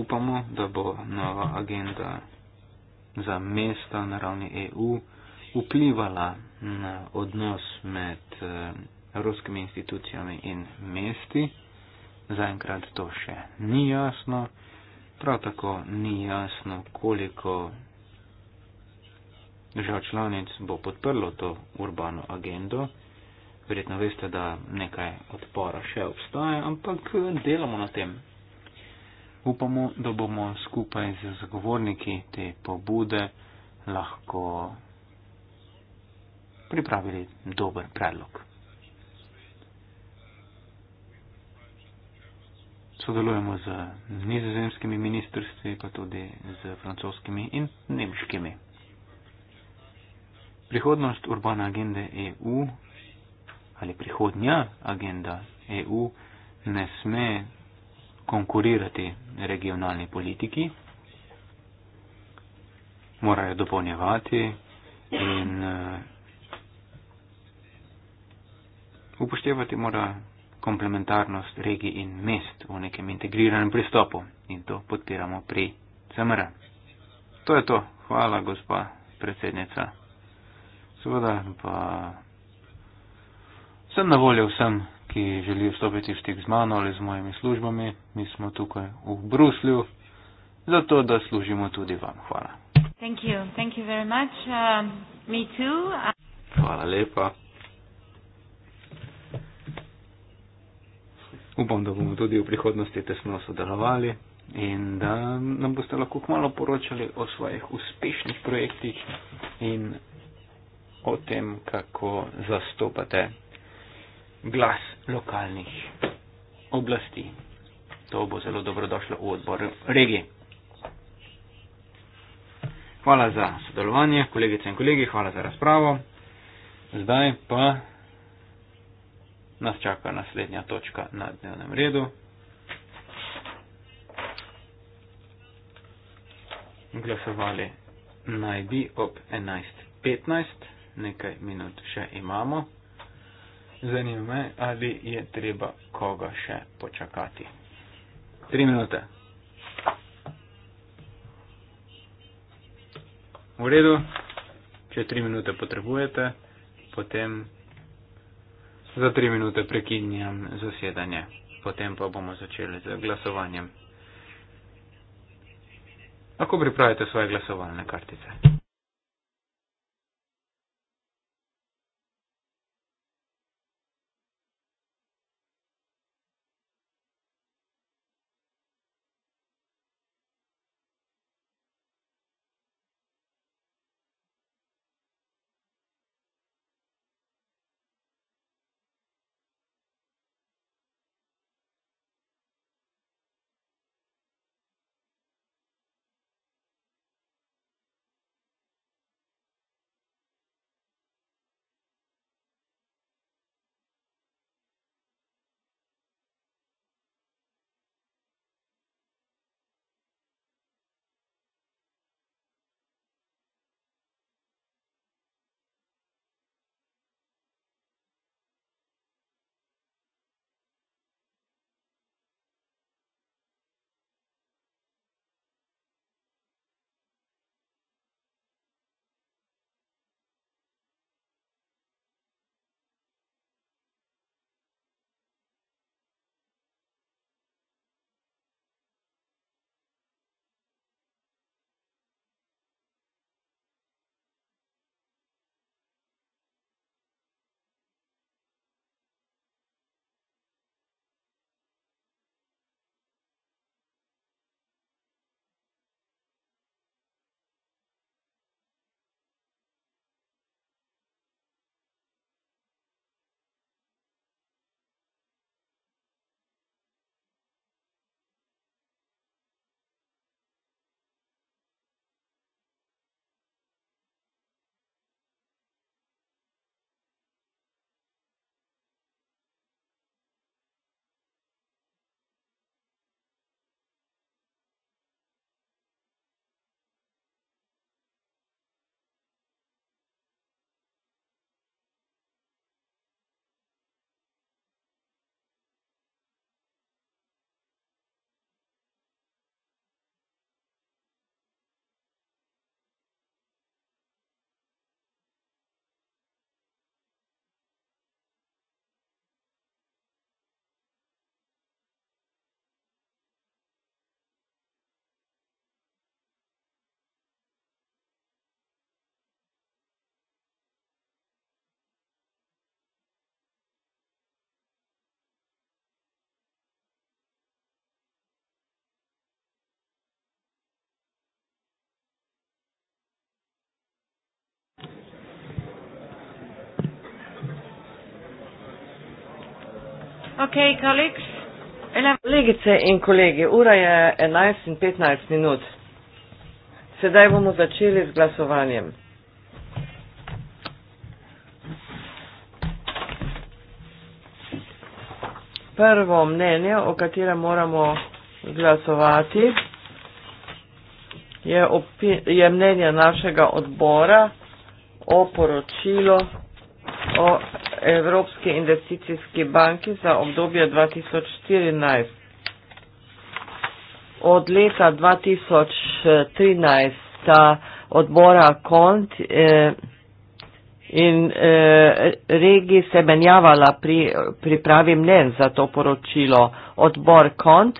Upamo, da bo nova agenda za mesta na ravni EU vplivala na odnos med eh, evropskimi institucijami in mesti zaenkrat to še ni jasno, prav tako ni jasno, koliko držav članic bo podprlo to urbano agendo. Verjetno veste, da nekaj odpora še obstaja, ampak delamo na tem. Upamo, da bomo skupaj z zagovorniki te pobude lahko pripravili dober predlog. sodelujemo z nizozemskimi ministrstvi, pa tudi z francoskimi in nemškimi. Prihodnost urbane agende EU ali prihodnja agenda EU ne sme konkurirati regionalni politiki, morajo dopolnjevati in eh, upoštevati morajo komplementarnost regij in mest v nekem integriranem pristopu in to podpiramo pri CMR. To je to. Hvala, gospa predsednica. Seveda pa sem na voljo vsem, ki želijo vstopiti v stik z mano ali z mojimi službami. Mi smo tukaj v Bruslju, zato da služimo tudi vam. Hvala. Thank you. Thank you very much. Uh, me too. Uh... Hvala lepa. upam, da bomo tudi v prihodnosti tesno sodelovali in da nam boste lahko kmalo poročali o svojih uspešnih projektih in o tem, kako zastopate glas lokalnih oblasti. To bo zelo dobrodošlo v odboru regije. Hvala za sodelovanje, kolegice in kolegi, hvala za razpravo. Zdaj pa nas čaka naslednja točka na dnevnem redu. Glasovali naj bi ob 11.15, nekaj minut še imamo. Zanima me, ali je treba koga še počakati. Tri minute. V redu, če tri minute potrebujete, potem za tri minute prekinjam zasedanje, potem pa bomo začeli z glasovanjem. Lahko pripravite svoje glasovalne kartice. Okay, colleagues. Kolegice in kolegi, ura je 11 in 15 minut. Sedaj bomo začeli z glasovanjem. Prvo mnenje, o katerem moramo glasovati, je, je mnenje našega odbora o poročilu o Evropske investicijske banke za obdobje 2014. Od leta 2013 sta odbora kont eh, in eh, regi se menjavala pri pripravi mnen za to poročilo. Odbor kont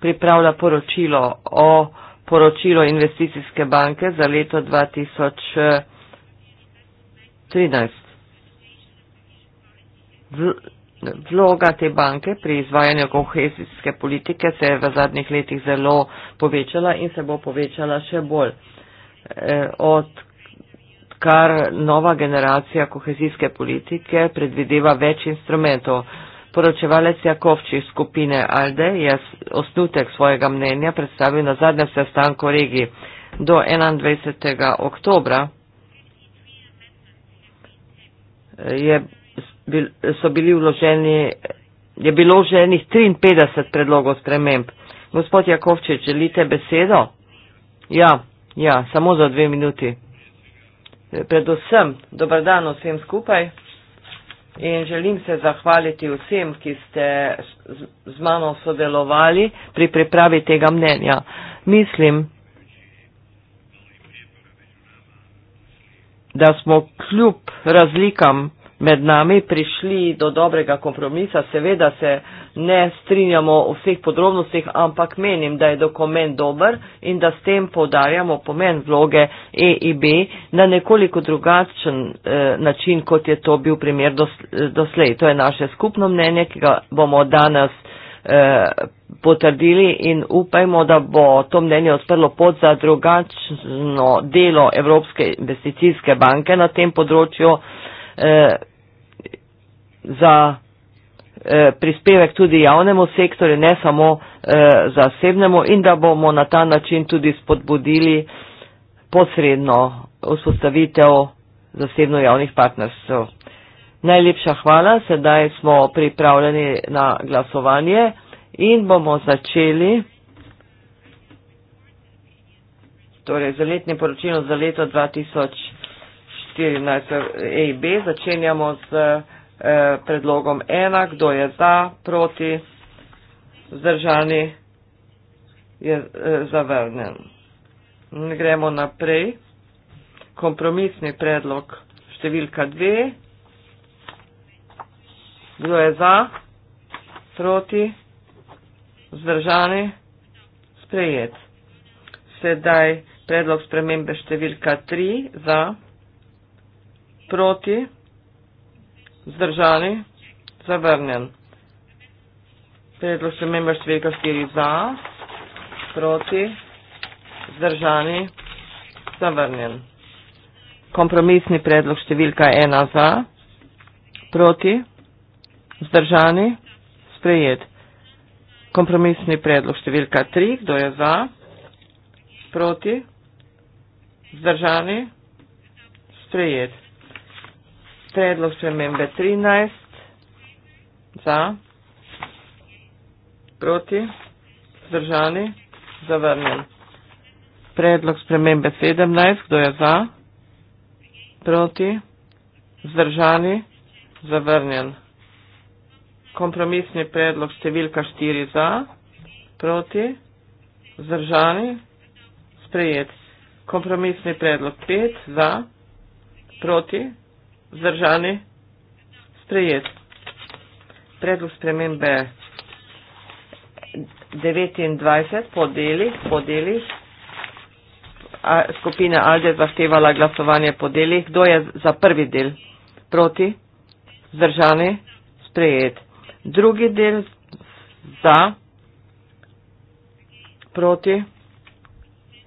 pripravlja poročilo o poročilo investicijske banke za leto 2013. Vloga te banke pri izvajanju kohezijske politike se je v zadnjih letih zelo povečala in se bo povečala še bolj. E, od kar nova generacija kohezijske politike predvideva več instrumentov. Poročevalec Jakovči iz skupine ALDE je osnutek svojega mnenja predstavil na zadnjem sestanku regiji do 21. oktobra so bili vloženi, je bilo vloženih 53 predlogov sprememb. Gospod Jakovčič, želite besedo? Ja, ja, samo za dve minuti. Predvsem, dobar dan vsem skupaj in želim se zahvaliti vsem, ki ste z mano sodelovali pri pripravi tega mnenja. Mislim, da smo kljub razlikam med nami prišli do dobrega kompromisa. Seveda se ne strinjamo o vseh podrobnostih, ampak menim, da je dokument dober in da s tem podarjamo pomen vloge EIB na nekoliko drugačen eh, način, kot je to bil primer dos, doslej. To je naše skupno mnenje, ki ga bomo danes eh, potrdili in upajmo, da bo to mnenje odprlo pot za drugačno delo Evropske investicijske banke na tem področju, eh, za eh, prispevek tudi javnemu sektorju, ne samo eh, zasebnemu in da bomo na ta način tudi spodbudili posredno vzpostavitev zasebno-javnih partnerstv. Najlepša hvala, sedaj smo pripravljeni na glasovanje in bomo začeli torej, za letni poročilo za leto 2014 EIB. Začenjamo z. Eh, predlogom ena, kdo je za, proti, vzdržani je eh, zavrnjen. Gremo naprej. Kompromisni predlog številka dve. Kdo je za, proti, vzdržani, sprejet. Sedaj predlog spremembe številka tri za, proti. Zdržani. Zavrnjen. Predlog spremembe številka 4 za. Proti. Zdržani. Zavrnjen. Kompromisni predlog številka 1 za. Proti. Zdržani. Sprejet. Kompromisni predlog številka 3. Kdo je za? Proti. Zdržani. Sprejet predlog spremembe 13, za, proti, zdržani, zavrnjen. Predlog spremembe 17, kdo je za, proti, zdržani, zavrnjen. Kompromisni predlog številka 4 za, proti, zdržani, sprejet. Kompromisni predlog 5 za, proti, zdržani. Vzdržani? Sprejet. Predlog spremembe 29 po delih, po delih. Skupina Alde zahtevala glasovanje po delih. Kdo je za prvi del? Proti? Vzdržani? Sprejet. Drugi del za? Proti?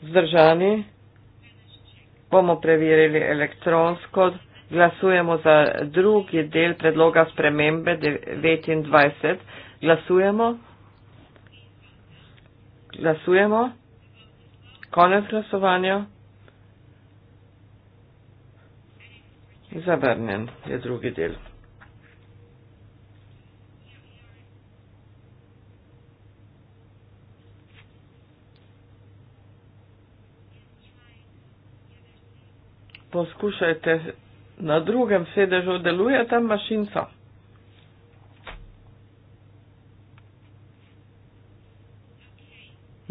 Vzdržani? Bomo preverili elektronsko. Glasujemo za drugi del predloga spremembe 29. Glasujemo. Glasujemo. Konec glasovanja. Zavrnjen je drugi del. Poskušajte na drugem sedežu deluje ta mašinca.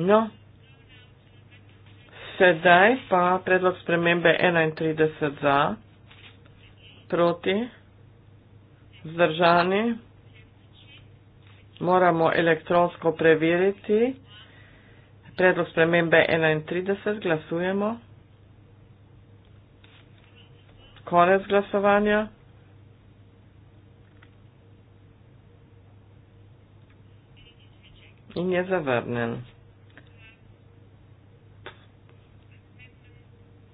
No, sedaj pa predlog spremembe 31 za, proti, zdržani, moramo elektronsko preveriti. Predlog spremembe 31 glasujemo konec glasovanja. In je zavrnen.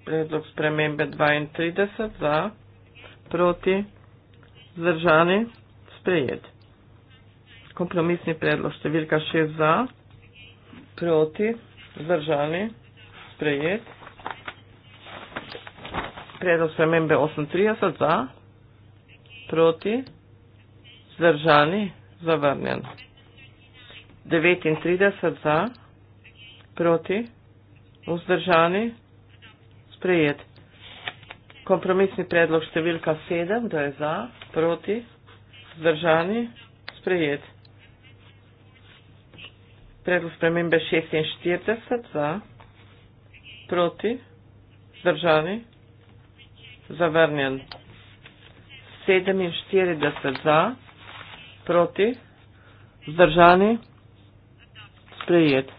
Predlog spremembe 32 za, proti, zdržani, sprejet. Kompromisni predlog številka 6 za, proti, zdržani, sprejet. Predlog spremembe 38 za, proti, zdržani, zavrnjen. 39 za, proti, vzdržani, sprejet. Kompromisni predlog številka 7, da je za, proti, zdržani, sprejet. Predlog spremembe 46 za, proti, zdržani, sprejet zavrnjen. 47 za, proti, vzdržani, sprejet.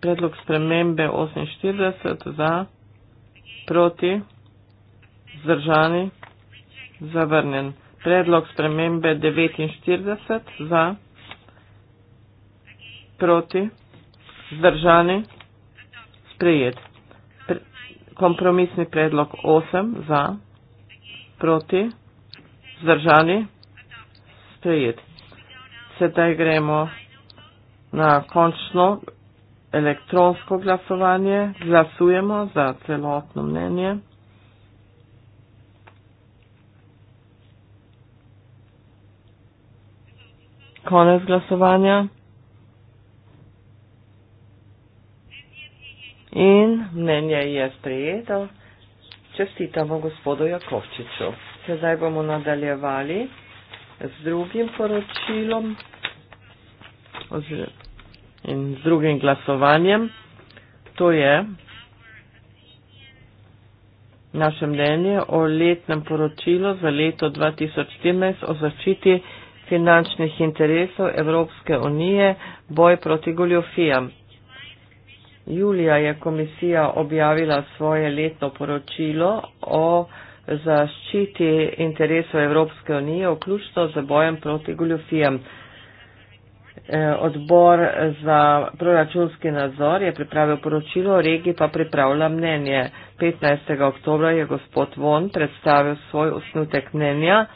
Predlog spremembe 48 za, proti, vzdržani, zavrnjen. Predlog spremembe 49 za, proti, vzdržani, sprejet kompromisni predlog 8 za, proti, zdržani, sprejet. Sedaj gremo na končno elektronsko glasovanje. Glasujemo za celotno mnenje. Konec glasovanja. In mnenje je sprejeto. Čestitamo gospodu Jakovčiču. Sedaj bomo nadaljevali z drugim poročilom in z drugim glasovanjem. To je naše mnenje o letnem poročilu za leto 2014 o zaščiti finančnih interesov Evropske unije, boj proti goljofijam. Julija je komisija objavila svoje letno poročilo o zaščiti interesov Evropske unije, vključno z bojem proti goljofijam. E, odbor za proračunski nadzor je pripravil poročilo, regi pa pripravlja mnenje. 15. oktober je gospod Von predstavil svoj osnutek mnenja.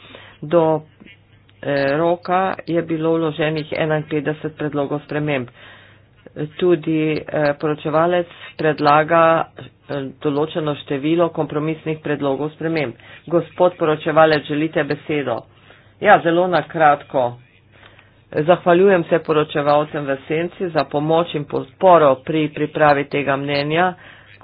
Do e, roka je bilo vloženih 51 predlogov sprememb tudi eh, poročevalec predlaga eh, določeno število kompromisnih predlogov sprememb. Gospod poročevalec, želite besedo? Ja, zelo na kratko. Zahvaljujem se poročevalcem v senci za pomoč in podporo pri pripravi tega mnenja.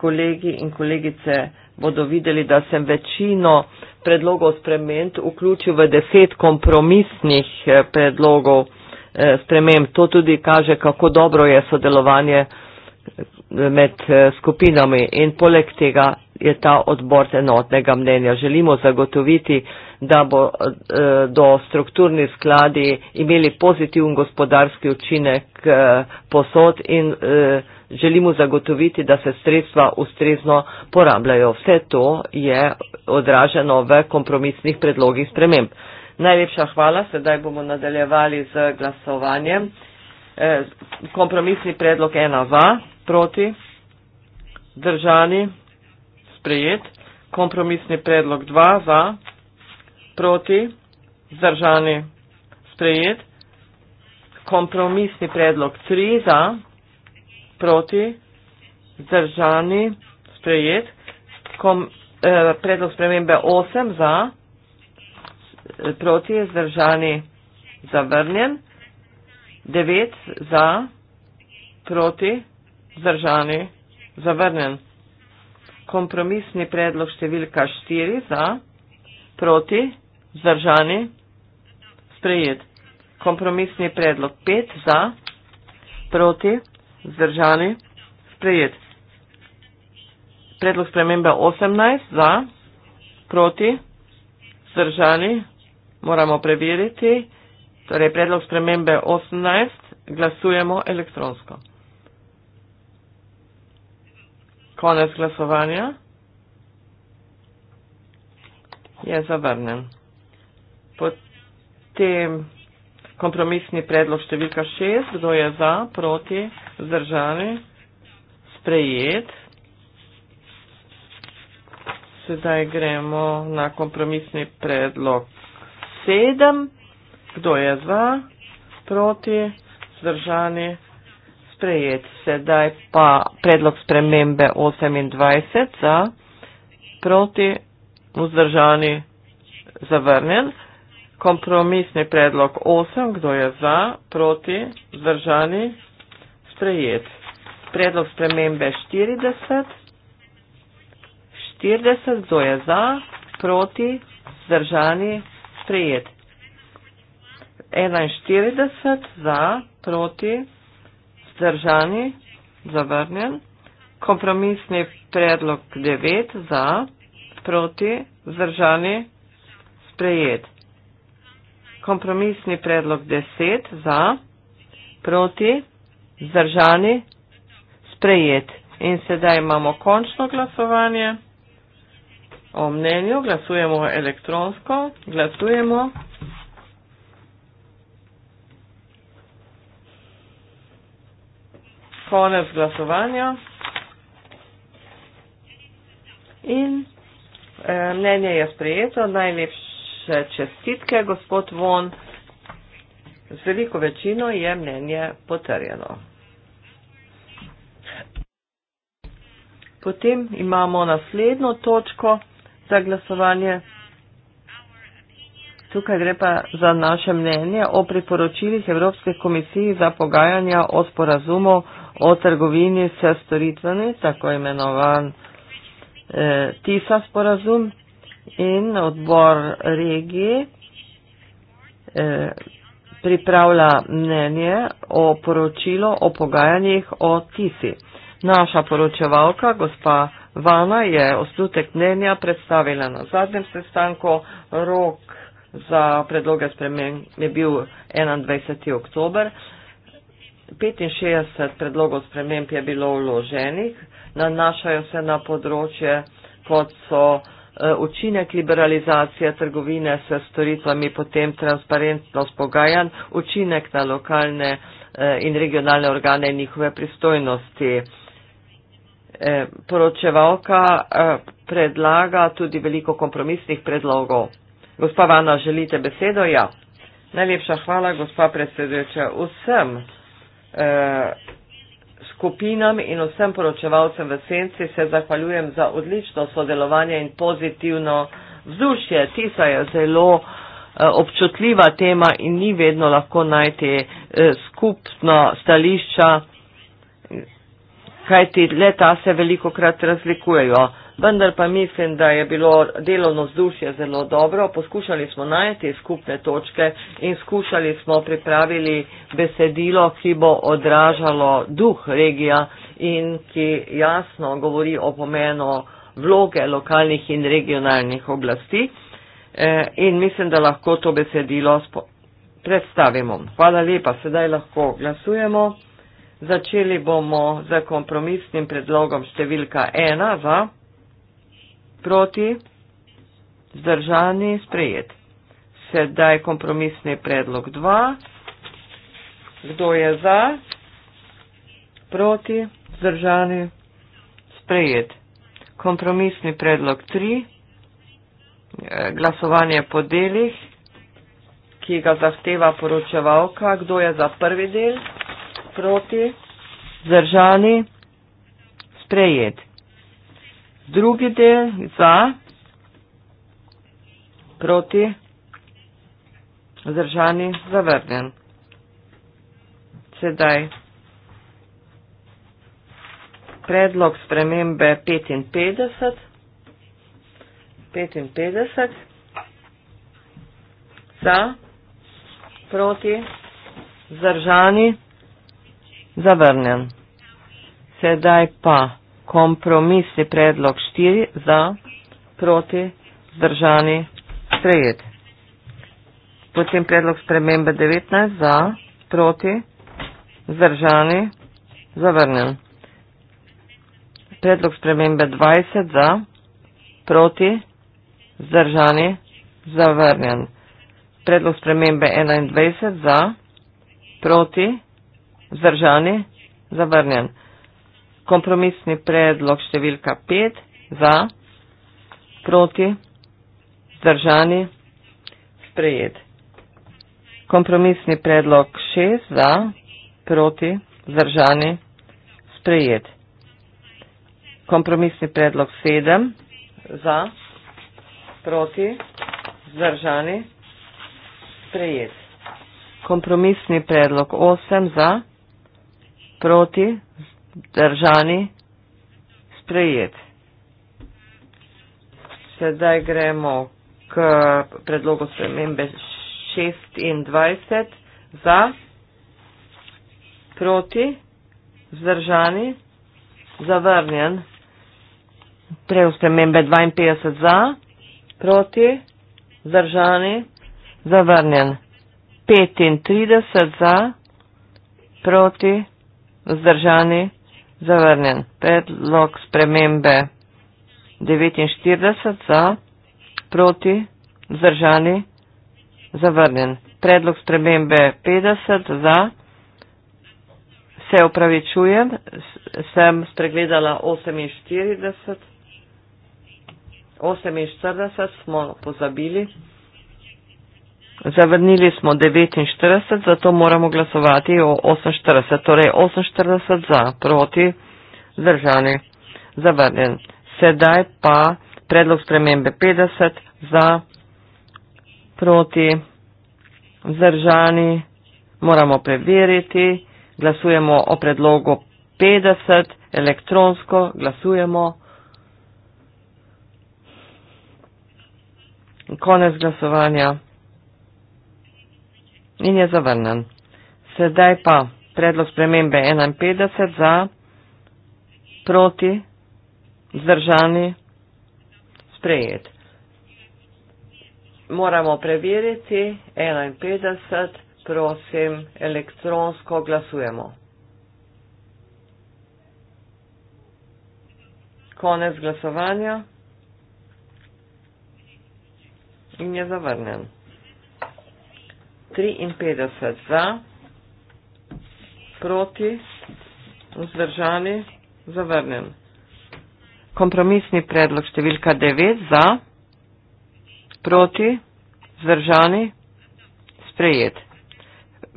Kolegi in kolegice bodo videli, da sem večino predlogov sprement vključil v deset kompromisnih eh, predlogov. Eh, sprememb. To tudi kaže, kako dobro je sodelovanje eh, med eh, skupinami in poleg tega je ta odbor enotnega mnenja. Želimo zagotoviti, da bo do strukturni skladi imeli pozitivn gospodarski učinek posod in želimo zagotoviti, da se sredstva ustrezno porabljajo. Vse to je odraženo v kompromisnih predlogih sprememb. Najlepša hvala. Sedaj bomo nadaljevali z glasovanjem. E, kompromisni predlog 1-2 proti. Držani. Sprejet. Kompromisni predlog 2-2 proti. Zdržani. Sprejet. Kompromisni predlog 3-2 proti. Zdržani. Sprejet. Kom, eh, predlog spremembe 8-2 proti je zdržani zavrnjen, devet za proti zdržani zavrnjen. Kompromisni predlog številka štiri za proti zdržani sprejet. Kompromisni predlog pet za proti zdržani sprejet. Predlog spremembe 18 za proti zdržani sprejet moramo preveriti. Torej, predlog spremembe 18 glasujemo elektronsko. Konec glasovanja je zavrnen. Potem kompromisni predlog številka 6, kdo je za, proti, zdržani, sprejet. Sedaj gremo na kompromisni predlog sedem, kdo je za, proti, zdržani, sprejet. Sedaj pa predlog spremembe 28 za, proti, vzdržani, zavrnjen. Kompromisni predlog 8, kdo je za, proti, vzdržani, sprejet. Predlog spremembe 40, 40, kdo je za, proti, vzdržani, sprejet sprejet. 41 za, proti, zdržani, zavrnjen. Kompromisni predlog 9 za, proti, zdržani, sprejet. Kompromisni predlog 10 za, proti, zdržani, sprejet. In sedaj imamo končno glasovanje o mnenju, glasujemo elektronsko, glasujemo. Konec glasovanja. In e, mnenje je sprejeto. Najlepše čestitke, gospod Von. Z veliko večino je mnenje potrjeno. Potem imamo naslednjo točko za glasovanje. Tukaj gre pa za naše mnenje o priporočilih Evropske komisije za pogajanja o sporazumu o trgovini s storitvami, tako imenovan eh, TISA sporazum in odbor regije eh, pripravlja mnenje o poročilo o pogajanjih o TISI. Naša poročevalka, gospa Vana je osnutek mnenja predstavila na zadnjem sestanku. Rok za predloge spremen je bil 21. oktober. 65 predlogov sprememb je bilo vloženih, nanašajo se na področje, kot so e, učinek liberalizacije trgovine s storitvami, potem transparentnost pogajanj, učinek na lokalne e, in regionalne organe in njihove pristojnosti. Eh, poročevalka eh, predlaga tudi veliko kompromisnih predlogov. Gospa Vana, želite besedo? Ja. Najlepša hvala, gospa predsedujoča, vsem eh, skupinam in vsem poročevalcem v senci se zahvaljujem za odlično sodelovanje in pozitivno vzdušje. Tisa je zelo občutljiva tema in ni vedno lahko najti skupna stališča kajti le ta se veliko krat razlikujejo. Vendar pa mislim, da je bilo delovno vzdušje zelo dobro. Poskušali smo najti skupne točke in skušali smo pripraviti besedilo, ki bo odražalo duh regija in ki jasno govori o pomenu vloge lokalnih in regionalnih oblasti. E, in mislim, da lahko to besedilo predstavimo. Hvala lepa, sedaj lahko glasujemo. Začeli bomo z kompromisnim predlogom številka 1 za proti zdržani sprejet. Sedaj kompromisni predlog 2. Kdo je za proti zdržani sprejet? Kompromisni predlog 3. Glasovanje po delih, ki ga zahteva poročevalka. Kdo je za prvi del? proti, zdržani, sprejet. Drugi del za, proti, zdržani, zavrnjen. Sedaj predlog spremembe 55. 55. Za, proti, zdržani, zavrnjen. Zavrnjen. Sedaj pa kompromisni predlog 4 za, proti, zdržani, sprejet. Potem predlog spremembe 19 za, proti, zdržani, zavrnjen. Predlog spremembe 20 za, proti, zdržani, zavrnjen. Predlog spremembe 21 za, proti, zdržani. Zdržani? Zavrnjen. Kompromisni predlog številka 5. Za? Proti? Zdržani? Sprejet. Kompromisni predlog 6. Za? Proti? Zdržani? Sprejet. Kompromisni predlog 7. Za? Proti? Zdržani? Sprejet. Kompromisni predlog 8 za, proti, zdržani, sprejet. Sedaj gremo k predlogu spremembe 26 za, proti, zdržani, zavrnjen. Preustremembe 52 za, proti, zdržani, zavrnjen. 35 za, proti, zdržani. Vzdržani, zavrnjen. Predlog spremembe 49 za, proti, vzdržani, zavrnjen. Predlog spremembe 50 za, se upravičujem, sem spregledala 48, 48 smo pozabili. Zavrnili smo 49, zato moramo glasovati o 48, torej 48 za, proti, zdržani, zavrnjen. Sedaj pa predlog spremembe 50 za, proti, zdržani, moramo preveriti, glasujemo o predlogu 50, elektronsko glasujemo. Konec glasovanja in je zavrnen. Sedaj pa predlog spremembe 51 za, proti, zdržani, sprejet. Moramo preveriti 51, prosim, elektronsko glasujemo. Konec glasovanja in je zavrnen. 53 za, proti, vzdržani, zavrnjen. Kompromisni predlog številka 9 za, proti, vzdržani, sprejet.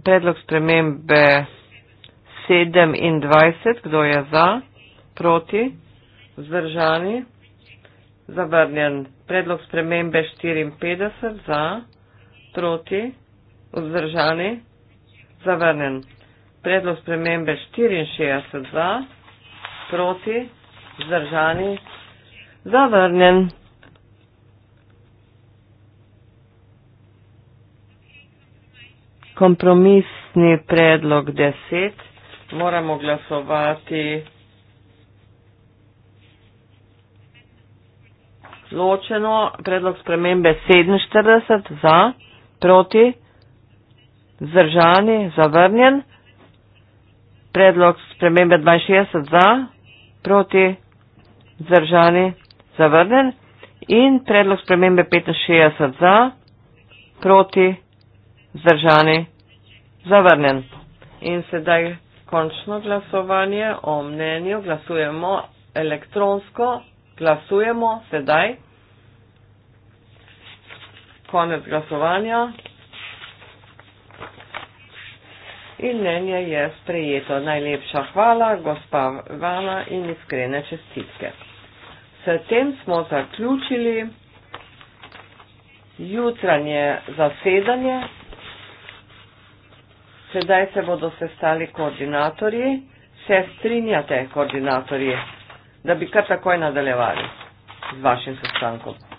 Predlog spremembe 27, kdo je za, proti, vzdržani, zavrnjen. Predlog spremembe 54 za, proti, vzdržani. Vzdržani? Zavrnen. Predlog spremembe 64 za, proti, vzdržani, zavrnen. Kompromisni predlog 10. Moramo glasovati ločeno. Predlog spremembe 47 za, proti, vzdržani zdržani, zavrnjen. Predlog spremembe 62 za, proti, zdržani, zavrnjen. In predlog spremembe 65 za, proti, zdržani, zavrnjen. In sedaj končno glasovanje o mnenju. Glasujemo elektronsko. Glasujemo sedaj. Konec glasovanja. in mnenje je sprejeto. Najlepša hvala, gospa Vala in iskrene čestitke. S tem smo zaključili jutranje zasedanje. Sedaj se bodo sestali koordinatorji. Se strinjate, koordinatorji, da bi kar takoj nadaljevali z vašim sestankom?